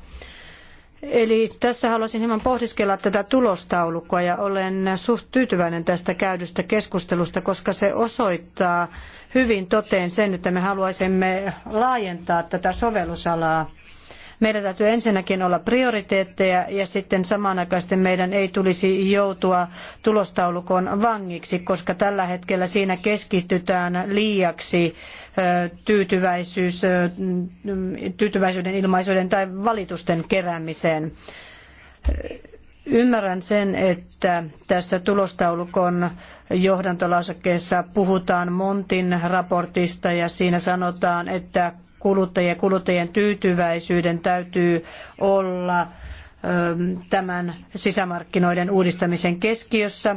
Speaker 4: Eli tässä haluaisin hieman pohdiskella tätä tulostaulukkoa ja olen suht tyytyväinen tästä käydystä keskustelusta, koska se osoittaa hyvin toteen sen, että me haluaisimme laajentaa tätä sovellusalaa meidän täytyy ensinnäkin olla prioriteetteja ja sitten samanaikaisesti meidän ei tulisi joutua tulostaulukon vangiksi, koska tällä hetkellä siinä keskitytään liiaksi tyytyväisyys, tyytyväisyyden ilmaisuuden tai valitusten keräämiseen. Ymmärrän sen, että tässä tulostaulukon johdantolausakkeessa puhutaan Montin raportista ja siinä sanotaan, että kuluttajien, kuluttajien tyytyväisyyden täytyy olla ähm, tämän sisämarkkinoiden uudistamisen keskiössä.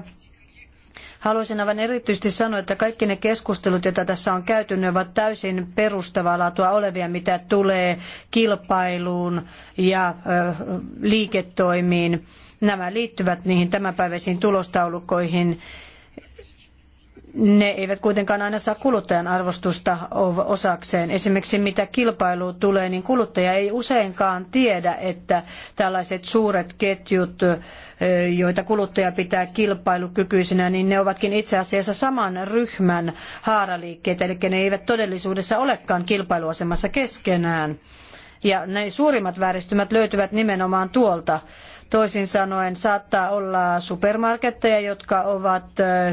Speaker 4: Haluaisin aivan erityisesti sanoa, että kaikki ne keskustelut, joita tässä on käyty, ne ovat täysin perustavaa laatua olevia, mitä tulee kilpailuun ja äh, liiketoimiin. Nämä liittyvät niihin tämänpäiväisiin tulostaulukoihin ne eivät kuitenkaan aina saa kuluttajan arvostusta osakseen. Esimerkiksi mitä kilpailuun tulee, niin kuluttaja ei useinkaan tiedä, että tällaiset suuret ketjut, joita kuluttaja pitää kilpailukykyisinä, niin ne ovatkin itse asiassa saman ryhmän haaraliikkeitä, eli ne eivät todellisuudessa olekaan kilpailuasemassa keskenään. Ja ne suurimmat vääristymät löytyvät nimenomaan tuolta Toisin sanoen saattaa olla supermarketteja, jotka ovat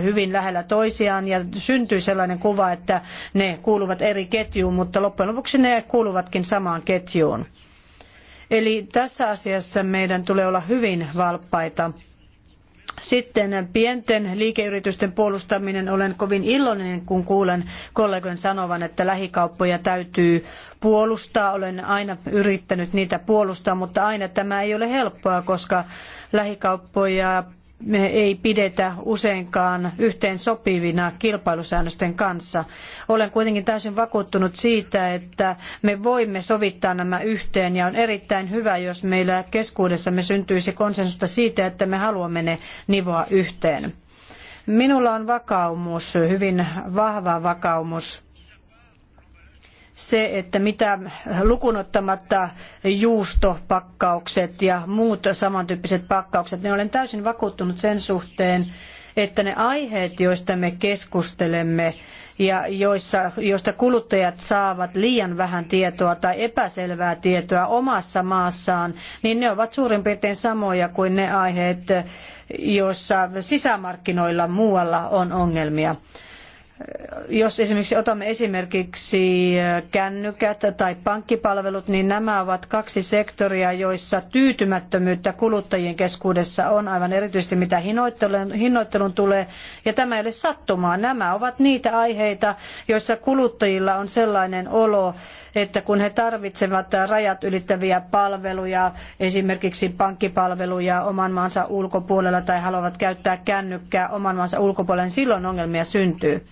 Speaker 4: hyvin lähellä toisiaan ja syntyy sellainen kuva, että ne kuuluvat eri ketjuun, mutta loppujen lopuksi ne kuuluvatkin samaan ketjuun. Eli tässä asiassa meidän tulee olla hyvin valppaita. Sitten pienten liikeyritysten puolustaminen. Olen kovin iloinen, kun kuulen kollegojen sanovan, että lähikauppoja täytyy puolustaa. Olen aina yrittänyt niitä puolustaa, mutta aina tämä ei ole helppoa, koska lähikauppoja me ei pidetä useinkaan yhteen sopivina kilpailusäännösten kanssa. Olen kuitenkin täysin vakuuttunut siitä, että me voimme sovittaa nämä yhteen ja on erittäin hyvä, jos meillä keskuudessamme syntyisi konsensusta siitä, että me haluamme ne nivoa yhteen. Minulla on vakaumus, hyvin vahva vakaumus se, että mitä lukunottamatta juustopakkaukset ja muut samantyyppiset pakkaukset, niin olen täysin vakuuttunut sen suhteen, että ne aiheet, joista me keskustelemme ja joissa, joista kuluttajat saavat liian vähän tietoa tai epäselvää tietoa omassa maassaan, niin ne ovat suurin piirtein samoja kuin ne aiheet, joissa sisämarkkinoilla muualla on ongelmia jos esimerkiksi otamme esimerkiksi äh, kännykät tai pankkipalvelut, niin nämä ovat kaksi sektoria, joissa tyytymättömyyttä kuluttajien keskuudessa on aivan erityisesti mitä hinnoittelun, tulee. Ja tämä ei ole sattumaa. Nämä ovat niitä aiheita, joissa kuluttajilla on sellainen olo, että kun he tarvitsevat rajat ylittäviä palveluja, esimerkiksi pankkipalveluja oman maansa ulkopuolella tai haluavat käyttää kännykkää oman maansa ulkopuolella, niin silloin ongelmia syntyy.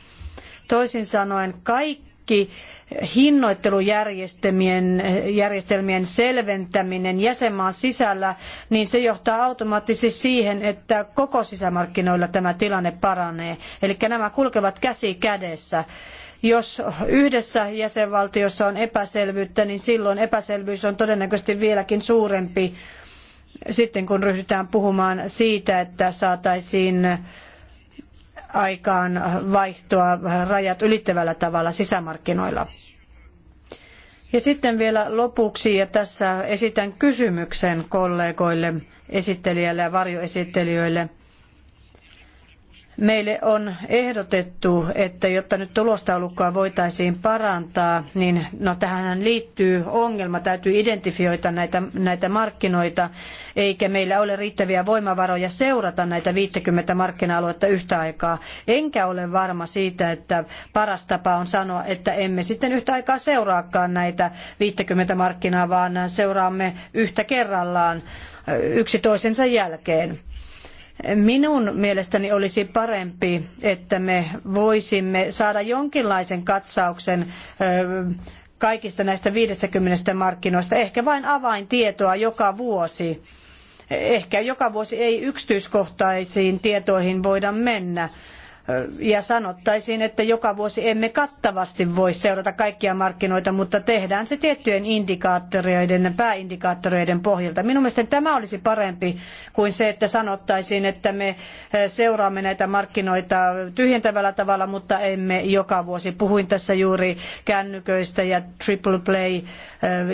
Speaker 4: Toisin sanoen kaikki hinnoittelujärjestelmien selventäminen jäsenmaan sisällä, niin se johtaa automaattisesti siihen, että koko sisämarkkinoilla tämä tilanne paranee. Eli nämä kulkevat käsi kädessä jos yhdessä jäsenvaltiossa on epäselvyyttä, niin silloin epäselvyys on todennäköisesti vieläkin suurempi sitten kun ryhdytään puhumaan siitä, että saataisiin aikaan vaihtoa rajat ylittävällä tavalla sisämarkkinoilla. Ja sitten vielä lopuksi, ja tässä esitän kysymyksen kollegoille, esittelijälle ja varjoesittelijöille – Meille on ehdotettu, että jotta nyt tulostaulukkoa voitaisiin parantaa, niin no tähän liittyy ongelma, täytyy identifioida näitä, näitä markkinoita, eikä meillä ole riittäviä voimavaroja seurata näitä 50 markkina-aluetta yhtä aikaa. Enkä ole varma siitä, että paras tapa on sanoa, että emme sitten yhtä aikaa seuraakaan näitä 50 markkinaa, vaan seuraamme yhtä kerrallaan yksi toisensa jälkeen. Minun mielestäni olisi parempi, että me voisimme saada jonkinlaisen katsauksen kaikista näistä 50 markkinoista, ehkä vain avaintietoa joka vuosi. Ehkä joka vuosi ei yksityiskohtaisiin tietoihin voida mennä, ja sanottaisiin, että joka vuosi emme kattavasti voi seurata kaikkia markkinoita, mutta tehdään se tiettyjen indikaattoreiden, pääindikaattoreiden pohjalta. Minun mielestäni tämä olisi parempi kuin se, että sanottaisiin, että me seuraamme näitä markkinoita tyhjentävällä tavalla, mutta emme joka vuosi. Puhuin tässä juuri kännyköistä ja triple play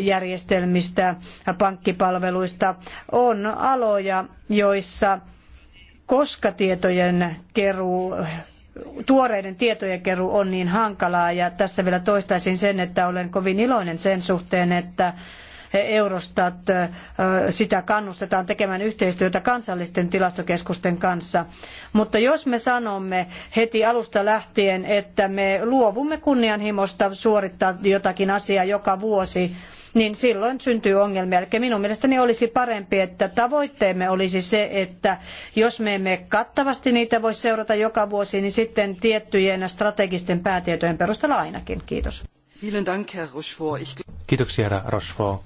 Speaker 4: järjestelmistä, pankkipalveluista. On aloja, joissa koska tietojen keruu tuoreiden tietojen keruu on niin hankalaa ja tässä vielä toistaisin sen, että olen kovin iloinen sen suhteen, että Eurostat, sitä kannustetaan tekemään yhteistyötä kansallisten tilastokeskusten kanssa. Mutta jos me sanomme heti alusta lähtien, että me luovumme kunnianhimosta suorittaa jotakin asiaa joka vuosi, niin silloin syntyy ongelmia. Eli minun mielestäni olisi parempi, että tavoitteemme olisi se, että jos me emme kattavasti niitä voi seurata joka vuosi, niin sitten tiettyjen strategisten päätietojen perusteella ainakin. Kiitos.
Speaker 1: Kiitoksia, herra Rochefort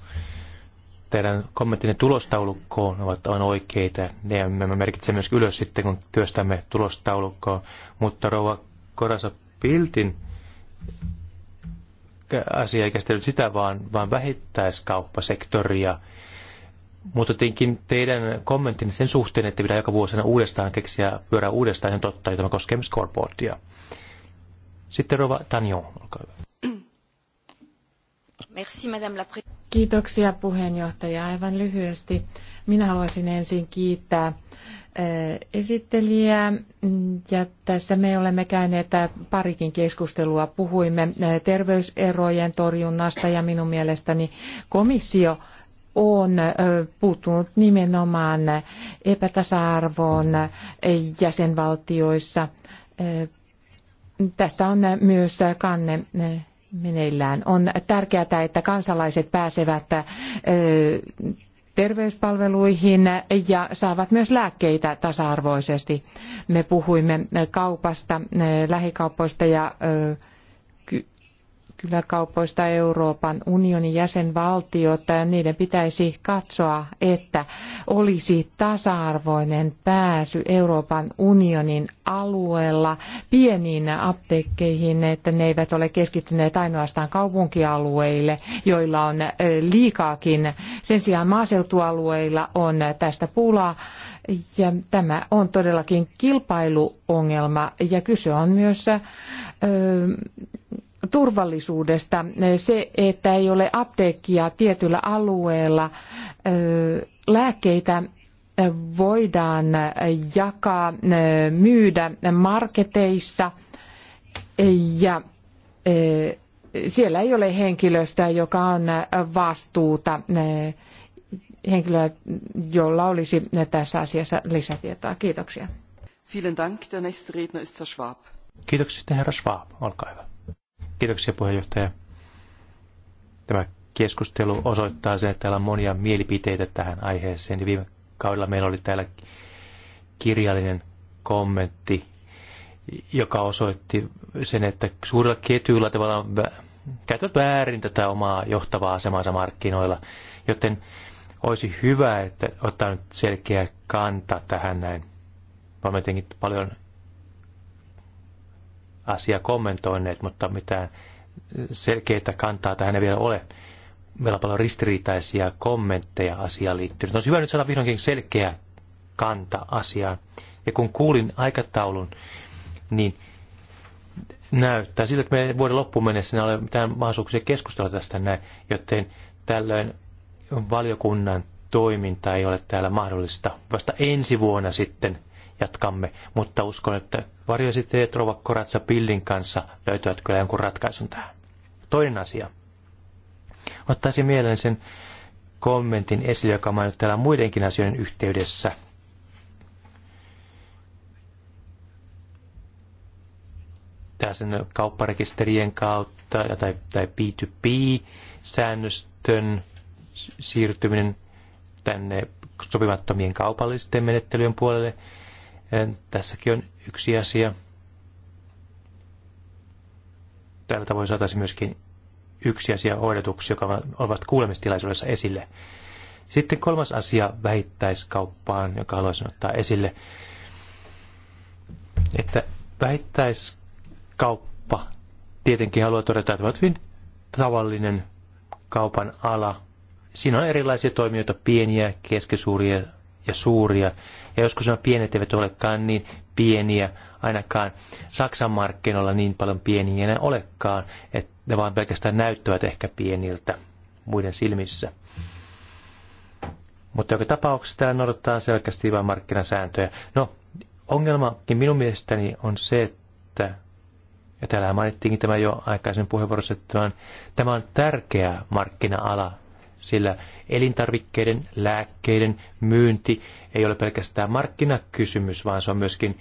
Speaker 1: teidän kommenttinne tulostaulukkoon ovat aivan oikeita. Ne me merkitsemme myös ylös sitten, kun työstämme tulostaulukkoa. Mutta rouva Korasa Piltin asia ei käsitellyt sitä, vaan, vaan vähittäiskauppasektoria. Mutta tietenkin teidän kommenttinne sen suhteen, että pitää joka vuosina uudestaan keksiä pyörää uudestaan, on totta, ja tämä koskee myös Sitten Rova Tanjo, olkaa hyvä.
Speaker 2: Merci, Madame la Kiitoksia puheenjohtaja. Aivan lyhyesti. Minä haluaisin ensin kiittää eh, esittelijää. Ja tässä me olemme käyneet parikin keskustelua. Puhuimme eh, terveyserojen torjunnasta ja minun mielestäni komissio on eh, puuttunut nimenomaan epätasa-arvoon jäsenvaltioissa. Tästä on myös kanne meneillään. On tärkeää, että kansalaiset pääsevät terveyspalveluihin ja saavat myös lääkkeitä tasa-arvoisesti. Me puhuimme kaupasta, lähikaupoista ja kyläkaupoista Euroopan unionin jäsenvaltiota ja niiden pitäisi katsoa, että olisi tasa-arvoinen pääsy Euroopan unionin alueella pieniin apteekkeihin, että ne eivät ole keskittyneet ainoastaan kaupunkialueille, joilla on liikaakin. Sen sijaan maaseutualueilla on tästä pulaa ja tämä on todellakin kilpailuongelma ja kyse on myös turvallisuudesta. Se, että ei ole apteekkia tietyllä alueella, lääkkeitä voidaan jakaa, myydä marketeissa ja siellä ei ole henkilöstöä, joka on vastuuta henkilöä, jolla olisi tässä asiassa lisätietoa. Kiitoksia.
Speaker 3: Vielen Dank. Der nächste Redner ist Herr Schwab.
Speaker 1: Kiitoksia, herra Schwab. Olkaa hyvä. Kiitoksia puheenjohtaja. Tämä keskustelu osoittaa sen, että täällä on monia mielipiteitä tähän aiheeseen. Viime kaudella meillä oli täällä kirjallinen kommentti, joka osoitti sen, että suurilla ketjuilla tavallaan käytät väärin tätä omaa johtavaa asemansa markkinoilla, joten olisi hyvä, että ottaa nyt selkeä kanta tähän näin. olemme tietenkin paljon asiaa kommentoineet, mutta mitään selkeää kantaa tähän ei vielä ole. Meillä on paljon ristiriitaisia kommentteja asiaan liittyen. Olisi hyvä nyt saada vihdoinkin selkeä kanta asiaan. Ja kun kuulin aikataulun, niin näyttää siltä, että me vuoden loppuun mennessä ei ole mitään mahdollisuuksia keskustella tästä näin, joten tällöin valiokunnan toiminta ei ole täällä mahdollista. Vasta ensi vuonna sitten jatkamme, mutta uskon, että varjoesitteet Rova Koratsa Pillin kanssa löytävät kyllä jonkun ratkaisun tähän. Toinen asia. Ottaisin mieleen sen kommentin esille, joka mainittu täällä muidenkin asioiden yhteydessä. Tässä on kaupparekisterien kautta tai, tai B2B-säännöstön siirtyminen tänne sopimattomien kaupallisten menettelyjen puolelle – Tässäkin on yksi asia. Tällä tavoin saataisiin myöskin yksi asia hoidetuksi, joka on vasta kuulemistilaisuudessa esille. Sitten kolmas asia vähittäiskauppaan, joka haluaisin ottaa esille, että vähittäiskauppa tietenkin haluaa todeta, että on hyvin tavallinen kaupan ala. Siinä on erilaisia toimijoita, pieniä, keskisuuria, ja suuria. Ja joskus nämä pienet eivät olekaan niin pieniä, ainakaan Saksan markkinoilla niin paljon pieniä enää olekaan, että ne vaan pelkästään näyttävät ehkä pieniltä muiden silmissä. Mutta joka tapauksessa tämä noudattaa selkeästi vain markkinasääntöjä. No, ongelmakin minun mielestäni on se, että, ja täällähän mainittiinkin tämä jo aikaisemmin puheenvuorossa, että tämä on, tämä on tärkeä markkina-ala sillä elintarvikkeiden, lääkkeiden myynti ei ole pelkästään markkinakysymys, vaan se on myöskin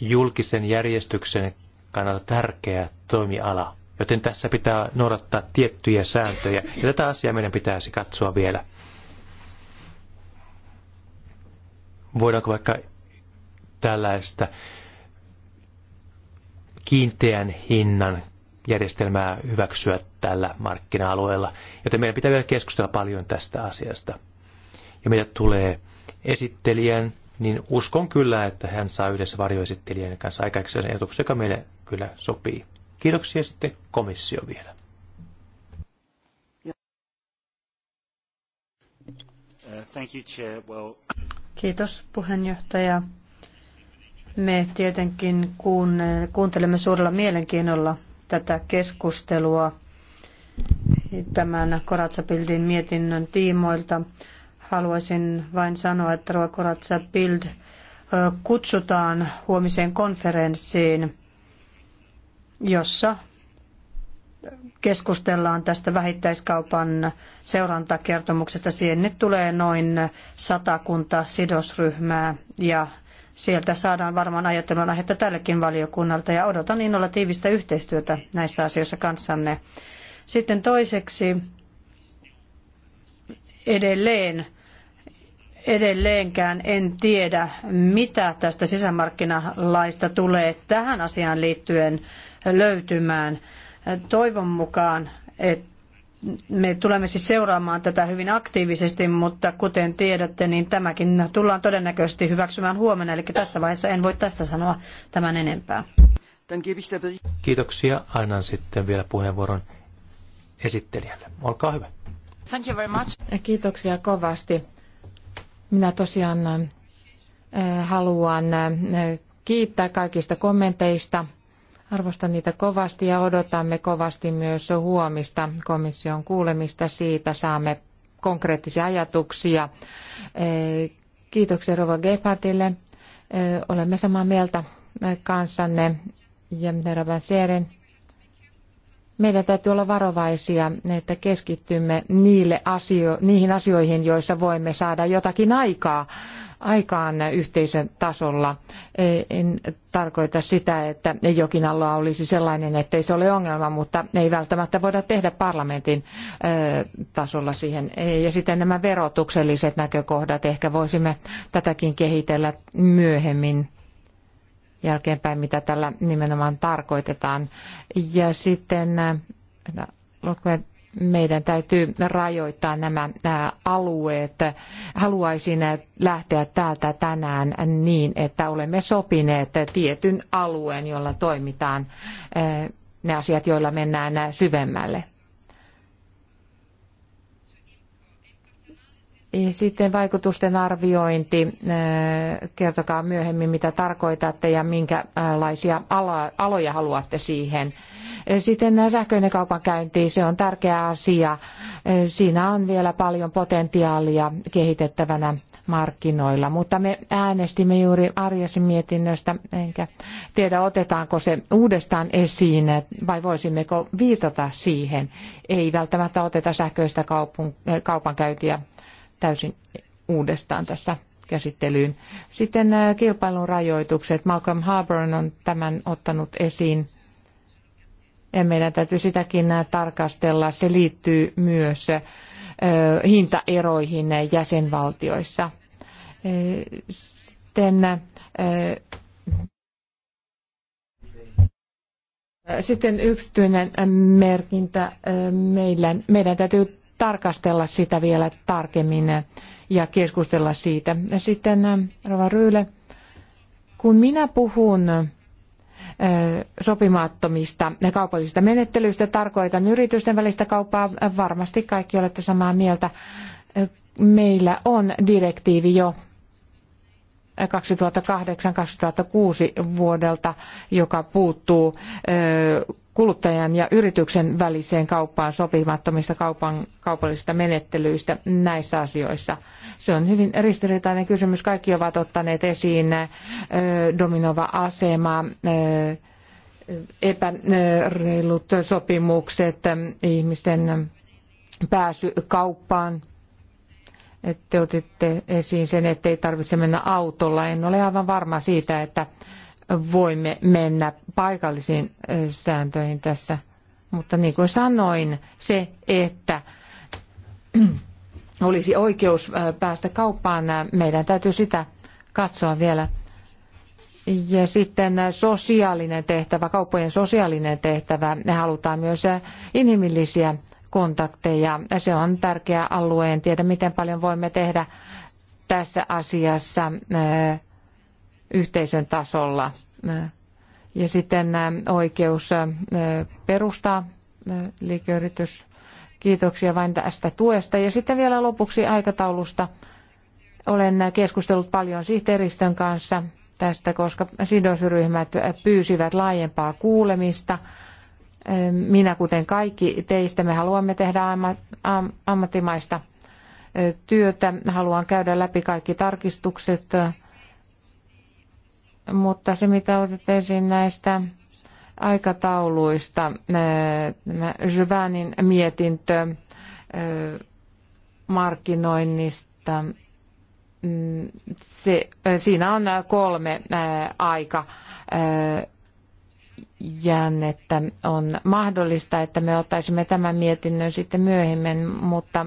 Speaker 1: julkisen järjestyksen kannalta tärkeä toimiala. Joten tässä pitää noudattaa tiettyjä sääntöjä, ja tätä asiaa meidän pitäisi katsoa vielä. Voidaanko vaikka tällaista kiinteän hinnan järjestelmää hyväksyä tällä markkina-alueella. Joten meidän pitää vielä keskustella paljon tästä asiasta. Ja mitä tulee esittelijän, niin uskon kyllä, että hän saa yhdessä varjoesittelijän kanssa aikaiseksi ehdotuksen, joka meille kyllä sopii. Kiitoksia sitten komissio vielä.
Speaker 3: Thank you, Chair. Well...
Speaker 4: Kiitos puheenjohtaja. Me tietenkin kun, kuuntelemme suurella mielenkiinnolla tätä keskustelua tämän Koratsapildin mietinnön tiimoilta. Haluaisin vain sanoa, että Roa Koratsapild kutsutaan huomiseen konferenssiin, jossa keskustellaan tästä vähittäiskaupan seurantakertomuksesta. Sinne tulee noin satakunta sidosryhmää ja Sieltä saadaan varmaan ajattelun aihetta tällekin valiokunnalta ja odotan innolla tiivistä yhteistyötä näissä asioissa kanssanne. Sitten toiseksi edelleen edelleenkään en tiedä, mitä tästä sisämarkkinalaista tulee tähän asiaan liittyen löytymään. Toivon mukaan, että me tulemme siis seuraamaan tätä hyvin aktiivisesti, mutta kuten tiedätte, niin tämäkin tullaan todennäköisesti hyväksymään huomenna, eli tässä vaiheessa en voi tästä sanoa
Speaker 2: tämän enempää.
Speaker 1: Kiitoksia. Annan sitten vielä puheenvuoron esittelijälle. Olkaa hyvä.
Speaker 2: Thank you very much. Kiitoksia kovasti. Minä tosiaan äh, haluan äh, kiittää kaikista kommenteista Arvostan niitä kovasti ja odotamme kovasti myös huomista komission kuulemista siitä. Saamme konkreettisia ajatuksia. Eh, kiitoksia Rova Gebhardille. Eh, olemme samaa mieltä kanssanne ja Rova Seerin meidän täytyy olla varovaisia, että keskittymme niille asio- niihin asioihin, joissa voimme saada jotakin aikaa aikaan yhteisön tasolla. En tarkoita sitä, että jokin alla olisi sellainen, ettei se ole ongelma, mutta ei välttämättä voida tehdä parlamentin tasolla siihen. Ja sitten nämä verotukselliset näkökohdat, ehkä voisimme tätäkin kehitellä myöhemmin jälkeenpäin, mitä tällä nimenomaan tarkoitetaan. Ja sitten äh, meidän täytyy rajoittaa nämä äh, alueet. Haluaisin äh, lähteä täältä tänään niin, että olemme sopineet tietyn alueen, jolla toimitaan ne asiat, joilla mennään syvemmälle. Sitten vaikutusten arviointi. Äh, kertokaa myöhemmin, mitä tarkoitatte ja minkälaisia aloja haluatte siihen. Äh, sitten sähköinen kaupankäynti, se on tärkeä asia. Äh, siinä on vielä paljon potentiaalia kehitettävänä markkinoilla, mutta me äänestimme juuri Arjesin mietinnöstä, enkä tiedä otetaanko se uudestaan esiin vai voisimmeko viitata siihen. Ei välttämättä oteta sähköistä kaupun, kaupankäyntiä täysin uudestaan tässä käsittelyyn. Sitten äh, kilpailun rajoitukset. Malcolm Harbour on tämän ottanut esiin. Ja meidän täytyy sitäkin äh, tarkastella. Se liittyy myös äh, hintaeroihin jäsenvaltioissa. Sitten, sitten yksityinen merkintä. meidän, meidän täytyy tarkastella sitä vielä tarkemmin ja keskustella siitä. Sitten äh, Rova Ryyle, kun minä puhun äh, sopimattomista kaupallisista menettelyistä, tarkoitan yritysten välistä kauppaa, äh, varmasti kaikki olette samaa mieltä. Meillä on direktiivi jo 2008-2006 vuodelta, joka puuttuu kuluttajan ja yrityksen väliseen kauppaan sopimattomista kaupan, kaupallisista menettelyistä näissä asioissa. Se on hyvin ristiriitainen kysymys. Kaikki ovat ottaneet esiin ö, dominova asema, ö, epäreilut sopimukset, ihmisten pääsy kauppaan. Te otitte esiin sen, ettei tarvitse mennä autolla. En ole aivan varma siitä, että voimme mennä paikallisiin sääntöihin tässä. Mutta niin kuin sanoin, se, että olisi oikeus päästä kauppaan, meidän täytyy sitä katsoa vielä. Ja sitten sosiaalinen tehtävä, kauppojen sosiaalinen tehtävä, me halutaan myös inhimillisiä kontakteja. Se on tärkeä alue. En tiedä, miten paljon voimme tehdä tässä asiassa yhteisön tasolla. Ja sitten oikeus perustaa liikeyritys. Kiitoksia vain tästä tuesta. Ja sitten vielä lopuksi aikataulusta. Olen keskustellut paljon sihteeristön kanssa tästä, koska sidosryhmät pyysivät laajempaa kuulemista. Minä, kuten kaikki teistä, me haluamme tehdä ammattimaista työtä. Haluan käydä läpi kaikki tarkistukset mutta se, mitä otit esiin näistä aikatauluista, Jyvänin mietintö markkinoinnista, mm, se, siinä on kolme aika jännettä. On mahdollista, että me ottaisimme tämän mietinnön sitten myöhemmin, mutta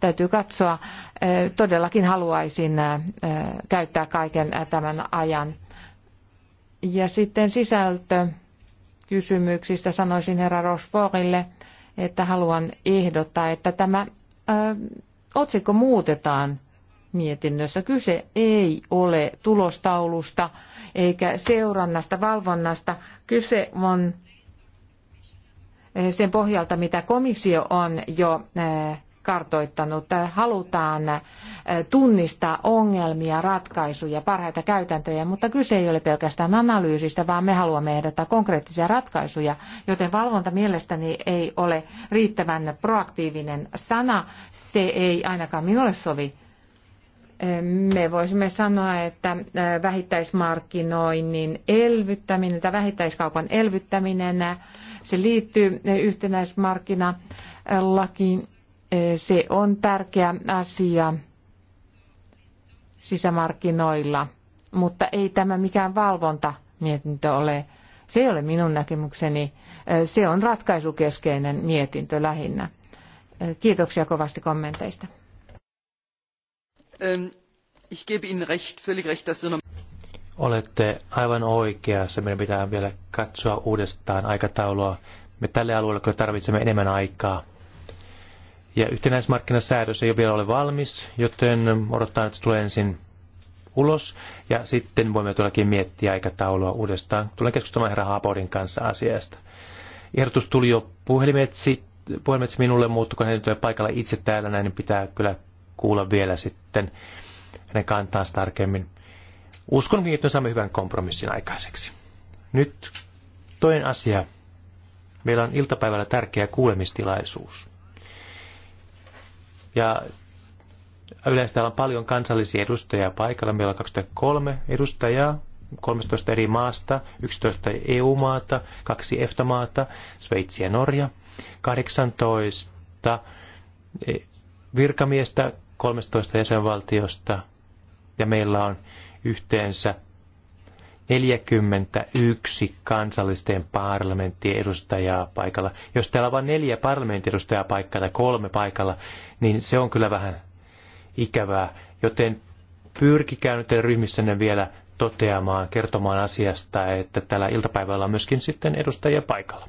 Speaker 2: täytyy katsoa. Todellakin haluaisin käyttää kaiken tämän ajan. Ja sitten sisältö kysymyksistä sanoisin herra Rosforille, että haluan ehdottaa, että tämä otsikko muutetaan mietinnössä. Kyse ei ole tulostaulusta eikä seurannasta, valvonnasta. Kyse on sen pohjalta, mitä komissio on jo kartoittanut. Halutaan eh, tunnistaa ongelmia, ratkaisuja, parhaita käytäntöjä, mutta kyse ei ole pelkästään analyysistä, vaan me haluamme ehdottaa konkreettisia ratkaisuja, joten valvonta mielestäni ei ole riittävän proaktiivinen sana. Se ei ainakaan minulle sovi eh, me voisimme sanoa, että eh, vähittäismarkkinoinnin elvyttäminen tai vähittäiskaupan elvyttäminen, se liittyy yhtenäismarkkinalakiin se on tärkeä asia sisämarkkinoilla, mutta ei tämä mikään valvontamietintö ole. Se ei ole minun näkemykseni. Se on ratkaisukeskeinen mietintö lähinnä. Kiitoksia kovasti kommenteista.
Speaker 3: Ähm, ich gebe Ihnen recht, völlig recht, dass wir noch
Speaker 1: olette aivan oikeassa. Meidän pitää vielä katsoa uudestaan aikataulua. Me tälle alueelle kyllä tarvitsemme enemmän aikaa. Ja yhtenäismarkkinasäädös ei ole vielä ole valmis, joten odottaa, että se tulee ensin ulos. Ja sitten voimme todellakin miettiä aikataulua uudestaan. Tulen keskustelemaan herra Haapodin kanssa asiasta. Ehdotus tuli jo puhelimetsi, puhelimetsi minulle, mutta kun hän tulee paikalla itse täällä näin, niin pitää kyllä kuulla vielä sitten hänen kantaansa tarkemmin. Uskonkin, että me saamme hyvän kompromissin aikaiseksi. Nyt toinen asia. Meillä on iltapäivällä tärkeä kuulemistilaisuus. Ja yleensä täällä on paljon kansallisia edustajia paikalla. Meillä on 23 edustajaa 13 eri maasta, 11 EU-maata, kaksi EFTA-maata, Sveitsi ja Norja, 18 e- virkamiestä 13 jäsenvaltiosta ja meillä on yhteensä 41 kansallisten parlamenttien edustajaa paikalla. Jos täällä on vain neljä parlamentin edustajaa paikalla tai kolme paikalla, niin se on kyllä vähän ikävää. Joten pyrkikää nyt ryhmissänne vielä toteamaan, kertomaan asiasta, että tällä iltapäivällä on myöskin sitten edustajia paikalla.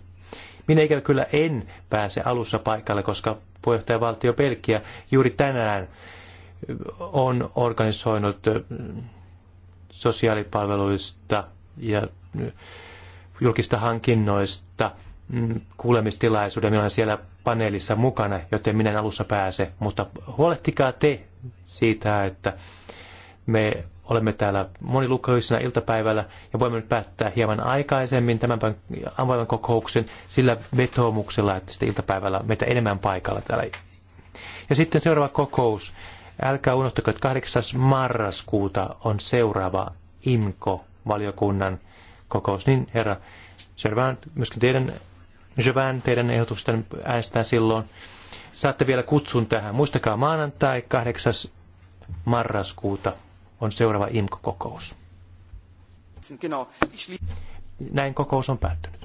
Speaker 1: Minä ikävä kyllä en pääse alussa paikalle, koska puheenjohtajavaltio Pelkiä juuri tänään on organisoinut sosiaalipalveluista ja julkista hankinnoista mm, kuulemistilaisuuden. Minä olen siellä paneelissa mukana, joten minä en alussa pääse. Mutta huolehtikaa te siitä, että me olemme täällä monilukuisena iltapäivällä ja voimme nyt päättää hieman aikaisemmin tämän päivän kokouksen sillä vetoomuksella, että sitten iltapäivällä meitä enemmän paikalla täällä. Ja sitten seuraava kokous Älkää unohtako, että 8. marraskuuta on seuraava IMKO-valiokunnan kokous. Niin herra Gervain, myöskin teidän, Gervain, teidän ehdotusten äänestetään silloin. Saatte vielä kutsun tähän. Muistakaa maanantai 8. marraskuuta on seuraava IMKO-kokous. Näin kokous on päättynyt.